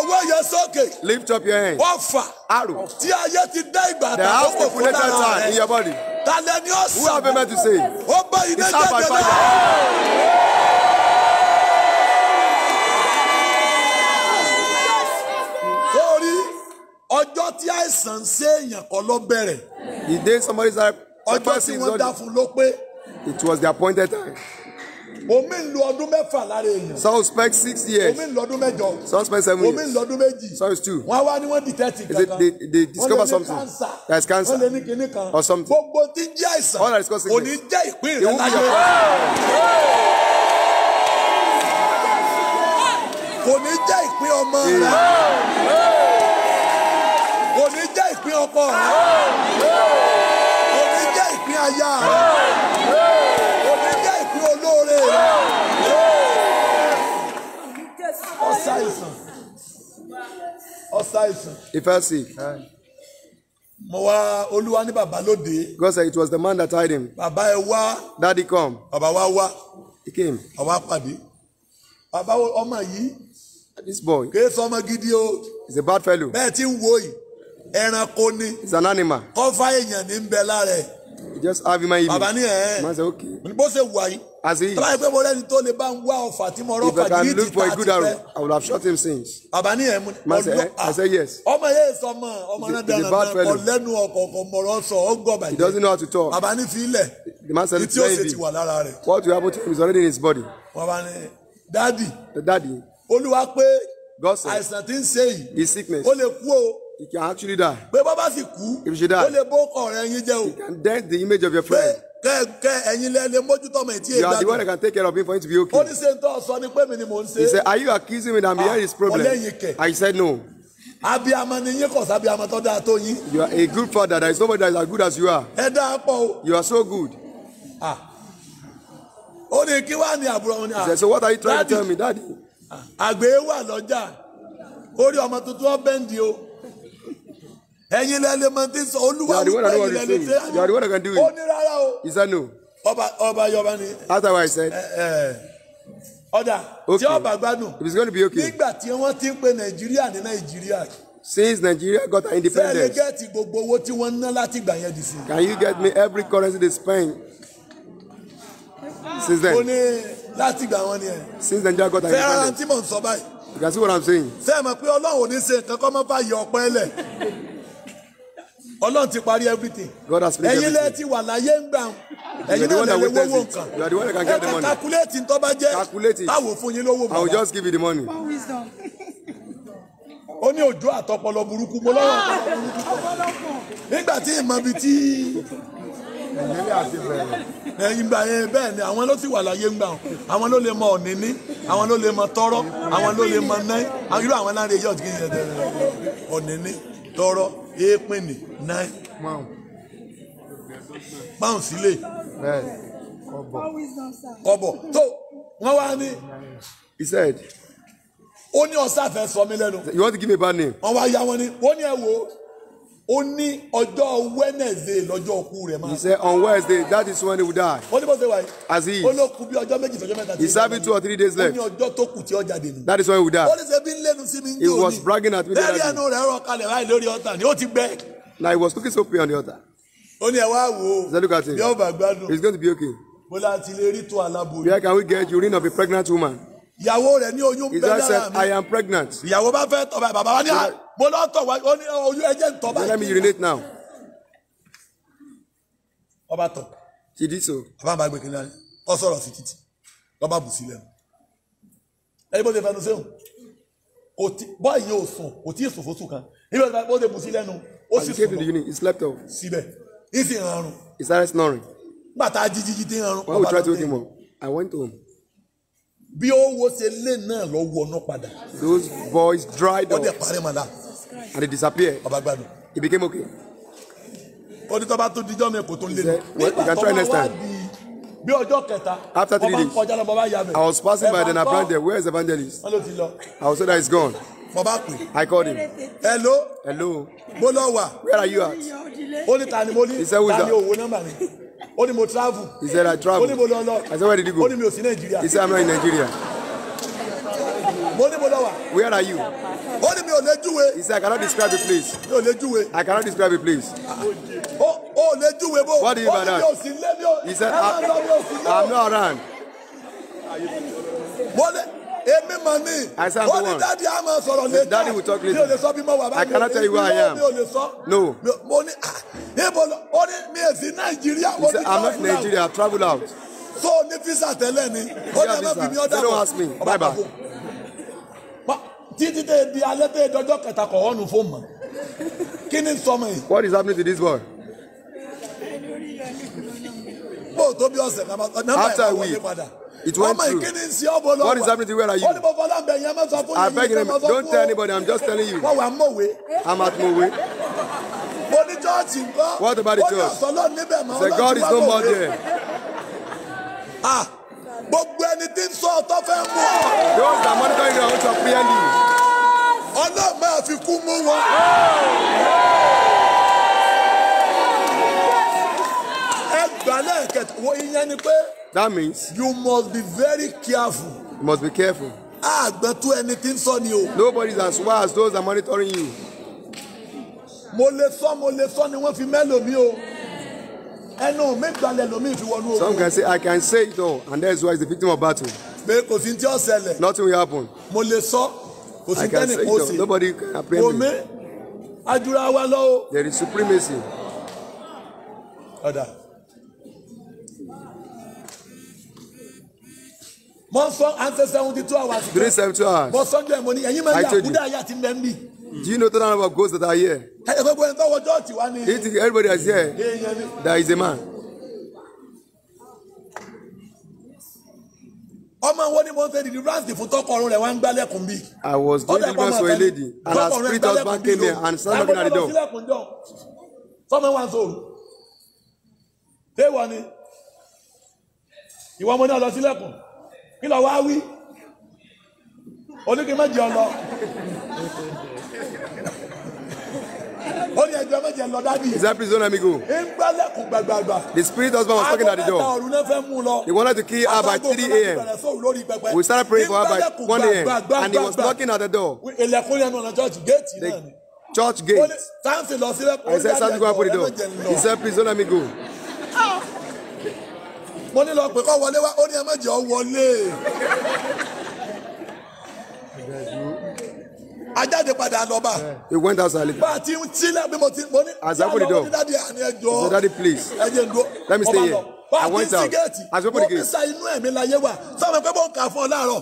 ọwọ́ yẹn sókè. lift up your hand. ọfà. arrow. tí ayé ti dá ìgbà àtàwọn kò fún lára rẹ. in your body. ni ó sàn. who have been meant to say. ó bá ilé jẹjẹrẹ náà. ọjọ́ tí àìsàn ṣe èèyàn kọ́ ló bẹ̀rẹ̀. the day somebody's life. ọjọ́ tí wọ́n dá fún ló pé. it was the appointed time omi ń ọdún mẹ́fà lára èèyàn. some expect six years. omi ń ọdún mẹ́jọ. some expect seven years. omi ń ọdún méjì. some is two. wọ́n wá ní wọ́n detect kankan. they they discover something. wọ́n lè ní cancer. wọ́n lè ní kinní kan. or something. gbogbo tí ń jẹ́ àìsàn. all are discussing this. òní jẹ́ ìpín rẹ̀ láyọ̀. kò jẹ́ ìpín ọmọ rẹ kò jẹ́ ìpín ọkọ rẹ kò jẹ́ ìpín aya rẹ. ọ̀sàìsàn. he fell sick. mo wá olúwa ní bàbá lóde. God said it was the man that tied him. bàbá ẹ wá. daddy come. bàbá wa wá. he came. àwa pàdé. bàbá ọmọ yìí. this boy. kì í sọ ọmọ gidi o. he is a bad fellow. bẹ́ẹ̀ tí ń wo yìí ẹranko ni. he is an animal. kọ́fà èèyàn ní ń bẹ lára ẹ̀ just have in my evening. bàbá ni ẹ ẹ bó ṣe wà yìí. as he is. tọ́lá yìí pé mo rẹ́ni tó lè bá ń wá ọ̀fà tí mo rọ́ọ̀fà kì í ti ta àti pẹ́. if I can look for a good arrow I will have shot him since. bàbá ni ẹ mu ni ọdún a. I say yes. ọmọ yẹn sọ mọ ọmọ náà dáná náà kọ lẹ́nu ọ̀kọ̀ọ̀kọ̀ mọ̀rọ̀ sọ ó gbọ́ bàjẹ́. he doesn't know how to talk. bàbá ni fi ilẹ̀. the man said it's very big. what will happen to him is already in his body. bàbá ni dadi. the dadi. olúwa pé àìsàn tí ń ṣe yìí. his sickness. ó lè kú o. He can actually die. Pé bàbá sì kú. If she die. Ó lè bó ọ̀rẹ́ yín jẹ́ o. He can dent the image of your friend. Kẹ kẹ ẹ̀yin lẹ lè mójútó ọmọ ìtí ẹ̀dá. You are the one that can take care of him for him to be okay. Ó ní sọ ni pé mi ni mò ń ṣe. He said, are you accusing me that I'm ah, behind this problem? Ọlẹ́yin kẹ̀. I said no. Abiyamọ ni yín kọ̀ sí abiyamọ tó dáa tó yín. You are a good father. There is nobody that is as good as you are. Ẹ dáa pọ̀ o. You are so good. Ah. Ó ní kí wàá ní àbúrò wọn ni. He ah. said, so what are you trying to tell me, daddy? Ah, Àgbẹ̀ wà lọ́jà. Orí ọmọ tuntun ọ bẹ́ndì o ẹ̀yin lẹ́lẹ́ mọ tí sọ olúwa wípé ẹ̀yin lẹ́lẹ́ tẹ́ àná ó ní rárá o. he said no. ọba ọba yọba ni. after what i said. ọ̀dà tí ọba gbádùn. it is going to be okay. nígbà tí wọ́n ti ń pe nàìjíríà ní nàìjíríà. since nigeria got her independence. fẹ́ẹ́ lè gbogbo owó tí wọ́n ná láti gbà yẹn dì sí. can you get me every currency they spend since then. o ní láti gbà wọn ni ẹ. since nigeria got her independence. fẹ́ràn tí mò ń sọ báyìí. you can see what i'm saying. sẹ́ẹ̀ mọ̀ pé ọlọ́run ò ní ṣe nǹkan kọ́ mọ́ fà yọ ọpẹ́ lẹ̀. Ọlọ́run ti parí everything. God has paid everything. Ẹ̀yin lẹ ti wà láyé ń gbà. Ẹ̀yin náà lè wọ́wọ́ nǹkan. You are the one that can get the money. Ẹ kàn calculate tó bá jẹ́. Calculate it. Táwo fún yín lówó bàbá. I will just give you the money. Ó ní òjò àtọpọlọ burúkú mo lọ́wọ́ ah! àtọpọlọ burúkú. Nígbà tí ìmọ̀ bi tí. Ẹ̀yin gbà yẹn bẹ́ẹ̀ ni àwọn ló ti wà láyé ń gbà. Àwọn ló lè mọ ọ̀nìní. Àwọn ló lè mọ tọ́rọ́. Àwọn ló lè mọ náí. Irú àwọn láre yóò ti kí ọ̀nìní tọ́rọ́ èèpìnì nine pound sílẹ̀ kọ́bọ̀ tó wọ́n wá ní. he said. ó ní ọ̀sán àfẹ́ sọ mí lẹ́nu. you want to give me a bad name. wọ́n wá yá wọn ní ó ní ẹ wo ó ní ọjọ́ wednesday lọ́jọ́ òkú rẹ̀ máa. he said on wednesday that is when he would die. ó ní bó ṣe wà as he is. ó ló kù bí ọjọ́ méjì sọjọ́ mẹ́ta. he served two or three days left. ó ní ọjọ́ tó kù tí ó jáde that is when he would die. ó ní ṣe bí ń lẹ́nu sí mi ń jò ní. he was bragging at me that day. lẹ́yìn àánú rẹ̀ rọ̀ kalẹ̀ báyìí lórí ọ̀tà ni ó ti gbẹ. Now he was looking so pale on the altar. ó ní ẹ wá wò ó. he said look at him. yóò bá gbádùn. he is going to be okay. bó la ti lè rí tó aláboyún. where can we get urine of a pregnant woman? ìyàwó rẹ̀ ní oyún bẹ́ẹ̀ lára mi. he just said I am pregnant. ìyàwó bá fẹ́ tọ̀ bàbá wa ní ah, mo lọ tọ̀ wá ó ní oyún oh, ẹ̀jẹ̀ ń tọ̀ báyìí. let me urinate now. ọba tọ̀. she did so. bàbá àgbà gbẹ̀kẹ̀ náà ọ sọ̀rọ̀ sí títì lọ́ba bù sílẹ̀ mu. ẹni bó ṣe fẹnu sẹ́wọ̀n bọ́ọ̀yì yóò sùn kò tí ì sùn fóṣù kan nígbà tó bó ṣe bù sílẹ̀ nu ó sì sùn lọ síbẹ̀ ìsìn àrùn. he started snoring. gbàtà jíjíjí dín àrùn. why we try to wake him up I went home bí owó ṣe lé náà lọ wọnú padà. those boys dried up. ó dẹ̀ parí màdá. and they disappear. baba gbadu. he became okay. ó ní tọ́ba tó dijọ́ mi kò tó lé mi. nígbà tó ma wá di bí ọjọ́ kẹta. after three days ọba kọjá lọ bàbá yà I was passing by then I found there. where is evangelist. wọ́n ti lọ. I was told that he is gone. mo pè. I called him. hello. hello. mo lọ wà. where are you at. ó ní ta ni mo ní. he said who is that. ta ni òwò nọ́mbà mi ó ní mo travel. he said i travel. ó ní mo lọ lọ. I said where did you go. ó ní mi ò sí Nàìjíríà. he said I'm not in Nigeria. mo ní mo lọ wà. where are you. ó ní mi ò lè he said I cannot describe the place. mi ò lè I cannot describe the place. ó ó lè bó. what do you mean by that. ó ní mi ò sí lé he said I'm not around. mo lè èmi mọ̀ ní. àìsàn àbúrò wọn ó ní dáàdi a máa will talk later. mi I cannot tell you who I am. mi no. Ah, he said I'm not Nigeria I've travel out. so ní visa tẹ́lẹ̀ ni. They don't ask me bye bye. títí tẹ di alẹ́ tẹ dọjọ́ kẹta kọ̀ ọ́nù fún mọ̀ kí ni sọmọ yìí. what is happening to this boy. bó o tó bí ọ̀sẹ̀ náà nọ́mbà ẹ̀ wọlé padà. It went through. What is happening to you? Where are you? I beg him. Don't tell anybody. I'm just telling you. I'm at Mowe. What about the church? The God is no more there. Ah. Gbogbo ẹni tí ń sọ ọ̀tọ̀ fẹ́ mú ọ. Those that monitor you are also apprehend you. Ọlọ́run máa fi kú mú wọn. balẹ̀ kẹtù wo ìyẹn ni pé that means. you must be very careful. you must be careful. Ah, tó ẹni tí ń sọ ni o. nobody is as wise as those that are monitoring you. mo lè sọ mo lè sọ ni wọ́n fi mẹ́lòmí o ẹnu mi gbalẹ̀ lomi fi wọnú ogun. some can say I can say it all and that is why he is the victim of battle. pé kò sí tí ó nothing will happen. mo lè sọ kò sí tẹ́nì kò sí. nobody can apprehend me. omi àdúrà wa lọ there is supremacy. ọ̀dà. mọ sọ answer seventy two hours. three seven, two hours. mọ sọ jẹ mo ni ẹyin mẹrin àkúdà ayé àti mbẹ nbí. do you know that number of ghosts that are here. ẹ gbogbo ẹni tọwọ church wa ni. it is everybody that is here. There is a man. ọmọ wo ni mo ń ṣe deliverance fún tọkọrun rẹ wá ń gbálẹ̀kùn bí. i was doing deliverance for a lady and her spirit husband came here and stand knocking at the door. sọmọ wa ń sọ̀rọ̀ tẹ́wọ̀ ni ìwọ ọmọ náà lọ sílẹ̀kùn kí lọ wá wí oníkè méje ọlọ orí ẹjọ méje lọ dádì. is that prison amigo. ngbálẹ̀ kò gbàgbàgbà. the spirit husband was talking at the door. àgọ́ mẹ́ta ọ̀run náà fẹ́ mú lọ. he wanted to kill her by three a.m. we started praying for her by one a.m. and he was knocking at the door. ilẹ̀kùn yẹn nù church gate náà ni. church gate. I said, Santi, go and the door. He said, prison amigo? mo ní lọ pé kọ́ wọlé wá ó ní ẹ má jẹ́ ọ wọlé. ajáde padà lọ́ba. he went outside later. bá a ti ń tí lẹ́bi mo ti mo ní. as i open the door. mo ní dadi please. let me stay here wọ́n ti sígẹ́ẹ̀tì wọ́n fi sa inú ẹ̀mí la yé wa sọ́wọ́n pé bó ń kà fún ọ láàárọ̀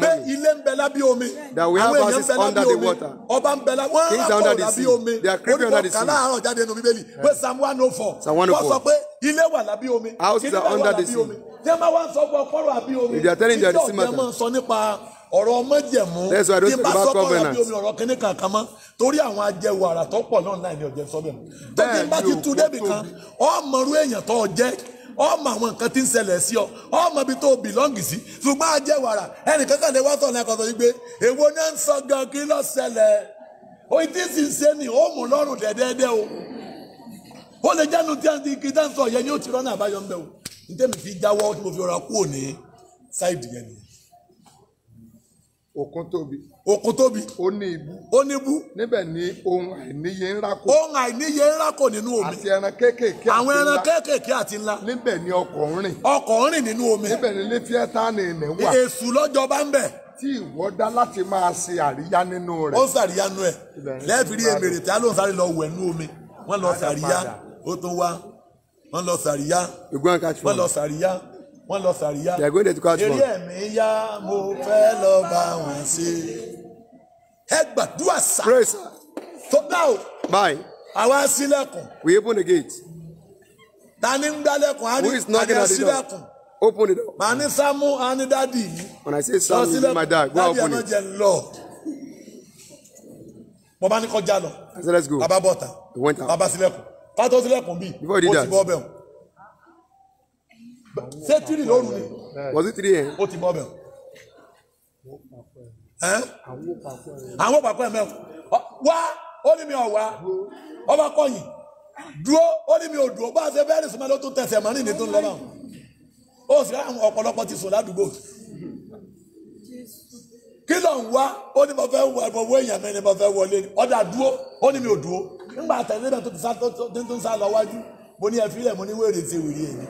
pé ilé ń bẹ lábí omi àwọn èèyàn ń bẹ lábí omi ọba ń bẹ lábí omi wọ́n ń rà pọ̀ lábí omi onígbọ̀n kà láàárọ̀ jáde nínú bíbélì pé psalm one oh no oh four wọ́n sọ pé ilé wà lábí omi ilé wà lábí omi jẹ́ máa wá sọ fún ọkọ̀rọ̀ àbí omi ìjọ jẹ́ máa sọ nípa ọ̀rọ̀ ọmọ jẹ̀mú kí n bá sọ́kọ̀ rẹ̀ bí omi ọ̀rọ̀ kínní kankan mọ́ torí àwọn ajẹwò àrà náà náà ni ọ̀jẹ̀ sọ́bẹ̀ mọ́ tó kí bá ti tu débi kan ọmọrú èèyàn tó jẹ́ ọ ma nǹkan tí ń ṣẹlẹ̀ ọ ọmọ ibi tó o bìlọ́ǹgì sí ṣùgbọ́n ajẹ́ wàrà ẹnìkan kan lè wá sọ̀rọ̀ náà kan sọ wípé èwo náà ń sọ gan kí ló ṣẹlẹ̀ oyin ni o le lè jánu tí a ti kí nsọ yẹn ni ti o ní fi jáwọ́ tí mo fi rọra yẹn Òkun tóbi. Òkun tóbi. Ó ní Níbẹ̀ ni ohun àìníye ń Ohun àìníye nínú omi. Àti ẹran kéékèèké àti ńlá. Àwọn ẹran kéékèèké àti ńlá. Níbẹ̀ ni ọkọ̀ ń rìn. Ọkọ̀ ń rìn nínú omi. Níbẹ̀ ni Léfíẹ́tánì ní wà. Èṣù lọ́jọba ń bẹ̀. Tí ìwọ dá láti máa ṣe àríyá nínú rẹ Ó Lẹ́ẹ̀fìrí èmèrè tí a ló ń sáré wọ́n lọ sàríyá eré ẹ̀mí yá mo fẹ́ lọ bá wọn ṣe. ẹ gbàdúrà sá tó dá o. àwa ṣílẹ̀kùn. we open the gate. ta ni ń gbálẹ̀kùn á ní àyà open the door. màá ní sámú á ní dádì yìí. when i say sámú you my dad go open it. mo bá ní kọjá lọ. i said let's go. baba bọ́ta. he went out. baba ṣílẹ̀kùn. ká tó bíi. before he did that. ó ti bọ́ bẹ́ẹ̀ o ṣé tírì lóru ni. wọ́n sí tírì yẹn. ó ti bọ́ bẹ̀. àwọn òpàpọ̀ ẹ̀ mẹ́wọ̀ wá ó ní mi ọ̀ wá ọba kọ̀yìn dúró ó ní mi ò dúró bá a ṣe bẹ́ẹ̀ ní sùnmọ́ ló tún tẹ̀sẹ̀ mọ́ ní ní tó ń lọ náà ó sì ráhùn ọ̀pọ̀lọpọ̀ ti sùn ládùúgbò kí ló ń wá ó ní mo fẹ́ wọ ẹ̀bùn owó èèyàn mẹ́rin mo fẹ́ wọlé ọ̀dà dúró ó ní mi ò dúró nígbà àtẹ̀lé náà tó ti sá lọ wájú mo ní ẹ mo ní wèrè ti wèrè èyí.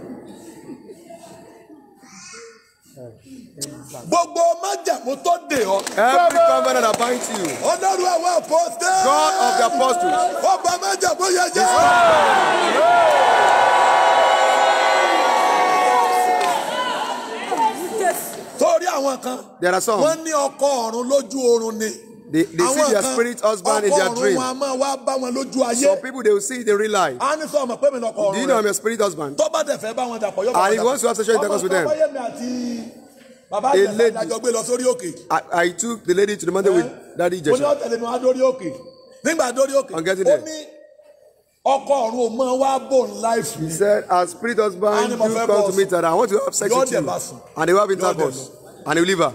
Gbogbo májàmú tó dè ọ́. Every covenant that binds you. Ọlọ́run àwọn apostles. God of the apostles. Ọba májàmú yẹn jẹ́. Torí àwọn kan. There are some. Wọ́n ní ọkọ ọ̀run lójú oorun ni. They, they see their spirit husband in their dream. Some people they will see the real life. Do you know I'm a spirit husband? And he wants to have sexual intercourse with them. A lady, I, I took the lady to the mountain with eh? Daddy Jesha. I'm getting there. ọkọ ọ̀run mọ wá bò ń he said as spirit husband you come to me tada i want to have sex with you and they will have intercourse and they will leave her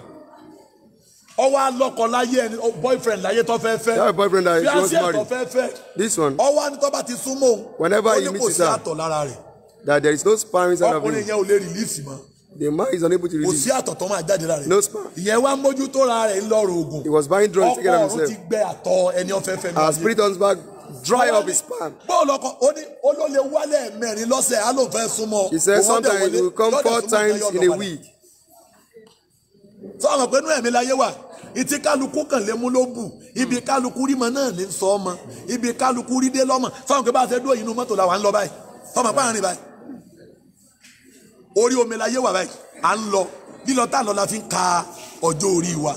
ọwọ́ alọ́kọ láyé ẹni boyfriend láyé tó fẹ́ fẹ́. that boyfriend that she wants to marry. tó fẹ́ fẹ́. this one. ọwọ́ anitọ́ bá ti súnmọ́ òun. whenever he meets her. ó sí àtọ̀ lára rẹ̀. that there is no sperm inside of him. ọkùnrin yẹn ò lè release mọ́. the man is unable to release. kò sí àtọ̀ tó máa jáde lára rẹ̀. no sperm. ìyẹn wá mójútó ra rẹ̀ ńlọrọ̀ oògùn. he was buying drugs taken himself. ọkọ ọ̀run ti gbẹ àtọ̀ ẹni ọ̀fẹ́ fẹ́ mi. her spirit turns back dry up his palm. bọ́ọ̀lù ọkọ ó ní olólè wálẹ̀ mẹ́rin lọ́sẹ̀ á ló fẹ́ súnmọ́. he said sometimes he will come four times in a week sọ̀rọ̀ pé inú ẹ̀mí láyé wà ìtí kálukú kàn lè mú ló bù ibi kálukú rí mọ náà ní sọ ọmọ ibi kálukú rí dé lọ́mọ sọ̀rọ̀ pé bá a ṣe dúró inú mọ́tò làwọn ń lọ báyìí sọ̀rọ̀ pé àárín báyìí orí omi láyé wà báyìí à ń lọ lílọ tá à lọ la fi ń ka ọjọ́ orí wa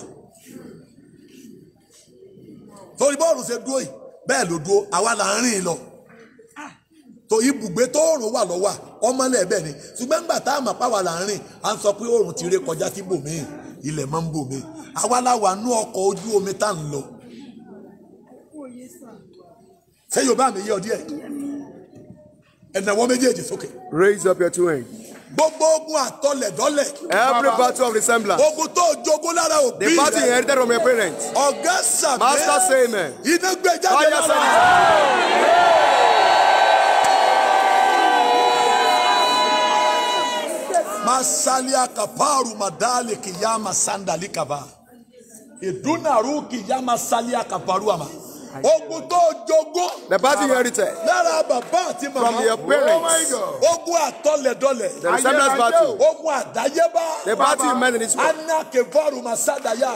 torí bọ́ọ̀lù ṣe dúró yìí bẹ́ẹ̀ ló dúró àwa là ń rìn lọ tó ibùgbé tó òòrùn wà lọ́wọ́ ọmọlẹ̀ bẹ́ẹ̀ ni ṣùgbọ́n gbà tá a mà pàwọ́ là ń rìn à ń sọ pé òòrùn ti ré kọjá síbòmíì ilẹ̀ máa ń bò mí nú ọkọ̀ ojú omi tá ń lọ. ṣé yorùbá mi yé ọ díẹ̀ ẹ̀nàwọ́ méjèèjì sókè. raise up your two hands. Gbogbo ogun àtọlẹ̀dọ́lẹ̀. Every battle of resemblance. Ogun tó jogún lára òbí rẹ̀. The battle inherited from your parents. Ọ̀gá sàmé. Master say amen. Iná gbẹjáde Fire service. masalia kaparu madali kiyama sandali kaba ìdúnàrú kiyama salia kaparu ama ogun tó jogún. the body heritage. lára bàbá àti màmá. from your parents. Oh ogun àtọlẹ̀dọlẹ̀. the resemblance battle. ogun àdáyébá. the battle you met in this world. anna kevaru masadaya.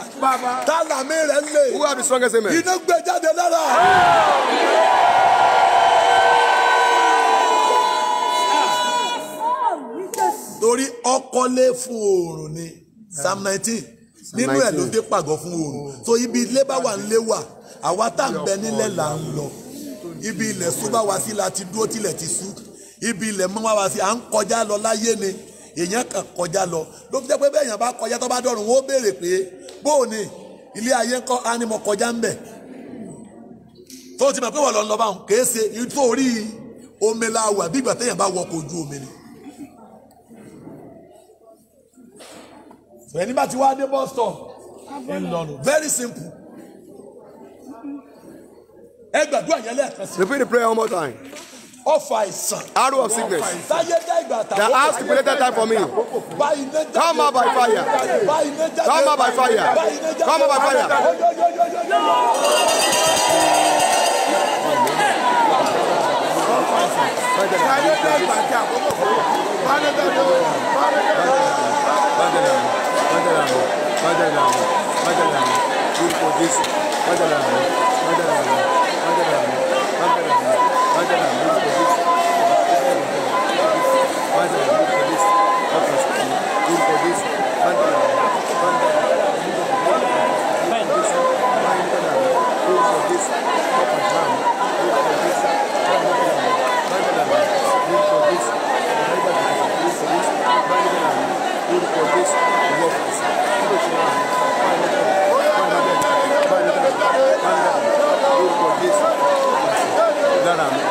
tálàmì rẹ̀ lè. who are the strongest amen. inú gbẹjáde lára. Yeah. Yeah. torí ọkọlé fún oòrùn ni psalm nineteen nínú ẹ̀ ló dé pàgọ́ fún oòrùn oh. so ibi ilé bá wà ń lé wà àwa tá ń bẹ nílẹ̀ là ń lọ ibi ilẹ̀ sún bá wa sí la ti dúró tilẹ̀ ti sú ibi ilẹ̀ mọ́ wá wa sí à ń kọjá lọ láyé ni èèyàn kan kọjá lọ ló fi jẹ́ pé bẹ́ẹ̀ yàn bá kọjá tó bá dọ̀rùn ó béèrè pé bóò ni ilé ayé ńkọ́ ánimọ̀ kọjá ń bẹ̀ tó ti mọ̀ pé wọ́n lọ ń lọ báwọn kèé ṣe ìtòrí omi la wà bí ìgbà téèyàn bá wọkọ̀ ojú omi ni. ẹni anybody ti wá dé bus stop London, very simple ẹ gbàdúrà yẹn lẹ́ẹ̀kan repeat the prayer one more time. ọfà àìsàn. arrow of sickness. táyé dá ìgbà àtàwọn. that has stipulated time for me. báyìí ní jáde. come out by fire. come out by fire. báyìí ní jáde. come out by fire. táyé dá ìgbà àtàwọn. báyìí ní jáde. بدلا بدلا good for this بدلا lára mi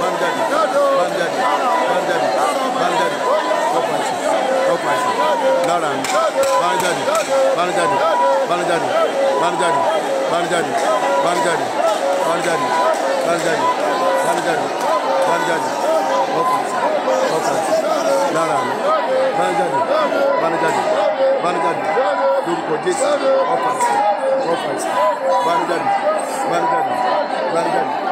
bámjáde bámjáde bámjáde bámjáde lọ́pọ̀ àṣẹ lọ́pọ̀ àṣẹ lára mi bámjáde bámjáde bámjáde bámjáde bámjáde bámjáde bámjáde bámjáde bámjáde bámjáde lọ́pọ̀ àṣẹ lọ́pọ̀ àṣẹ lára mi bámjáde bámjáde bámjáde lórúkọ Jésù lọ́pọ̀ àṣẹ lọ́pọ̀ àṣẹ bámjáde bámjáde bámjáde.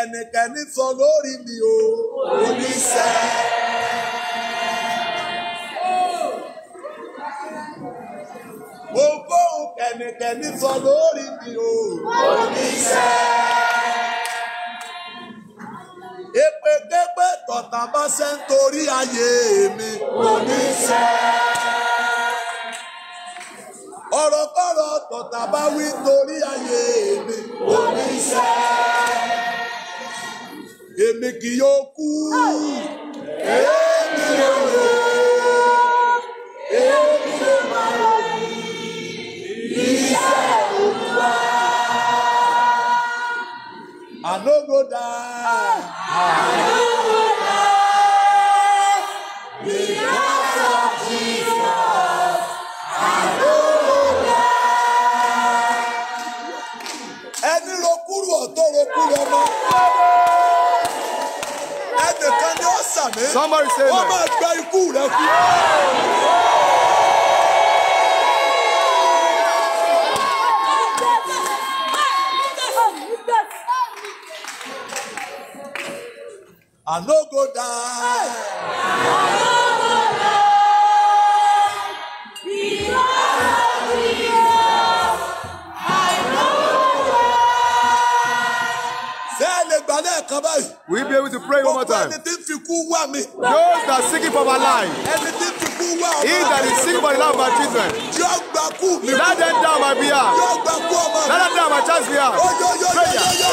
ẹnikẹ́ni sọ lórí mi o. oníṣẹ́. ohunkóhun ẹnikẹ́ni sọ lórí mi o. oníṣẹ́. èpèképè tọ̀tà bá ṣe ń torí ayé mi. oníṣẹ́ ọ̀rọ̀kọ̀rọ̀ tọ̀tà bá wí torí ayé mi. oníṣẹ́ èmi kì yóò kú. èmi yóò lè èmi yóò máa lọ bí iṣẹ́ olúwa. ànógódà. ànógódà. of Jesus. ànógódà. ẹni ro kúrò ọ̀tọ̀ ro kúrò ọmọ mi. somebody say amen. wọ́n máa gba ikú rẹ kú. I no go die. àdúrà lẹ́ẹ̀kan báyìí. we be able to pray one more time. gbogbo ẹni tí ń fi kú wá mi. those that seek seeking for my life. ẹni tí ń fi kú wá ọmọ mi. he that is seeking for the life of my children. yóò gba kú mi. let them down my beer. yóò gba kú ọmọ mi. let them down my chance beer. oyoyoyoyoyo.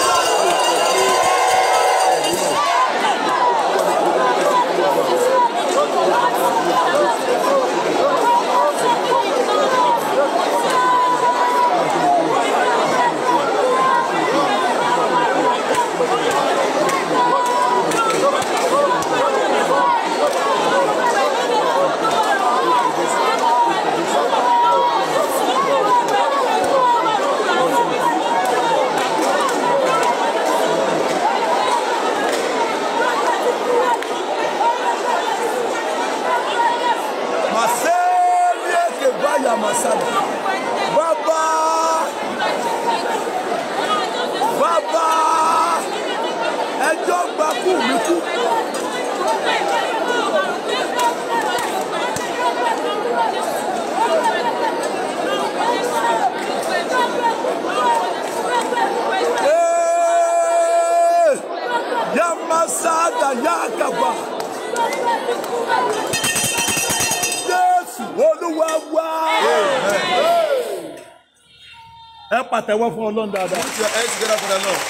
ayakaba. Jésù olúwa wá. Ẹ pàtẹ́wọ́ fún Ọlọ́run dáadáa. Put your hands together for the Lord.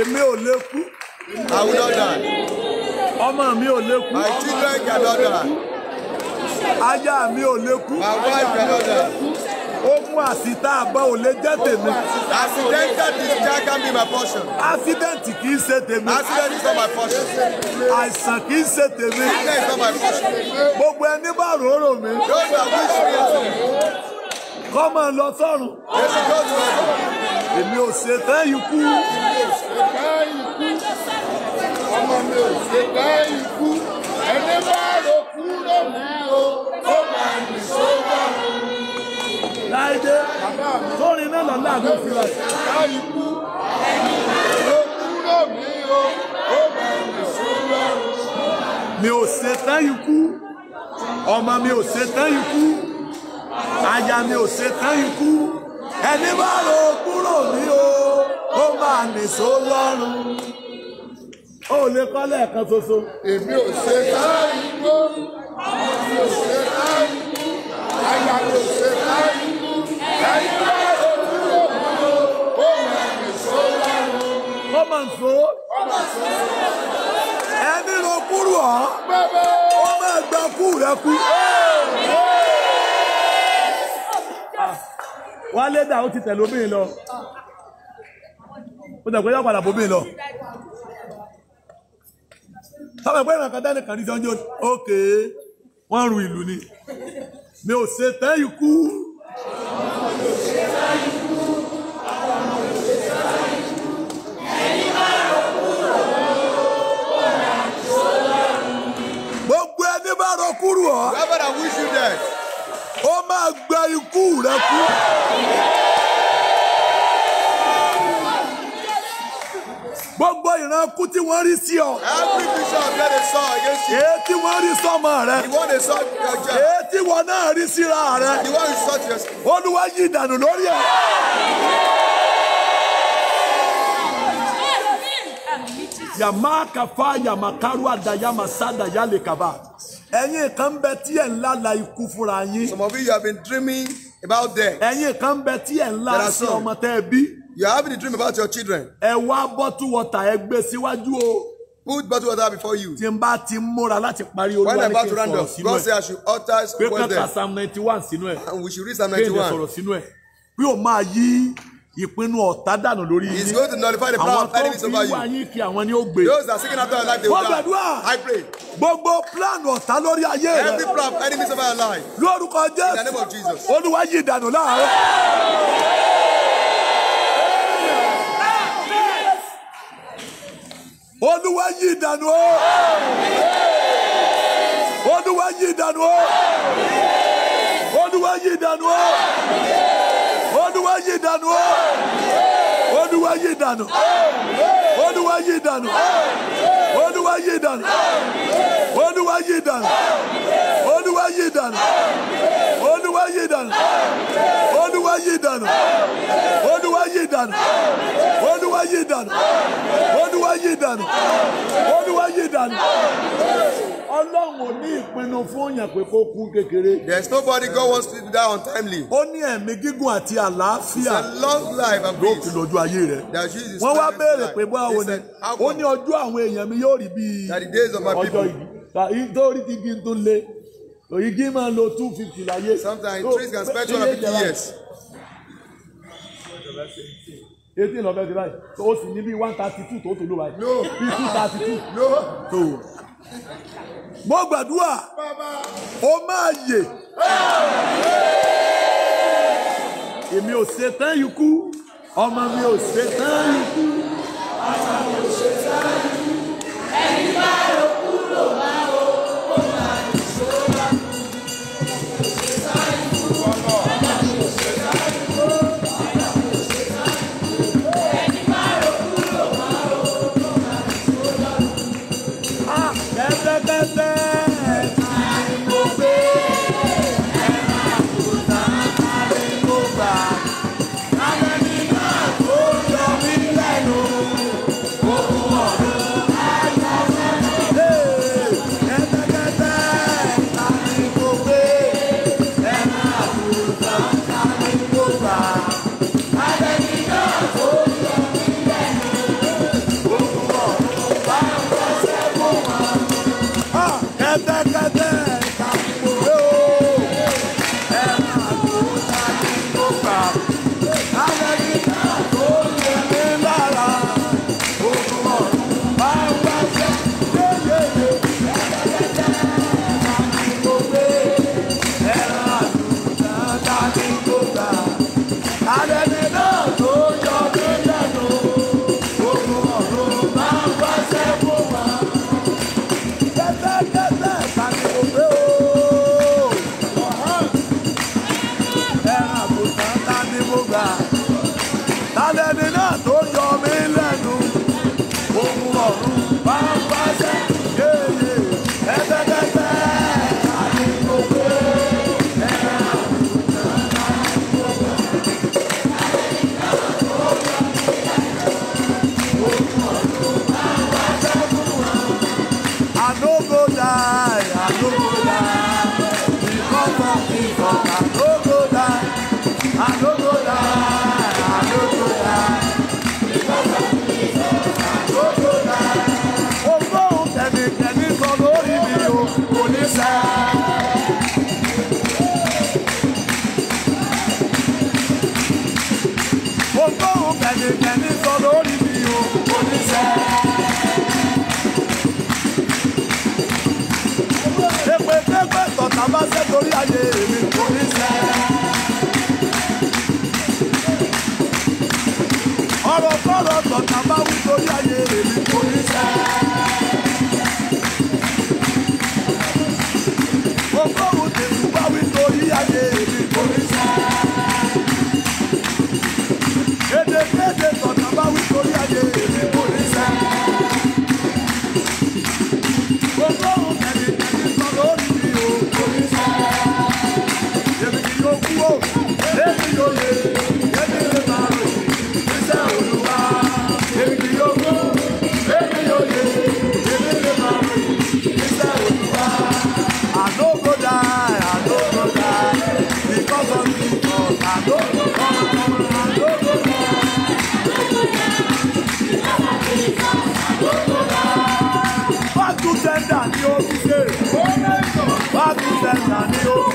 Èmi ò lè kú. I will not die. Ọmọ mi ò lè kú. My children cannot die aya mi ò lè kú ohun àsìta àbá ò lè jẹ́ tèmi. accidental discharge can be my portion. accident kì í ṣe tèmi. accident is not my portion. àìsàn kì í ṣe tèmi. accident is not my portion. gbogbo ẹni bá ròórò mi. those are wish me to. kọ́ máa lọ sọ́run. èmi yóò tún ẹ̀kọ́. èmi ò ṣe tẹ́ ikú. ọmọ mi ò ṣe tẹ́ ikú. ẹni bá ròórò lóhùn o ó máa yìn sójà. láìdé tórin náà lọ́la ló fi rà. ìyá ikú ló kú lóhùn o ó máa mi ò ṣe tán ọmọ mi ò ṣe tán ikú aya mi ò ṣe tán ikú ẹni bá ro kúrò ní o ó máa nìṣó lọ́rùn ó lè kọ́ lẹ́ẹ̀kan ṣoṣo. èmi ò ṣe láì mú èmi ò ṣe láì mú àyà kò ṣe láì mú ẹ̀yìn bá ojú òun lò ó mà nìṣó lánàá. ó mà nìṣó. ó mà nìṣó. ẹni ló kúrú ọ. bẹ́ẹ̀ ó máa gba kú rẹ kú. Ah. wálé dà ó ti tẹ̀lé obìnrin lọ. ó dẹ̀ pé yóò padà bóbìnrin lọ táwọn ẹgbẹ́ ìrànkàn dání kan ní sọ́njọ́ òkè wọ́n ru ìlú ni mi ò ṣe tán ikú. gbogbo ẹni bá rọ kúrò ọ. you death. ó máa gba ikú rẹ kú. ìrankú tí wọ́n rí sí ọ. every vision get a saw against you. èyí tí wọ́n rí sọ́mọ rẹ. the one they saw your job. èyí tí wọ́n náà rí síra rẹ. the one you saw your skin. olúwa yí ìdànù lórí ẹ. yamaka fa yamakaru adayama sada yale kaba ẹ̀yin kan bẹ tí ẹ ń lálà ikú fúnra yín. some of you have been dreaming about death. ẹ̀yin kan bẹ tí ẹ ń lá sí ọmọ tẹ́ bí. You are having a dream about your children. Ẹ wá bottle water ẹ gbé síwájú o. Put bottle water before you. Tí n bá ti múra láti parí olúwa ní kí n sọ̀rọ̀ sínú ẹ̀. God say I should utter some words there. Pé kàkà Psalm ninety one sínú ẹ̀. And we should read Psalm ninety one. Kéde sọ̀rọ̀ sínú ẹ̀. Bí o máa yí ìpinnu ọ̀tá dànù lórí yín. He is going to nullify the power of enemies over you. Àwọn tó fi wá yín kí àwọn ni ó gbé. Those that are seeking after your life they will die. Wọ́n gbàdúrà. I pray. Gbogbo plan ọ̀tá lórí ayé rẹ̀. Every plan of enemies over your life. Lórúkọ Jésù. In the name of Jesus. Olúwa yí ìdànù láàárọ̀. olúwa yí ìdànù o olúwa yí ìdànù o olúwa yí ìdànù o olúwa yí ìdànù o olúwa yí ìdànù olúwa yí ìdànù olúwa yí ìdànù olúwa yí ìdànù olúwa yí ìdànù olúwa yí dànù olúwa yí dànù olúwa yí dànù olúwa yí dànù olúwa yí dànù olúwa yí dànù. Ọlọ́run ní ìpinnu fún yàn pé kó kú kékeré. There is nobody God wants to die untimely. Ó ní ẹ̀mí gígùn àti àlàáfíà. It's a long life and peace. Yóò fi lójú ayé rẹ̀. That Jesus is Wọ́n wá béèrè pé báwo ni. Ó ní ọjọ́ àwọn èèyàn mi yóò rí bíi. That the days of my people. Ọjọ́ ìgbà nítorí ti gbin tó le. Oyigi máa lo two fifty láyé. Sometimes so, trees can spend years. eighteen lọ bẹ́ẹ̀ di báyìí so ó sì ní bí one thirty two tó tó ló báyìí bí two thirty two No. tó. mo gbàdúrà ó máa yè èmi ò ṣe tán ikú ọmọ mi ò ṣe tán ikú ọmọ mi ò ṣe tán ikú. bá ṣe torí ayé mi kò ọ̀rọ̀ kọ́rọ̀ tọ̀tà bá wí torí ayé mi. が何を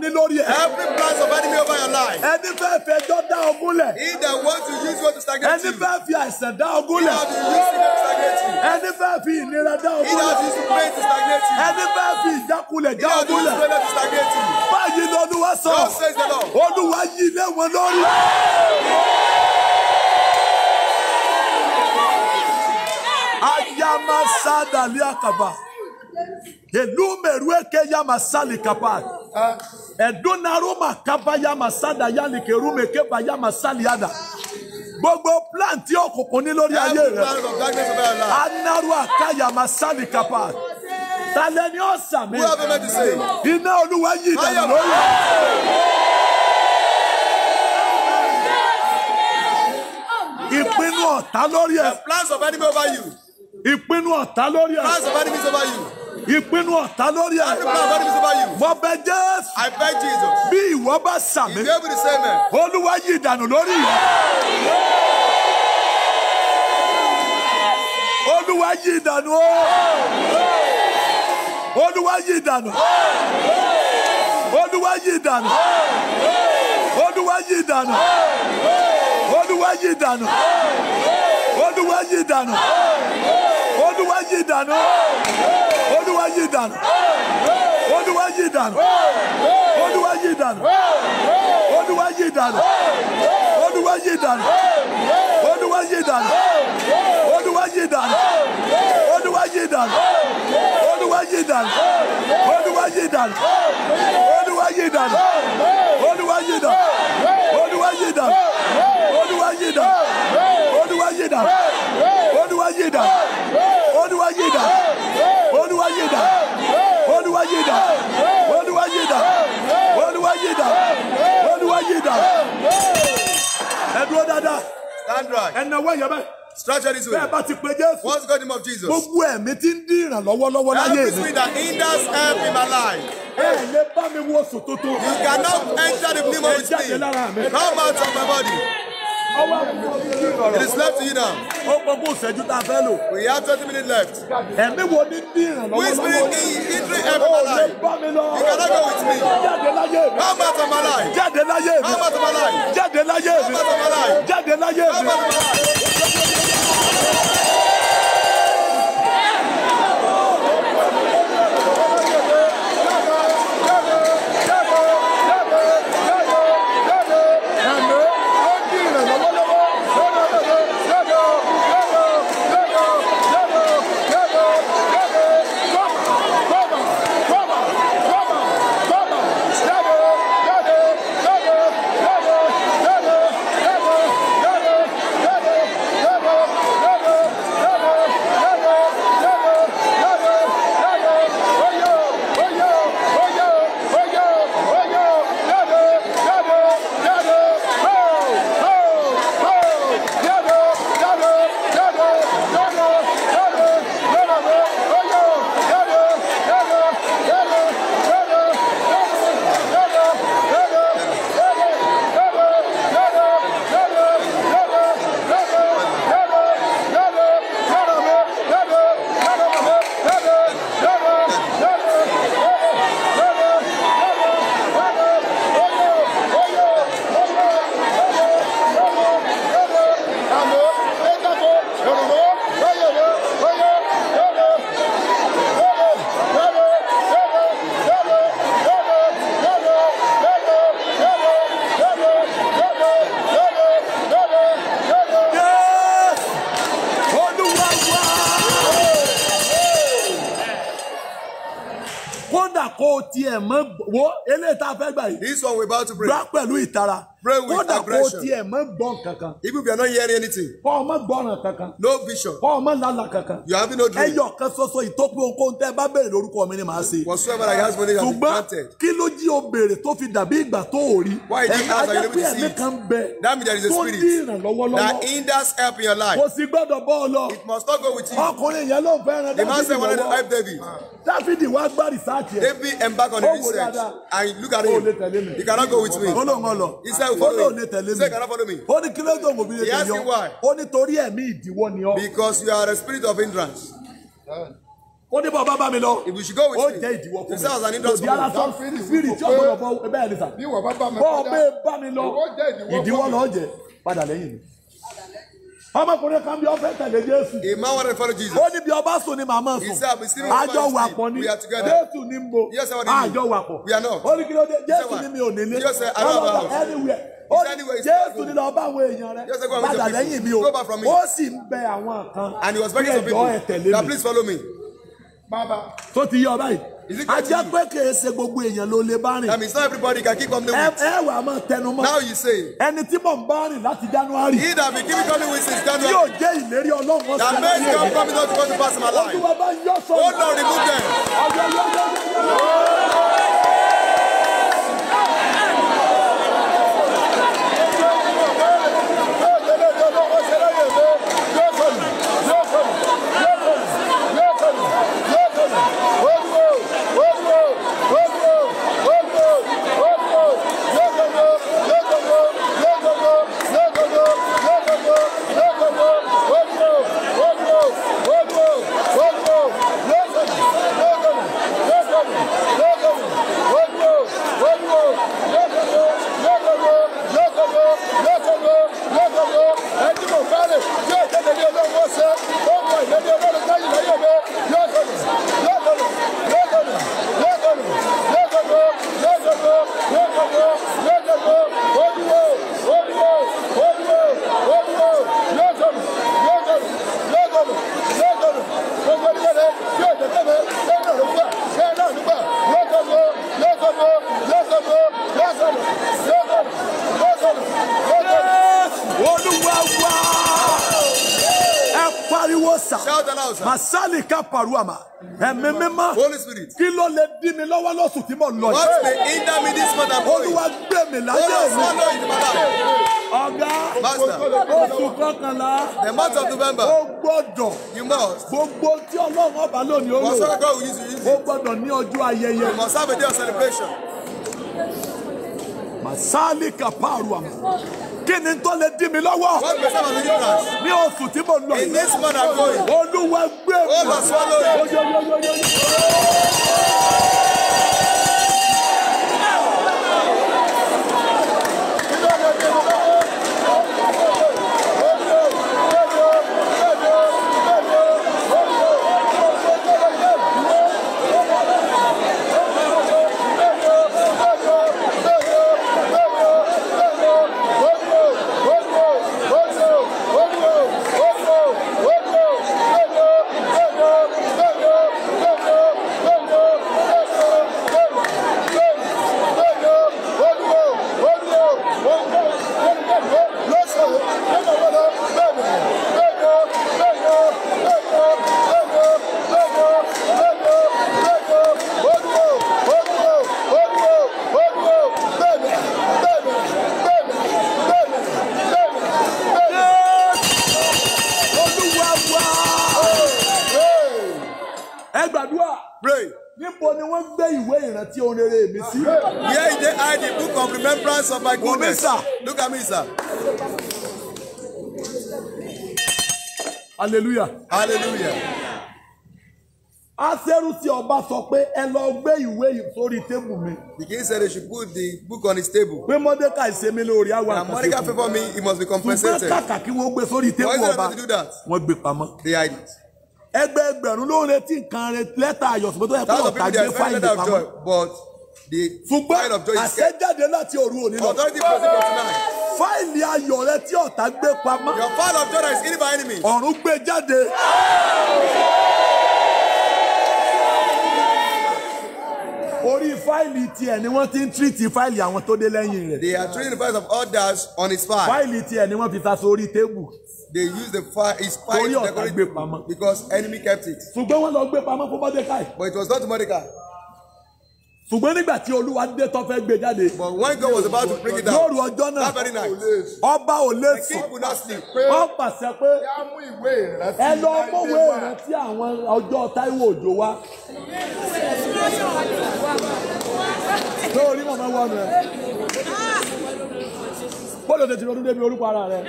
ní lórí ẹ. every plan of enemy over your life. ẹni fẹ́ fi ẹjọ́ dá ogún lẹ̀. he that wants to use God to stagnate you. ẹni fẹ́ fi àìsàn dá ogún lẹ̀. he that will use God to stagnate you. ẹni fẹ́ fi ìnira dá ogún lẹ̀. he that will use pain to stagnate you. ẹni fẹ́ fi ìjákulẹ̀ dá ogún lẹ̀. he that will use pain to stagnate you. báyìí ni olúwa sọ. God says the Lord. olúwa yí ilé wọn lórí. Ayamasada liakaba. Elumerueke yamasali kapat. Ah ẹ̀dúnnarúmà kábáyàmà sádàyàlìkè rúmèké báyàmà sálíàdà gbogbo plan tí òkùnkùn ní lórí ayé rẹ anaru àkáyàmà sálíkàpà talẹ ni ó sàmì iná olúwa yìí dànù lórí. ìpinnu ọ̀tá lórí ẹ. plans of enemy over you. ìpinnu ọ̀tá lórí ẹ. plans of enemies over you ìpinnu ọ̀tá lórí ẹ̀. mo bẹ jésù bí ìwọ bá sàmì olúwa yí ìdànù lórí yìí. olúwa yí ìdànù o olúwa yí ìdànù olúwa yí ìdànù olúwa yí ìdànù olúwa yí ìdànù olúwa yí ìdànù olúwa yí ìdànù olúwa yí dànù olúwa yí dànù olúwa yí dànù olúwa yí dànù olúwa yí dànù olúwa yí dànù olúwa yí dànù olúwa yí dànù olúwa yí dànù olúwa yí dànù olúwa yí dànù olúwa yí dànù olúwa yí dànù olúwa yí dànù olúwa yí dànù olúwa yí dànù. ẹ dúró stand right. ẹnna wọ yẹn Stretch out this way. What's the name of Jesus? Gbogbo ẹ̀mí ti ń that hinders help in my life. You cannot enter the name of his name. Come out of my body. It is left to you now. Ó gbogbo ìṣẹ́jú tá a We have thirty minutes left. Ẹ̀mí wo ni Which spirit ni injury every man lie? You cannot go with me. Jáde láyé mi. How about my life? Jáde láyé mi. How about my life? Jáde láyé mi. my life? Jáde láyé mi. my life? about to pray. Gbá pẹ̀lú ìtara pray with Koda aggression. kódà kó tiẹ̀ mọ́ gbọ́n kankan. even if you are not hearing anything. kọ́ ọmọ gbọ́ràn kankan. no vision. kọ́ ọmọ lala kankan. you have no dream. ẹyọ kan ṣoṣo ìtọ́pẹ́ ohunkóhun tẹ́ ẹ bá béèrè lórúkọ mi ni màá ṣe. whatsoever I ask for it I be granted. ṣùgbọ́n kí ló jí o béèrè tó fi dàbí ìgbà tó o rí. why did you ask and you never see it. that means there is a spirit. tó dín ìrànlọ́wọ́ help in your life. it must not go with you. ọkùnrin yẹn ló fẹ́ràn dáfídì lọ́wọ́. dáfídì wá gbá rìsáàtì ẹ̀. david embark on the research and look at him. He cannot go with me. he said follow me. Say, cannot follow me. Ó ní kí ló dùn òbí rẹ̀ tẹ̀lé ọ. He why. Ó ní torí ẹ̀mí ìdíwọ́ ni ọ. Because you are a spirit of hindrance. Ó ní bàbá bá mi lọ. If you should go with me. Ó jẹ́ ìdíwọ́ fún mi. He says an hindrance for me. Òbí alasán spirit tí ọ̀pọ̀ ọ̀pọ̀ bẹ́ẹ̀ ni sà. Bí wàá bá mi lọ. Bọ́ọ̀ bá mi lọ. Ìdíwọ́ lọ jẹ. Padà lẹ́yìn mi ọmọkùnrin kan bí ọfẹ tẹ̀lé jésù. ìmọ̀ wọn rẹ̀ fọ́lọ́ jesus. ó ní bí ọba sùn ni màmá sùn. ìsá mi sínú ìmọ̀ àjọ wà pọ̀ ni jésù ni mo àjọ wà pọ̀. ó ní kí ló dé jésù ni mi ò nílé. ọlọ́dọ̀ anywhere ó ní jésù ní lọ bá àwọn èèyàn rẹ padà lẹ́yìn mi o ó sì ń bẹ àwọn kan bí ẹjọ́ ẹ tẹ̀lé mi. tó ti yé ọ báyìí a jẹ́ pé kì í ṣe gbogbo èèyàn ló lè bá rìn. I not everybody can keep coming with. ẹ wà á máa tẹnu mọ́. now you say. ẹni tí mò ń bá rìn láti January. he that been keeping coming with since January. yóò jẹ́ ìlérí ọlọ́run ọ̀sán. that makes God promise not to come to pass in my life. olúwa bá yọ sọ. ó lọ remove them. ọjọ́ yọ yọ yọ yọ. pariwo masali ka paruama ẹ̀mí mímọ́ kí ló lè dí mi lọ́wọ́ lóṣù tí mo lọ yìí olúwa gbé mi láyé mi ọ̀gá oṣù kọkànlá ó gbọ́dọ̀ gbogbo tí ọlọ́run ọba lónìí ó lò gbọ́dọ̀ ní ọjọ́ ayẹyẹ masali ka paruama kí ni tó lè dí mi lọ́wọ́. ní oṣù tí mo lọ yìí olúwa gbé mi. my goodness. Look at me, sir. Hallelujah. Hallelujah. Aseru ti ọba sọ pé ẹ lọ gbé ìwé sórí tébù mi. The king said they should put the book on his table. Pé Mọ́dékà ṣe mí lórí àwọn àkàtúntò. Na Mọ́dékà favour me, he must be compensated. Ṣùgbọ́n kàkà kí wọ́n gbé sórí tébù ọba. Why is they do that? Wọ́n gbé pamọ́. They hide it. Ẹgbẹ́ ẹgbẹ̀rún ló ń retí nǹkan lẹ́tà ayọ̀sùn tó yẹ kó ọ̀tá gbé fáìlì pamọ́. Thousands of people dey find letter of joy but the fúnpẹ́ àṣẹjáde láti òru òní lọ. authority present for tonight. fáìlì ayọ̀ rẹ tí ọ̀tá gbé pamọ́. your file of joy is hidden by enemy. ọ̀run gbé jáde. orí fáìlì tiẹ̀ ni wọ́n ti ń tírìtì fáìlì àwọn tó dé lẹ́yìn rẹ̀. they are treating the files of others on his file. fáìlì tiẹ̀ ni wọ́n fi ta sórí tébù. they use the file his file to decorate because enemy kept it. ṣùgbọ́n wọ́n lọ gbé pamọ́ fún Mordecai. but it was not Mordecai ṣùgbọ́n nígbà tí olúwa dé tó fẹ́ gbé jáde. but when God was about to bring it down. lóru ọjọ́ náà that very night. ọba ò lè sùn. the king could not sleep. wọ́n pàṣẹ pé. yá mú ìwé ìrántí. ẹ lọ mọ̀wé ìrántí àwọn ọjọ́ Táíwò Òjó wá. lórí màmá wà mí. bọ́dọ̀ tètè lọ́dún débi orúkọ ara rẹ̀.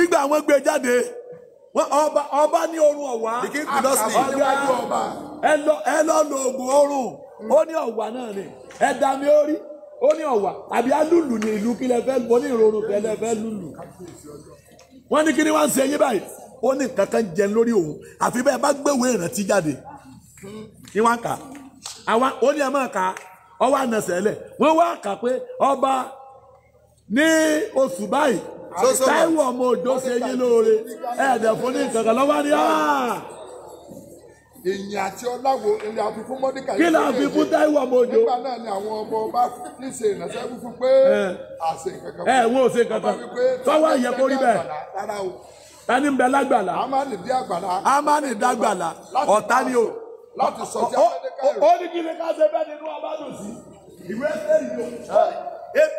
ìgbà àwọn gbé jáde. ọba ọba ní orun ọ̀wá àkàbálẹ̀ ọba ẹ ẹlọ n'ogun orun ó ní ọ̀wá náà ni ẹ mi ó rí ó ní ọ̀wá àbí alùlù ní ìlú kílẹ̀ fẹ́ mo ní ìrorun kẹlẹ̀ fẹ́ lùlù. wọ́n ní kí ni wọ́n ṣe yín báyìí ó ní nǹkan jẹ lórí òun àfi bá ìrántí ọba ní oṣù Táíwò ọmọ òjò ṣe yín lóore ẹ̀ẹ́dẹ̀ fún ní ìkàkà lọ́wọ́ ni èyí ah! àti ọláwo ilé àfikún mọ́díkà kí ló fi fún ọmọ òjò. nígbà náà ni àwọn ọmọ ọba ní ṣe ìrìnàṣẹ́ fífún pé àṣẹ kankan. ẹ wọn ò ṣe kankan tọwọ ìyẹn kó bẹ́ẹ̀ tani ń bẹ lágbàlá. amani di àgbàlá. amani di àgbàlá ọ̀tá ni o. láti sọ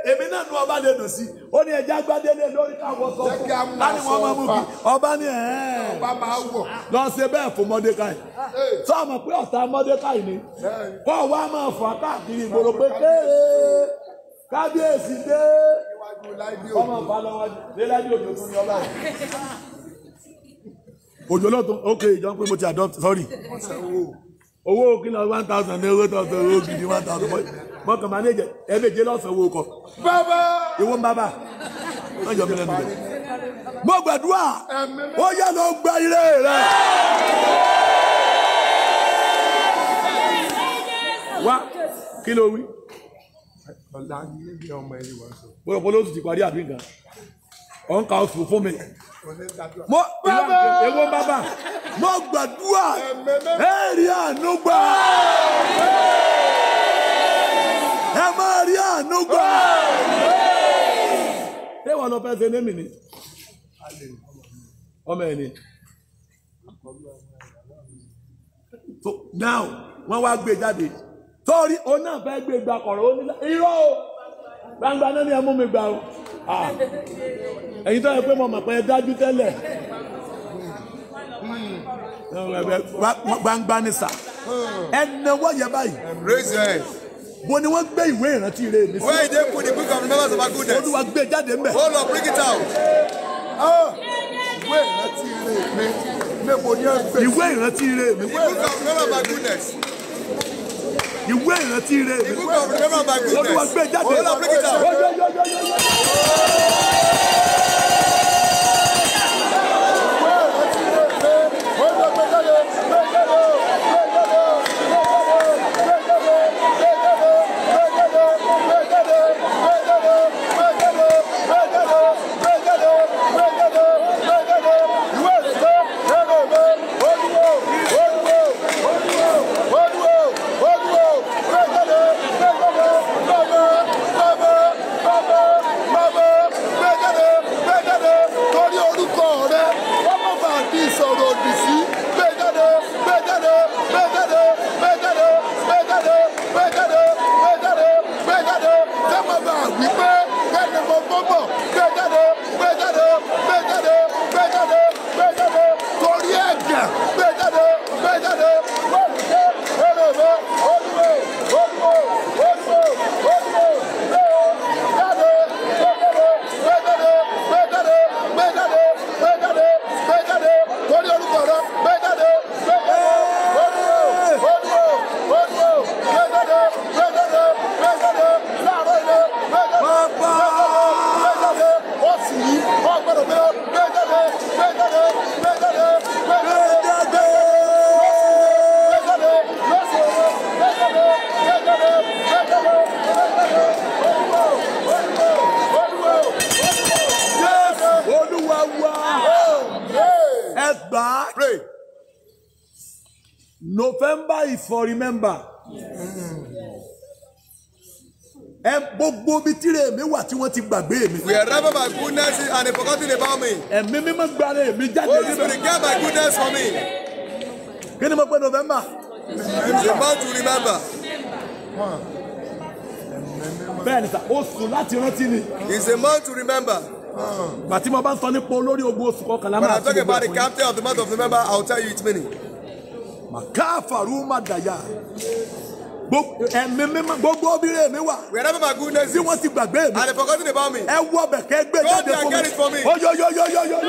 èmi náà nu ọba lè nù sí ó ní ẹja gbadélé lórí káwọ sọ fún un láti wọn máa mú kí ọba ní ẹẹ lọ ṣe bẹ́ẹ̀ fún Mọ́dékáì sọ ọmọ pé ọ̀tá Mọ́dékáì ni kó wa máa fọ káàkiri ìgboro pé kéèrè kábíyèsí dé ọmọ ọba lọ́wọ́ lélájú òjò tó ní ọba yìí. òjò lọ́tún ok ìjọ pé mo ti adopt sorry owó kí one thousand ní owó tó ọ̀tọ̀ owó gidi one thousand mọ́kàn máa ní ẹ̀ẹ́mẹ̀jẹ lọ́sàn-án wo kọ. bàbá ìwọ bàbá wọ́n jọ mi lẹ́nu mo gbàdúrà ó yá lọ gba ire rẹ. wá kí ló wí. ọ̀la níbi ọmọ ẹni wọ́n sọ. bọ́lá bọ́lá ó ti ti parí àbí nǹkan ọ̀n ka oṣù fún mi. mo ewo bàbá mo gbàdúrà ẹ̀ẹ́rì ànúgbà ẹ máa rí àánú gbà. ṣé wọn lọ fẹ́ ṣe lémi ni ọmọ ẹ̀ ni now wọ́n wá gbé jáde torí òun náà fẹ́ gbé gba bang ó ní irọ́ o gbangba náà ni ẹ mú mi gbà o ẹ̀yin tó yẹ pé mo mọ̀ pé ẹ dájú tẹ́lẹ̀ hmm. gbangba ni sà ẹ náwó yẹ bo ni wọ́n gbé ìwé ìrántí rẹ̀ mi sí. where they put the book of remembrance of our goodness. olúwa gbé jáde mbẹ. hold on bring it out. Ah, ìwé ìrántí rẹ̀ mi mẹ́bo ni wọ́n gbé. ìwé ìrántí rẹ̀ mi. the book of remembrance of our goodness. ìwé ìrántí rẹ̀ mi. the book of remembrance of our goodness. olúwa gbé jáde. hold on bring it out. ti gbàgbé mi. we remember my goodness and they forgot about me. ẹ̀mí mímọ́ gbára èmi jáde. holy spirit get my goodness for me. kí ni mo pè november. it's about to remember. bẹ́ẹ̀ ni sà oṣù láti rántí ni. it's a month to remember. Bàtí mo bá sọ nípa olórí ogun oṣù kọkànlá máa ti gbogbo When I talk about the captain of the month of November, I will tell you its meaning. Màkà àfàrú má dàyà gbogbo obìnrin mi wà. wherever my goodness. tí wọ́n ti gbàgbé mi. and they forgotten about me. ẹ wọ ọbẹ̀ kẹ́ gbé jáde fún mi. go there and get it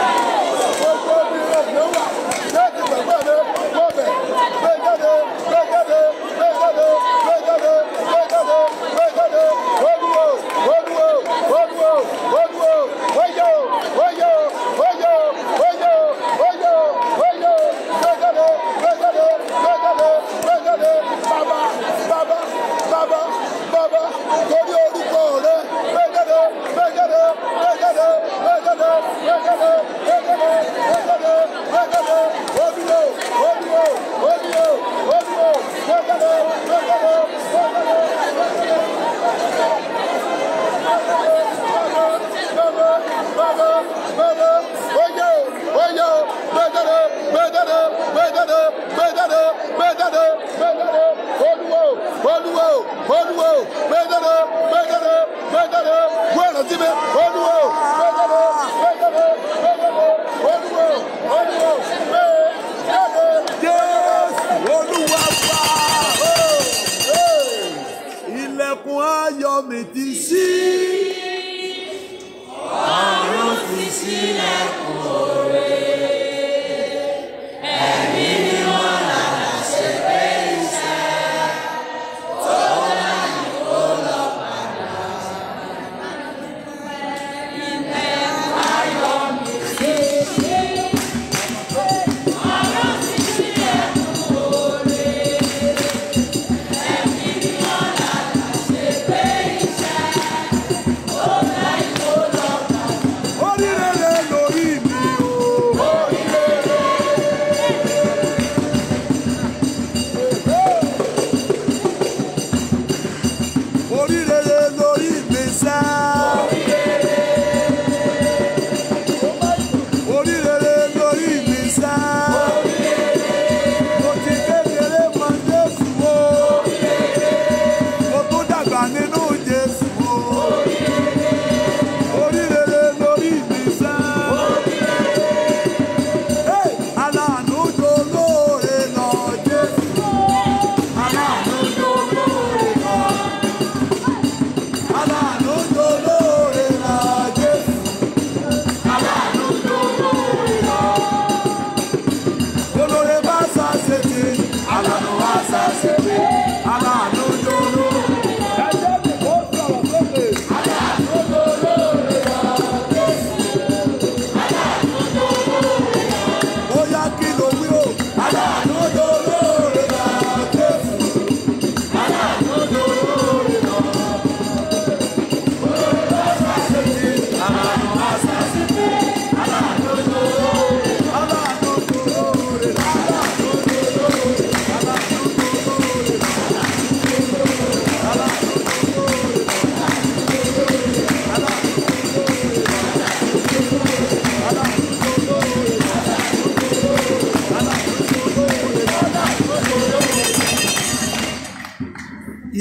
for me. Where does it be? Where do you? Where does it be? ẹkún ayọ̀ mi ti sí. ọ̀run ti sílẹ̀ kúrè.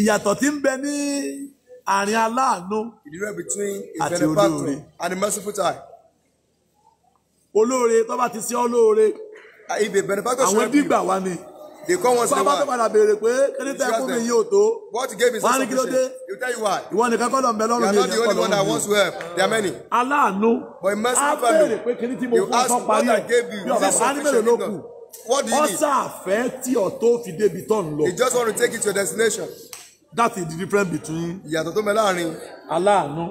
ìyàtọ̀ tí ń bẹ ní àárín aláàánú àti olóore olóore tó bá ti ṣe ọ́ lóore uh, àwọn dìgbà wa ni they come once in a while. bàbá tó padà béèrè pé kéde tẹ fún mi yóò tó. what you gave is something. wọ́n á ní kí ló dé. you tell you why. ìwọ nìkan kọ́ lọ ń bẹ lọ́rùn mi. you are not the only one that wants to help. there are many. aláàánú. but a mercy family. a béèrè pé kéde tí mo fún ọkọ parí ẹ bí ọba wa ní mélòó ló kù. what do you need. ọ̀sà àfẹ́ tí ọ̀tó fi débi tọ̀ ń he just want to take you to your destination that is the difference between. ìyàtọ̀ tó mẹ láàrin. aláàánú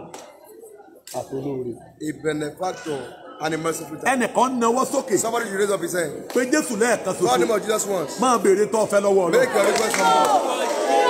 àtolóore. a benefactor and a merciful time. ẹnìkan nawọ́ sókè. somebody should raise up his hand. pé Jésù lẹ́ẹ̀kan ṣoṣo. God name Jesus once. máa béèrè tó o fẹ́ lọ́wọ́ rẹ. make your request come out.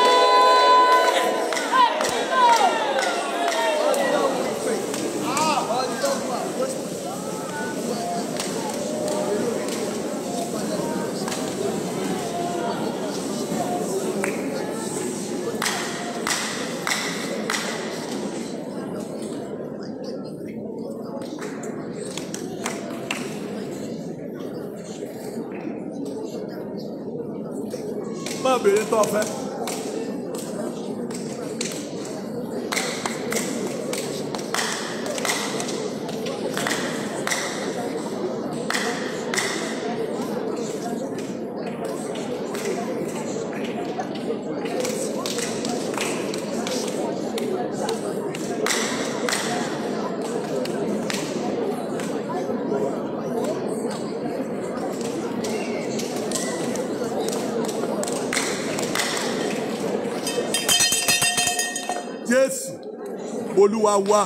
máa wá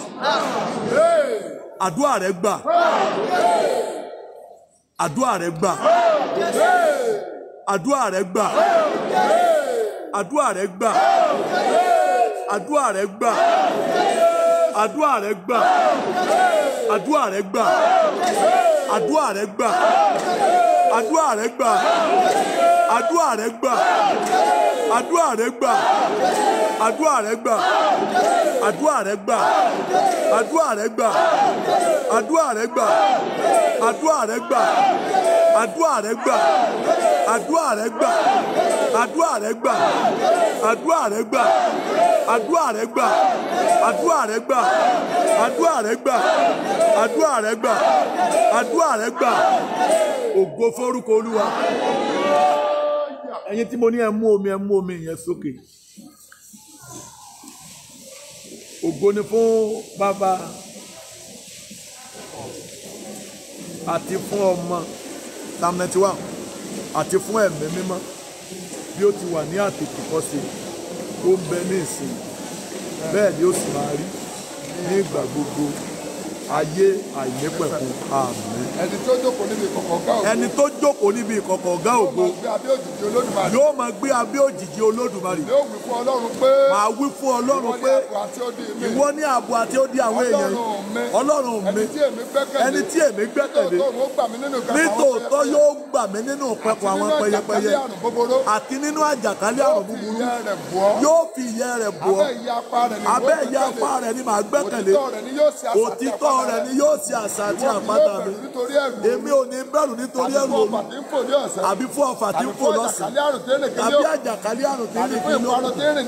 àdúrà rẹ gbà àdúrà rẹ gbà àdúrà rẹ gbà àdúrà rẹ gbà àdúrà rẹ gbà àdúrà rẹ gbà àdúrà rẹ gbà àdúrà rẹ gbà àdúrà rẹ gbà àdúrà rẹ gbà àdúrà rẹ gbà àdúrà rẹ gbà àdúrà rẹ gbà àdúrà rẹ gbà àdúrà rẹ gbà àdúrà rẹ gbà àdúrà rẹ gbà àdúrà rẹ gbà àdúrà rẹ gbà àdúrà rẹ gbà àdúrà rẹ gbà àdúrà rẹ gbà àdúrà rẹ gbà àdúrà rẹ gbà àdúrà rẹ gbà ògo forúkọ olúwa ẹ̀yin tí mo ní ẹ mú omi ẹ mú omi yẹn sókè ògo ni fún bàbá àti fún ọmọ tamẹ́tí wa àti fún ẹ̀mí mímọ́ bí ó ti wà ní àtètè kọ́sí ó ń bẹ ní ìsìn bẹ́ẹ̀ ni ó sì máa rí ní ìgbà gbogbo ayé àìnípẹ̀kun àmín. ẹni tó jókòó níbi ìkọ̀kọ̀ ọ̀gá ògo. ẹni tó jókòó níbi ìkọ̀kọ̀ ọ̀gá ògo. yóò máa gbé abẹ́ òjìji olódùmarè. yóò wí fún ọlọ́run pé. màá wí fún ọlọ́run pé. ìwọ ní ààbò àti ó di àwọn èèyàn. ọlọ́run mi. ẹni tí èmi gbẹ́kẹ̀lé. nítòótọ́ yóò gbà mí nínú ìpẹ̀kọ̀ àwọn pẹyẹpẹyẹ. àti nínú àjàkálẹ̀ àrùn búburú. yóò fi ìyẹ́ rẹ̀ bọ́. abẹ́ ìyá apá rẹ̀ ni màá gbẹ́kẹ̀lé. òtítọ́ rẹ̀ ni yóò ṣe àṣà àti àpáta mi èmi ò ní bẹ̀rù nítorí ẹ̀rù omi àbí fún ọfà tí ń fò lọ́sàn-án àbí àjàkálẹ̀ àrùn tí ń rìn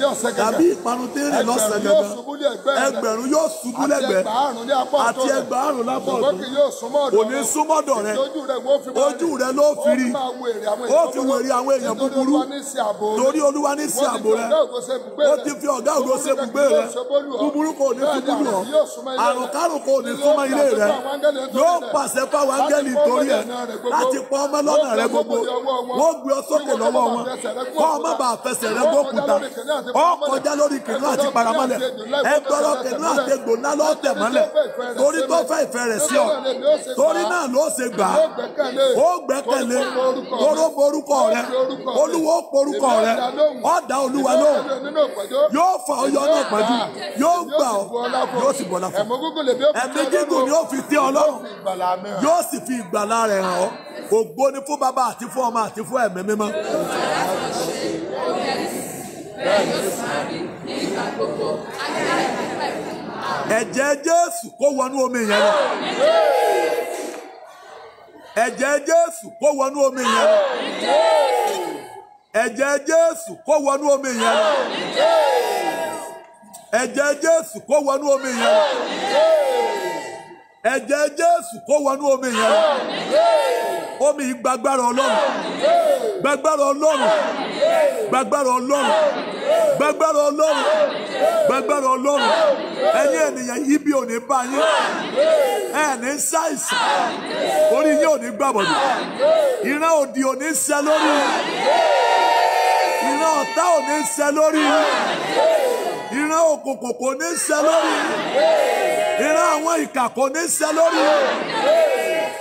ní ọ̀sẹ̀ ìparun tí ń rìn lọ́sẹ̀ gẹ̀gẹ̀ ẹgbẹ̀rún yóò ṣubú lẹ́gbẹ̀ẹ́ àti ẹgbàárùn lápá ọ̀dún kò ní súnmọ́dọ̀ rẹ ojú rẹ ló fi rí ó fi wèrè àwọn èèyàn búburú torí olúwa ní sí ààbò rẹ ó ti fi ọ̀gá ògo ṣe ibùgbé rẹ búburú kò ní súnmọ́ ilé rẹ yóò pàṣẹ fáwọn áńgẹ́lì torí ẹ láti pọ ọmọ lọ́nà rẹ gbogbo wọ́n gbé ọ sókè lọ́wọ́ wọn kọ́ ọmọ bàá fẹsẹ̀ rẹ gbókùtà ọ kọjá lórí kìnìún àti paramọ́lẹ̀ ẹ gbọ́dọ̀ kìnìún àti egbò ńlá lọ́ọ́ tẹ̀ mọ́lẹ̀ torí tó fẹ́ ìfẹ́ rẹ̀ sí ọ torí náà ló ṣe gbà á ó gbẹ́kẹ̀lé toró borúkọ rẹ olúwo porúkọ rẹ ọ̀dà olúwa náà yóò fa ọyọ náà pẹ̀lú yóò gbà ọ yóò sì bọ̀lá fún ẹ̀mí gígùn ni ó fi dé ọlọ́run yóò sì fi ìgbàlà rẹ̀ hàn ọ́ ògbó ni fún bàbá àti fún ọmọ àti fún ẹ̀mí mímọ́. ẹ̀jẹ̀ jésù kó wọnú omi yẹn lọ ẹ̀jẹ̀ jésù kó wọnú omi yẹn lọ ẹ̀jẹ̀ jésù kó wọnú omi yẹn lọ ẹ̀jẹ̀ jésù kó wọnú omi yẹn lọ ẹ̀jẹ̀ jésù kó wọnú omi yẹn omi yìí gbàgbára ọlọ́run gbàgbára ọlọ́run gbàgbára ọlọ́run gbàgbára ọlọ́run gbàgbára ọlọ́run ẹ̀yin ènìyàn yìí bí òní bá yín ẹ̀ẹ́nì ṣàìsàn orí yín òní gbàbọ̀dọ̀ ìran òdì òní ṣẹ lórí ìran ọ̀tá òní ṣẹ lórí ìran òkòkòkò òní ṣẹ lórí ìran àwọn ìkà kò ní ṣẹ lórí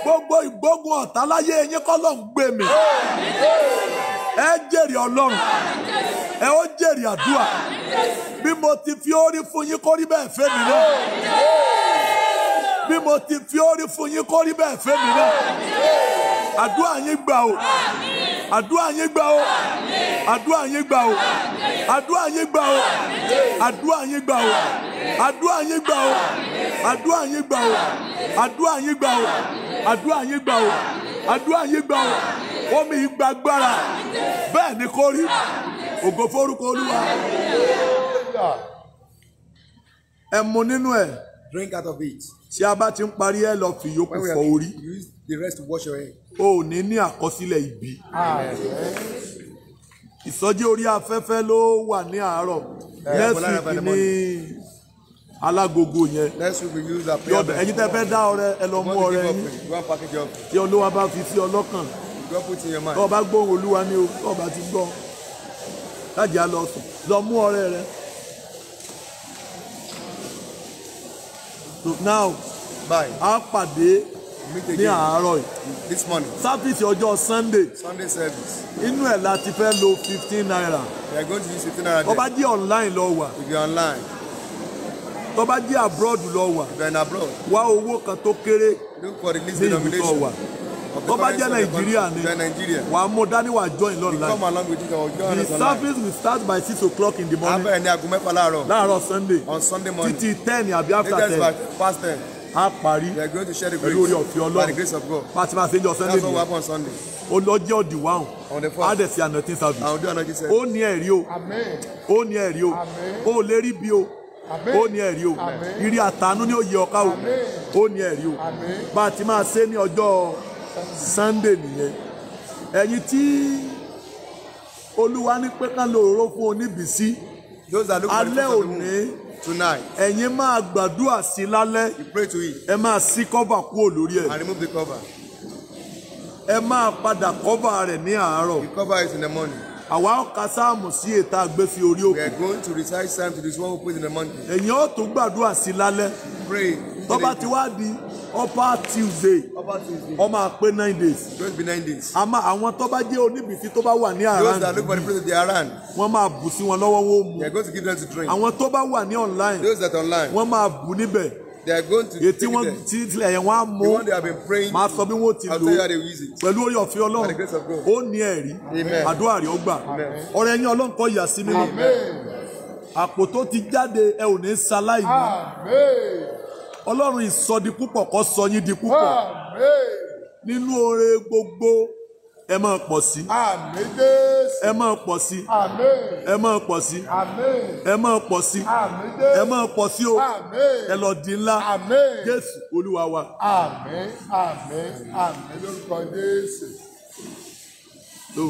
gbogbo ìgbógun ọ̀tá láyé yín kọ́ ló ń gbé mi ẹ jèrè ọlọ́run ẹ ó jèrè àdúrà bí mo ti fi orí fún yín kó rí bẹ́ẹ̀ fẹ́ mi náà bí mo ti fi orí fún yín kó rí bẹ́ẹ̀ fẹ́ mi náà àdúrà yín gbà o àdúrà yín gbà o àdúrà yín gbà o àdúrà yín gbà o àdúrà yín gbà o àdúrà yín gbà o àdúrà yín gbà o àdúrà yín gbà o àdúrà yín gbà o àdúrà yín gbà o omi ìgbàgbára bẹ́ẹ̀ ni kò rí ògo forúkọ olúwa ẹ mu nínú ẹ. drink out of it. tí a bá ti ń parí ẹ lọ fi yòókù fọ orí. use the rest to wash your head o ò ní ní àkọsílẹ̀ ibi ìsọjí orí afẹ́fẹ́ ló wà ní àárọ̀ eh, next week ní alágogo yẹn yọdọ ẹ̀yin tẹ́ fẹ́ dá ọrẹ ẹ lọ mú ọrẹ yín eh, tí olúwa bá fi sí ọlọ́kàn tó o bá gbóhùn olúwa ni o tó o bá ti gbọ́ lájà lọ sùn lọ mú ọrẹ rẹ. so now a pàdé ní àárọ̀ yìí this morning sáfìsì ọjọ́ sunday sunday service inú ẹ̀ la ti fẹ́ lo fifteen naira we are going to fifteen naira there online lọ wà if you online tó abroad lọ wà abroad wá owó kan tó kéré look for the least denomination ní ìlú tó wà tó bá jẹ́ nàìjíríà ni wàá mú dání wàá join lọ́nà the service will start by six o'clock in the morning láàárọ̀ sunday on sunday morning títí ten àbí after ten past ten a parí pẹ̀lú orí ọ̀fẹ́ ọlọ́run pàtí máa ṣe ń jọ sunday nìyẹn olójẹ́ òdì wáhùn adẹ̀sí anointing service ó ní ẹ̀rí o ó ní ẹ̀rí o ó lè rí bí o ó ní ẹ̀rí o ìrí àtàánú ní òye ọ̀ká o ó ní ẹ̀rí o bá a ti máa ṣe ní ọjọ́ sunday nìyẹn ẹ̀yin tí olúwa ní pé kán lòróró fún oníbìsí alẹ́ òní tonight. ẹ̀yin máa gbàdúrà sí lálẹ́. you pray to it. ẹ máa sí kọ́bà kúrò lórí ẹ̀. and remove the cover. ẹ máa padà kọ́bà rẹ̀ ní àárọ̀. the cover is in the morning. àwa ó ka sáàmù sí ètà àgbẹ̀ fi orí òkú. we are going to recite psalm to this one who pray in the morning. ẹ̀yin ó tún gbàdúrà sí lálẹ́. pray. tó bá ti wá di upper tuesday ó máa pé nine days. going nine days. àmọ́ àwọn tó bá jẹ́ oníbìsí tó bá wà ní around. those that look for the place they are around. wọ́n máa bù sí wọn lọ́wọ́ wọ́n mu. going to give them to drink. àwọn tó bá wà ní online. those are online. wọ́n máa bù níbẹ̀. they are going to take them. ètí wọn ti tilẹ̀ yẹn wọ́n á mú. they have been praying. máa sọ bí wọ́n ti lò. you had a visit. pẹ̀lú orí ọ̀fẹ́ Ọlọ́run. of God. ó ní ẹ̀rí. amen. àdúrà rẹ̀ ó gbà. amen. ọ̀rọ̀ ẹ̀yin Ọlọ́run kọ́ yà sí amen. àpò tó ti jáde ẹ ò ní ṣaláì mọ́. amen ọlọ́run ìsọdi púpọ̀ kó sọ yín di púpọ̀ nínú oore gbogbo ẹ máa pọ̀ sí. àmín jésù. ẹ máa pọ̀ sí. àmín. ẹ máa pọ̀ sí. àmín. ẹ máa pọ̀ sí. àmín jésù. ẹ máa pọ̀ sí o. àmín. ẹ lọ di ńlá. àmín. jésù olúwa wa. àmín àmín àmín lórúkọ jésù. lo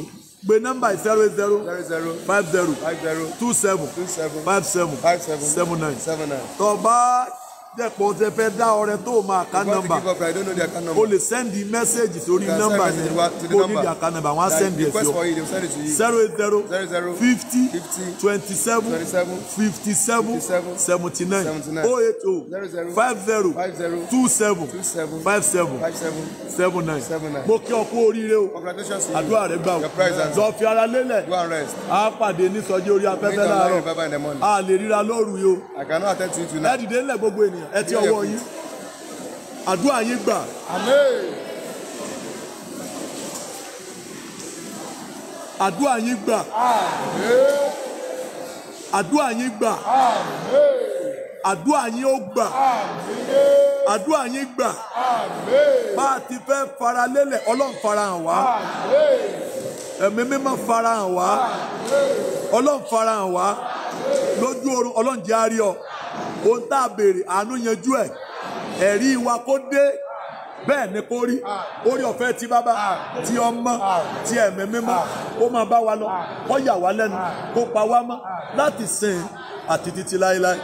gbé nọ́mbà yìí zero eight zero. zero zero. five zero. five zero. two seven. two seven. five seven. five seven. seven nine. seven nine. tọ́ba dẹ́pọ̀ ọ̀sẹ̀ fẹ́ dá ọrẹ tó máa ká nọ́mbà o lè sẹ́ndì mẹ́sẹ̀gì sórí nọ́mbà yẹn kó ní ìyá ká nọ́mbà wọn á sẹ́ndì ẹ̀ sí ọ zero eight zero fifty twenty seven fifty seven seventy nine oh eight oh five zero two seven five seven seven nine mo kí ọ kú oríire o àdúrà rẹ gbà o jọ fi ara lélẹ̀ a pàdé ní sọjí orí afẹ́fẹ́ láàárọ̀ a lè ríra lóru yìí o ẹ gbogbo ènìyàn ènìyàn ẹ ti ọwọ́ yín àdúrà yín gbà. àdúrà yín gbà. àdúrà yín gbà. àdúrà yín ó gbà. àdúrà yín gbà. bá a ti fẹ́ fara lélẹ̀ ọlọ́run fara hàn wá. ẹ̀mí mímọ́ fara wá. ọlọ́run fara wá. lójú oorun ọlọ́run jẹ́ àárí ọ ohun tá a béèrè àánú yanjú ẹ̀ ẹ̀rí wa kó dé bẹ́ẹ̀ ni kó rí orí ọ̀fẹ́ ti bàbá ti ọmọ ti ẹ̀mí mímọ́ kó máa bá wa lọ kó yà wá lẹ́nu kó pa wá mọ́ láti sìn àti títí láéláé.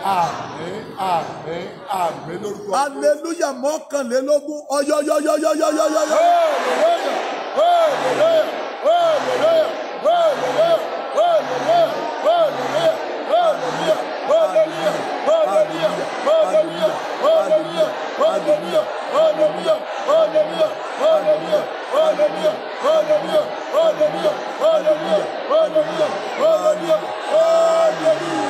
aleluya mọ́kànlélógún ọyọyọyọyọyọyọyọ. Hallelujah! Hallelujah! Hallelujah! Hallelujah! Hallelujah! Hallelujah! Madelia, Madelia, Madelia, Madelia, Madelia, Madelia, Madelia, Madelia, Madelia, Madelia, Madelia, Madelia, Madelia, Madelia, Madelia.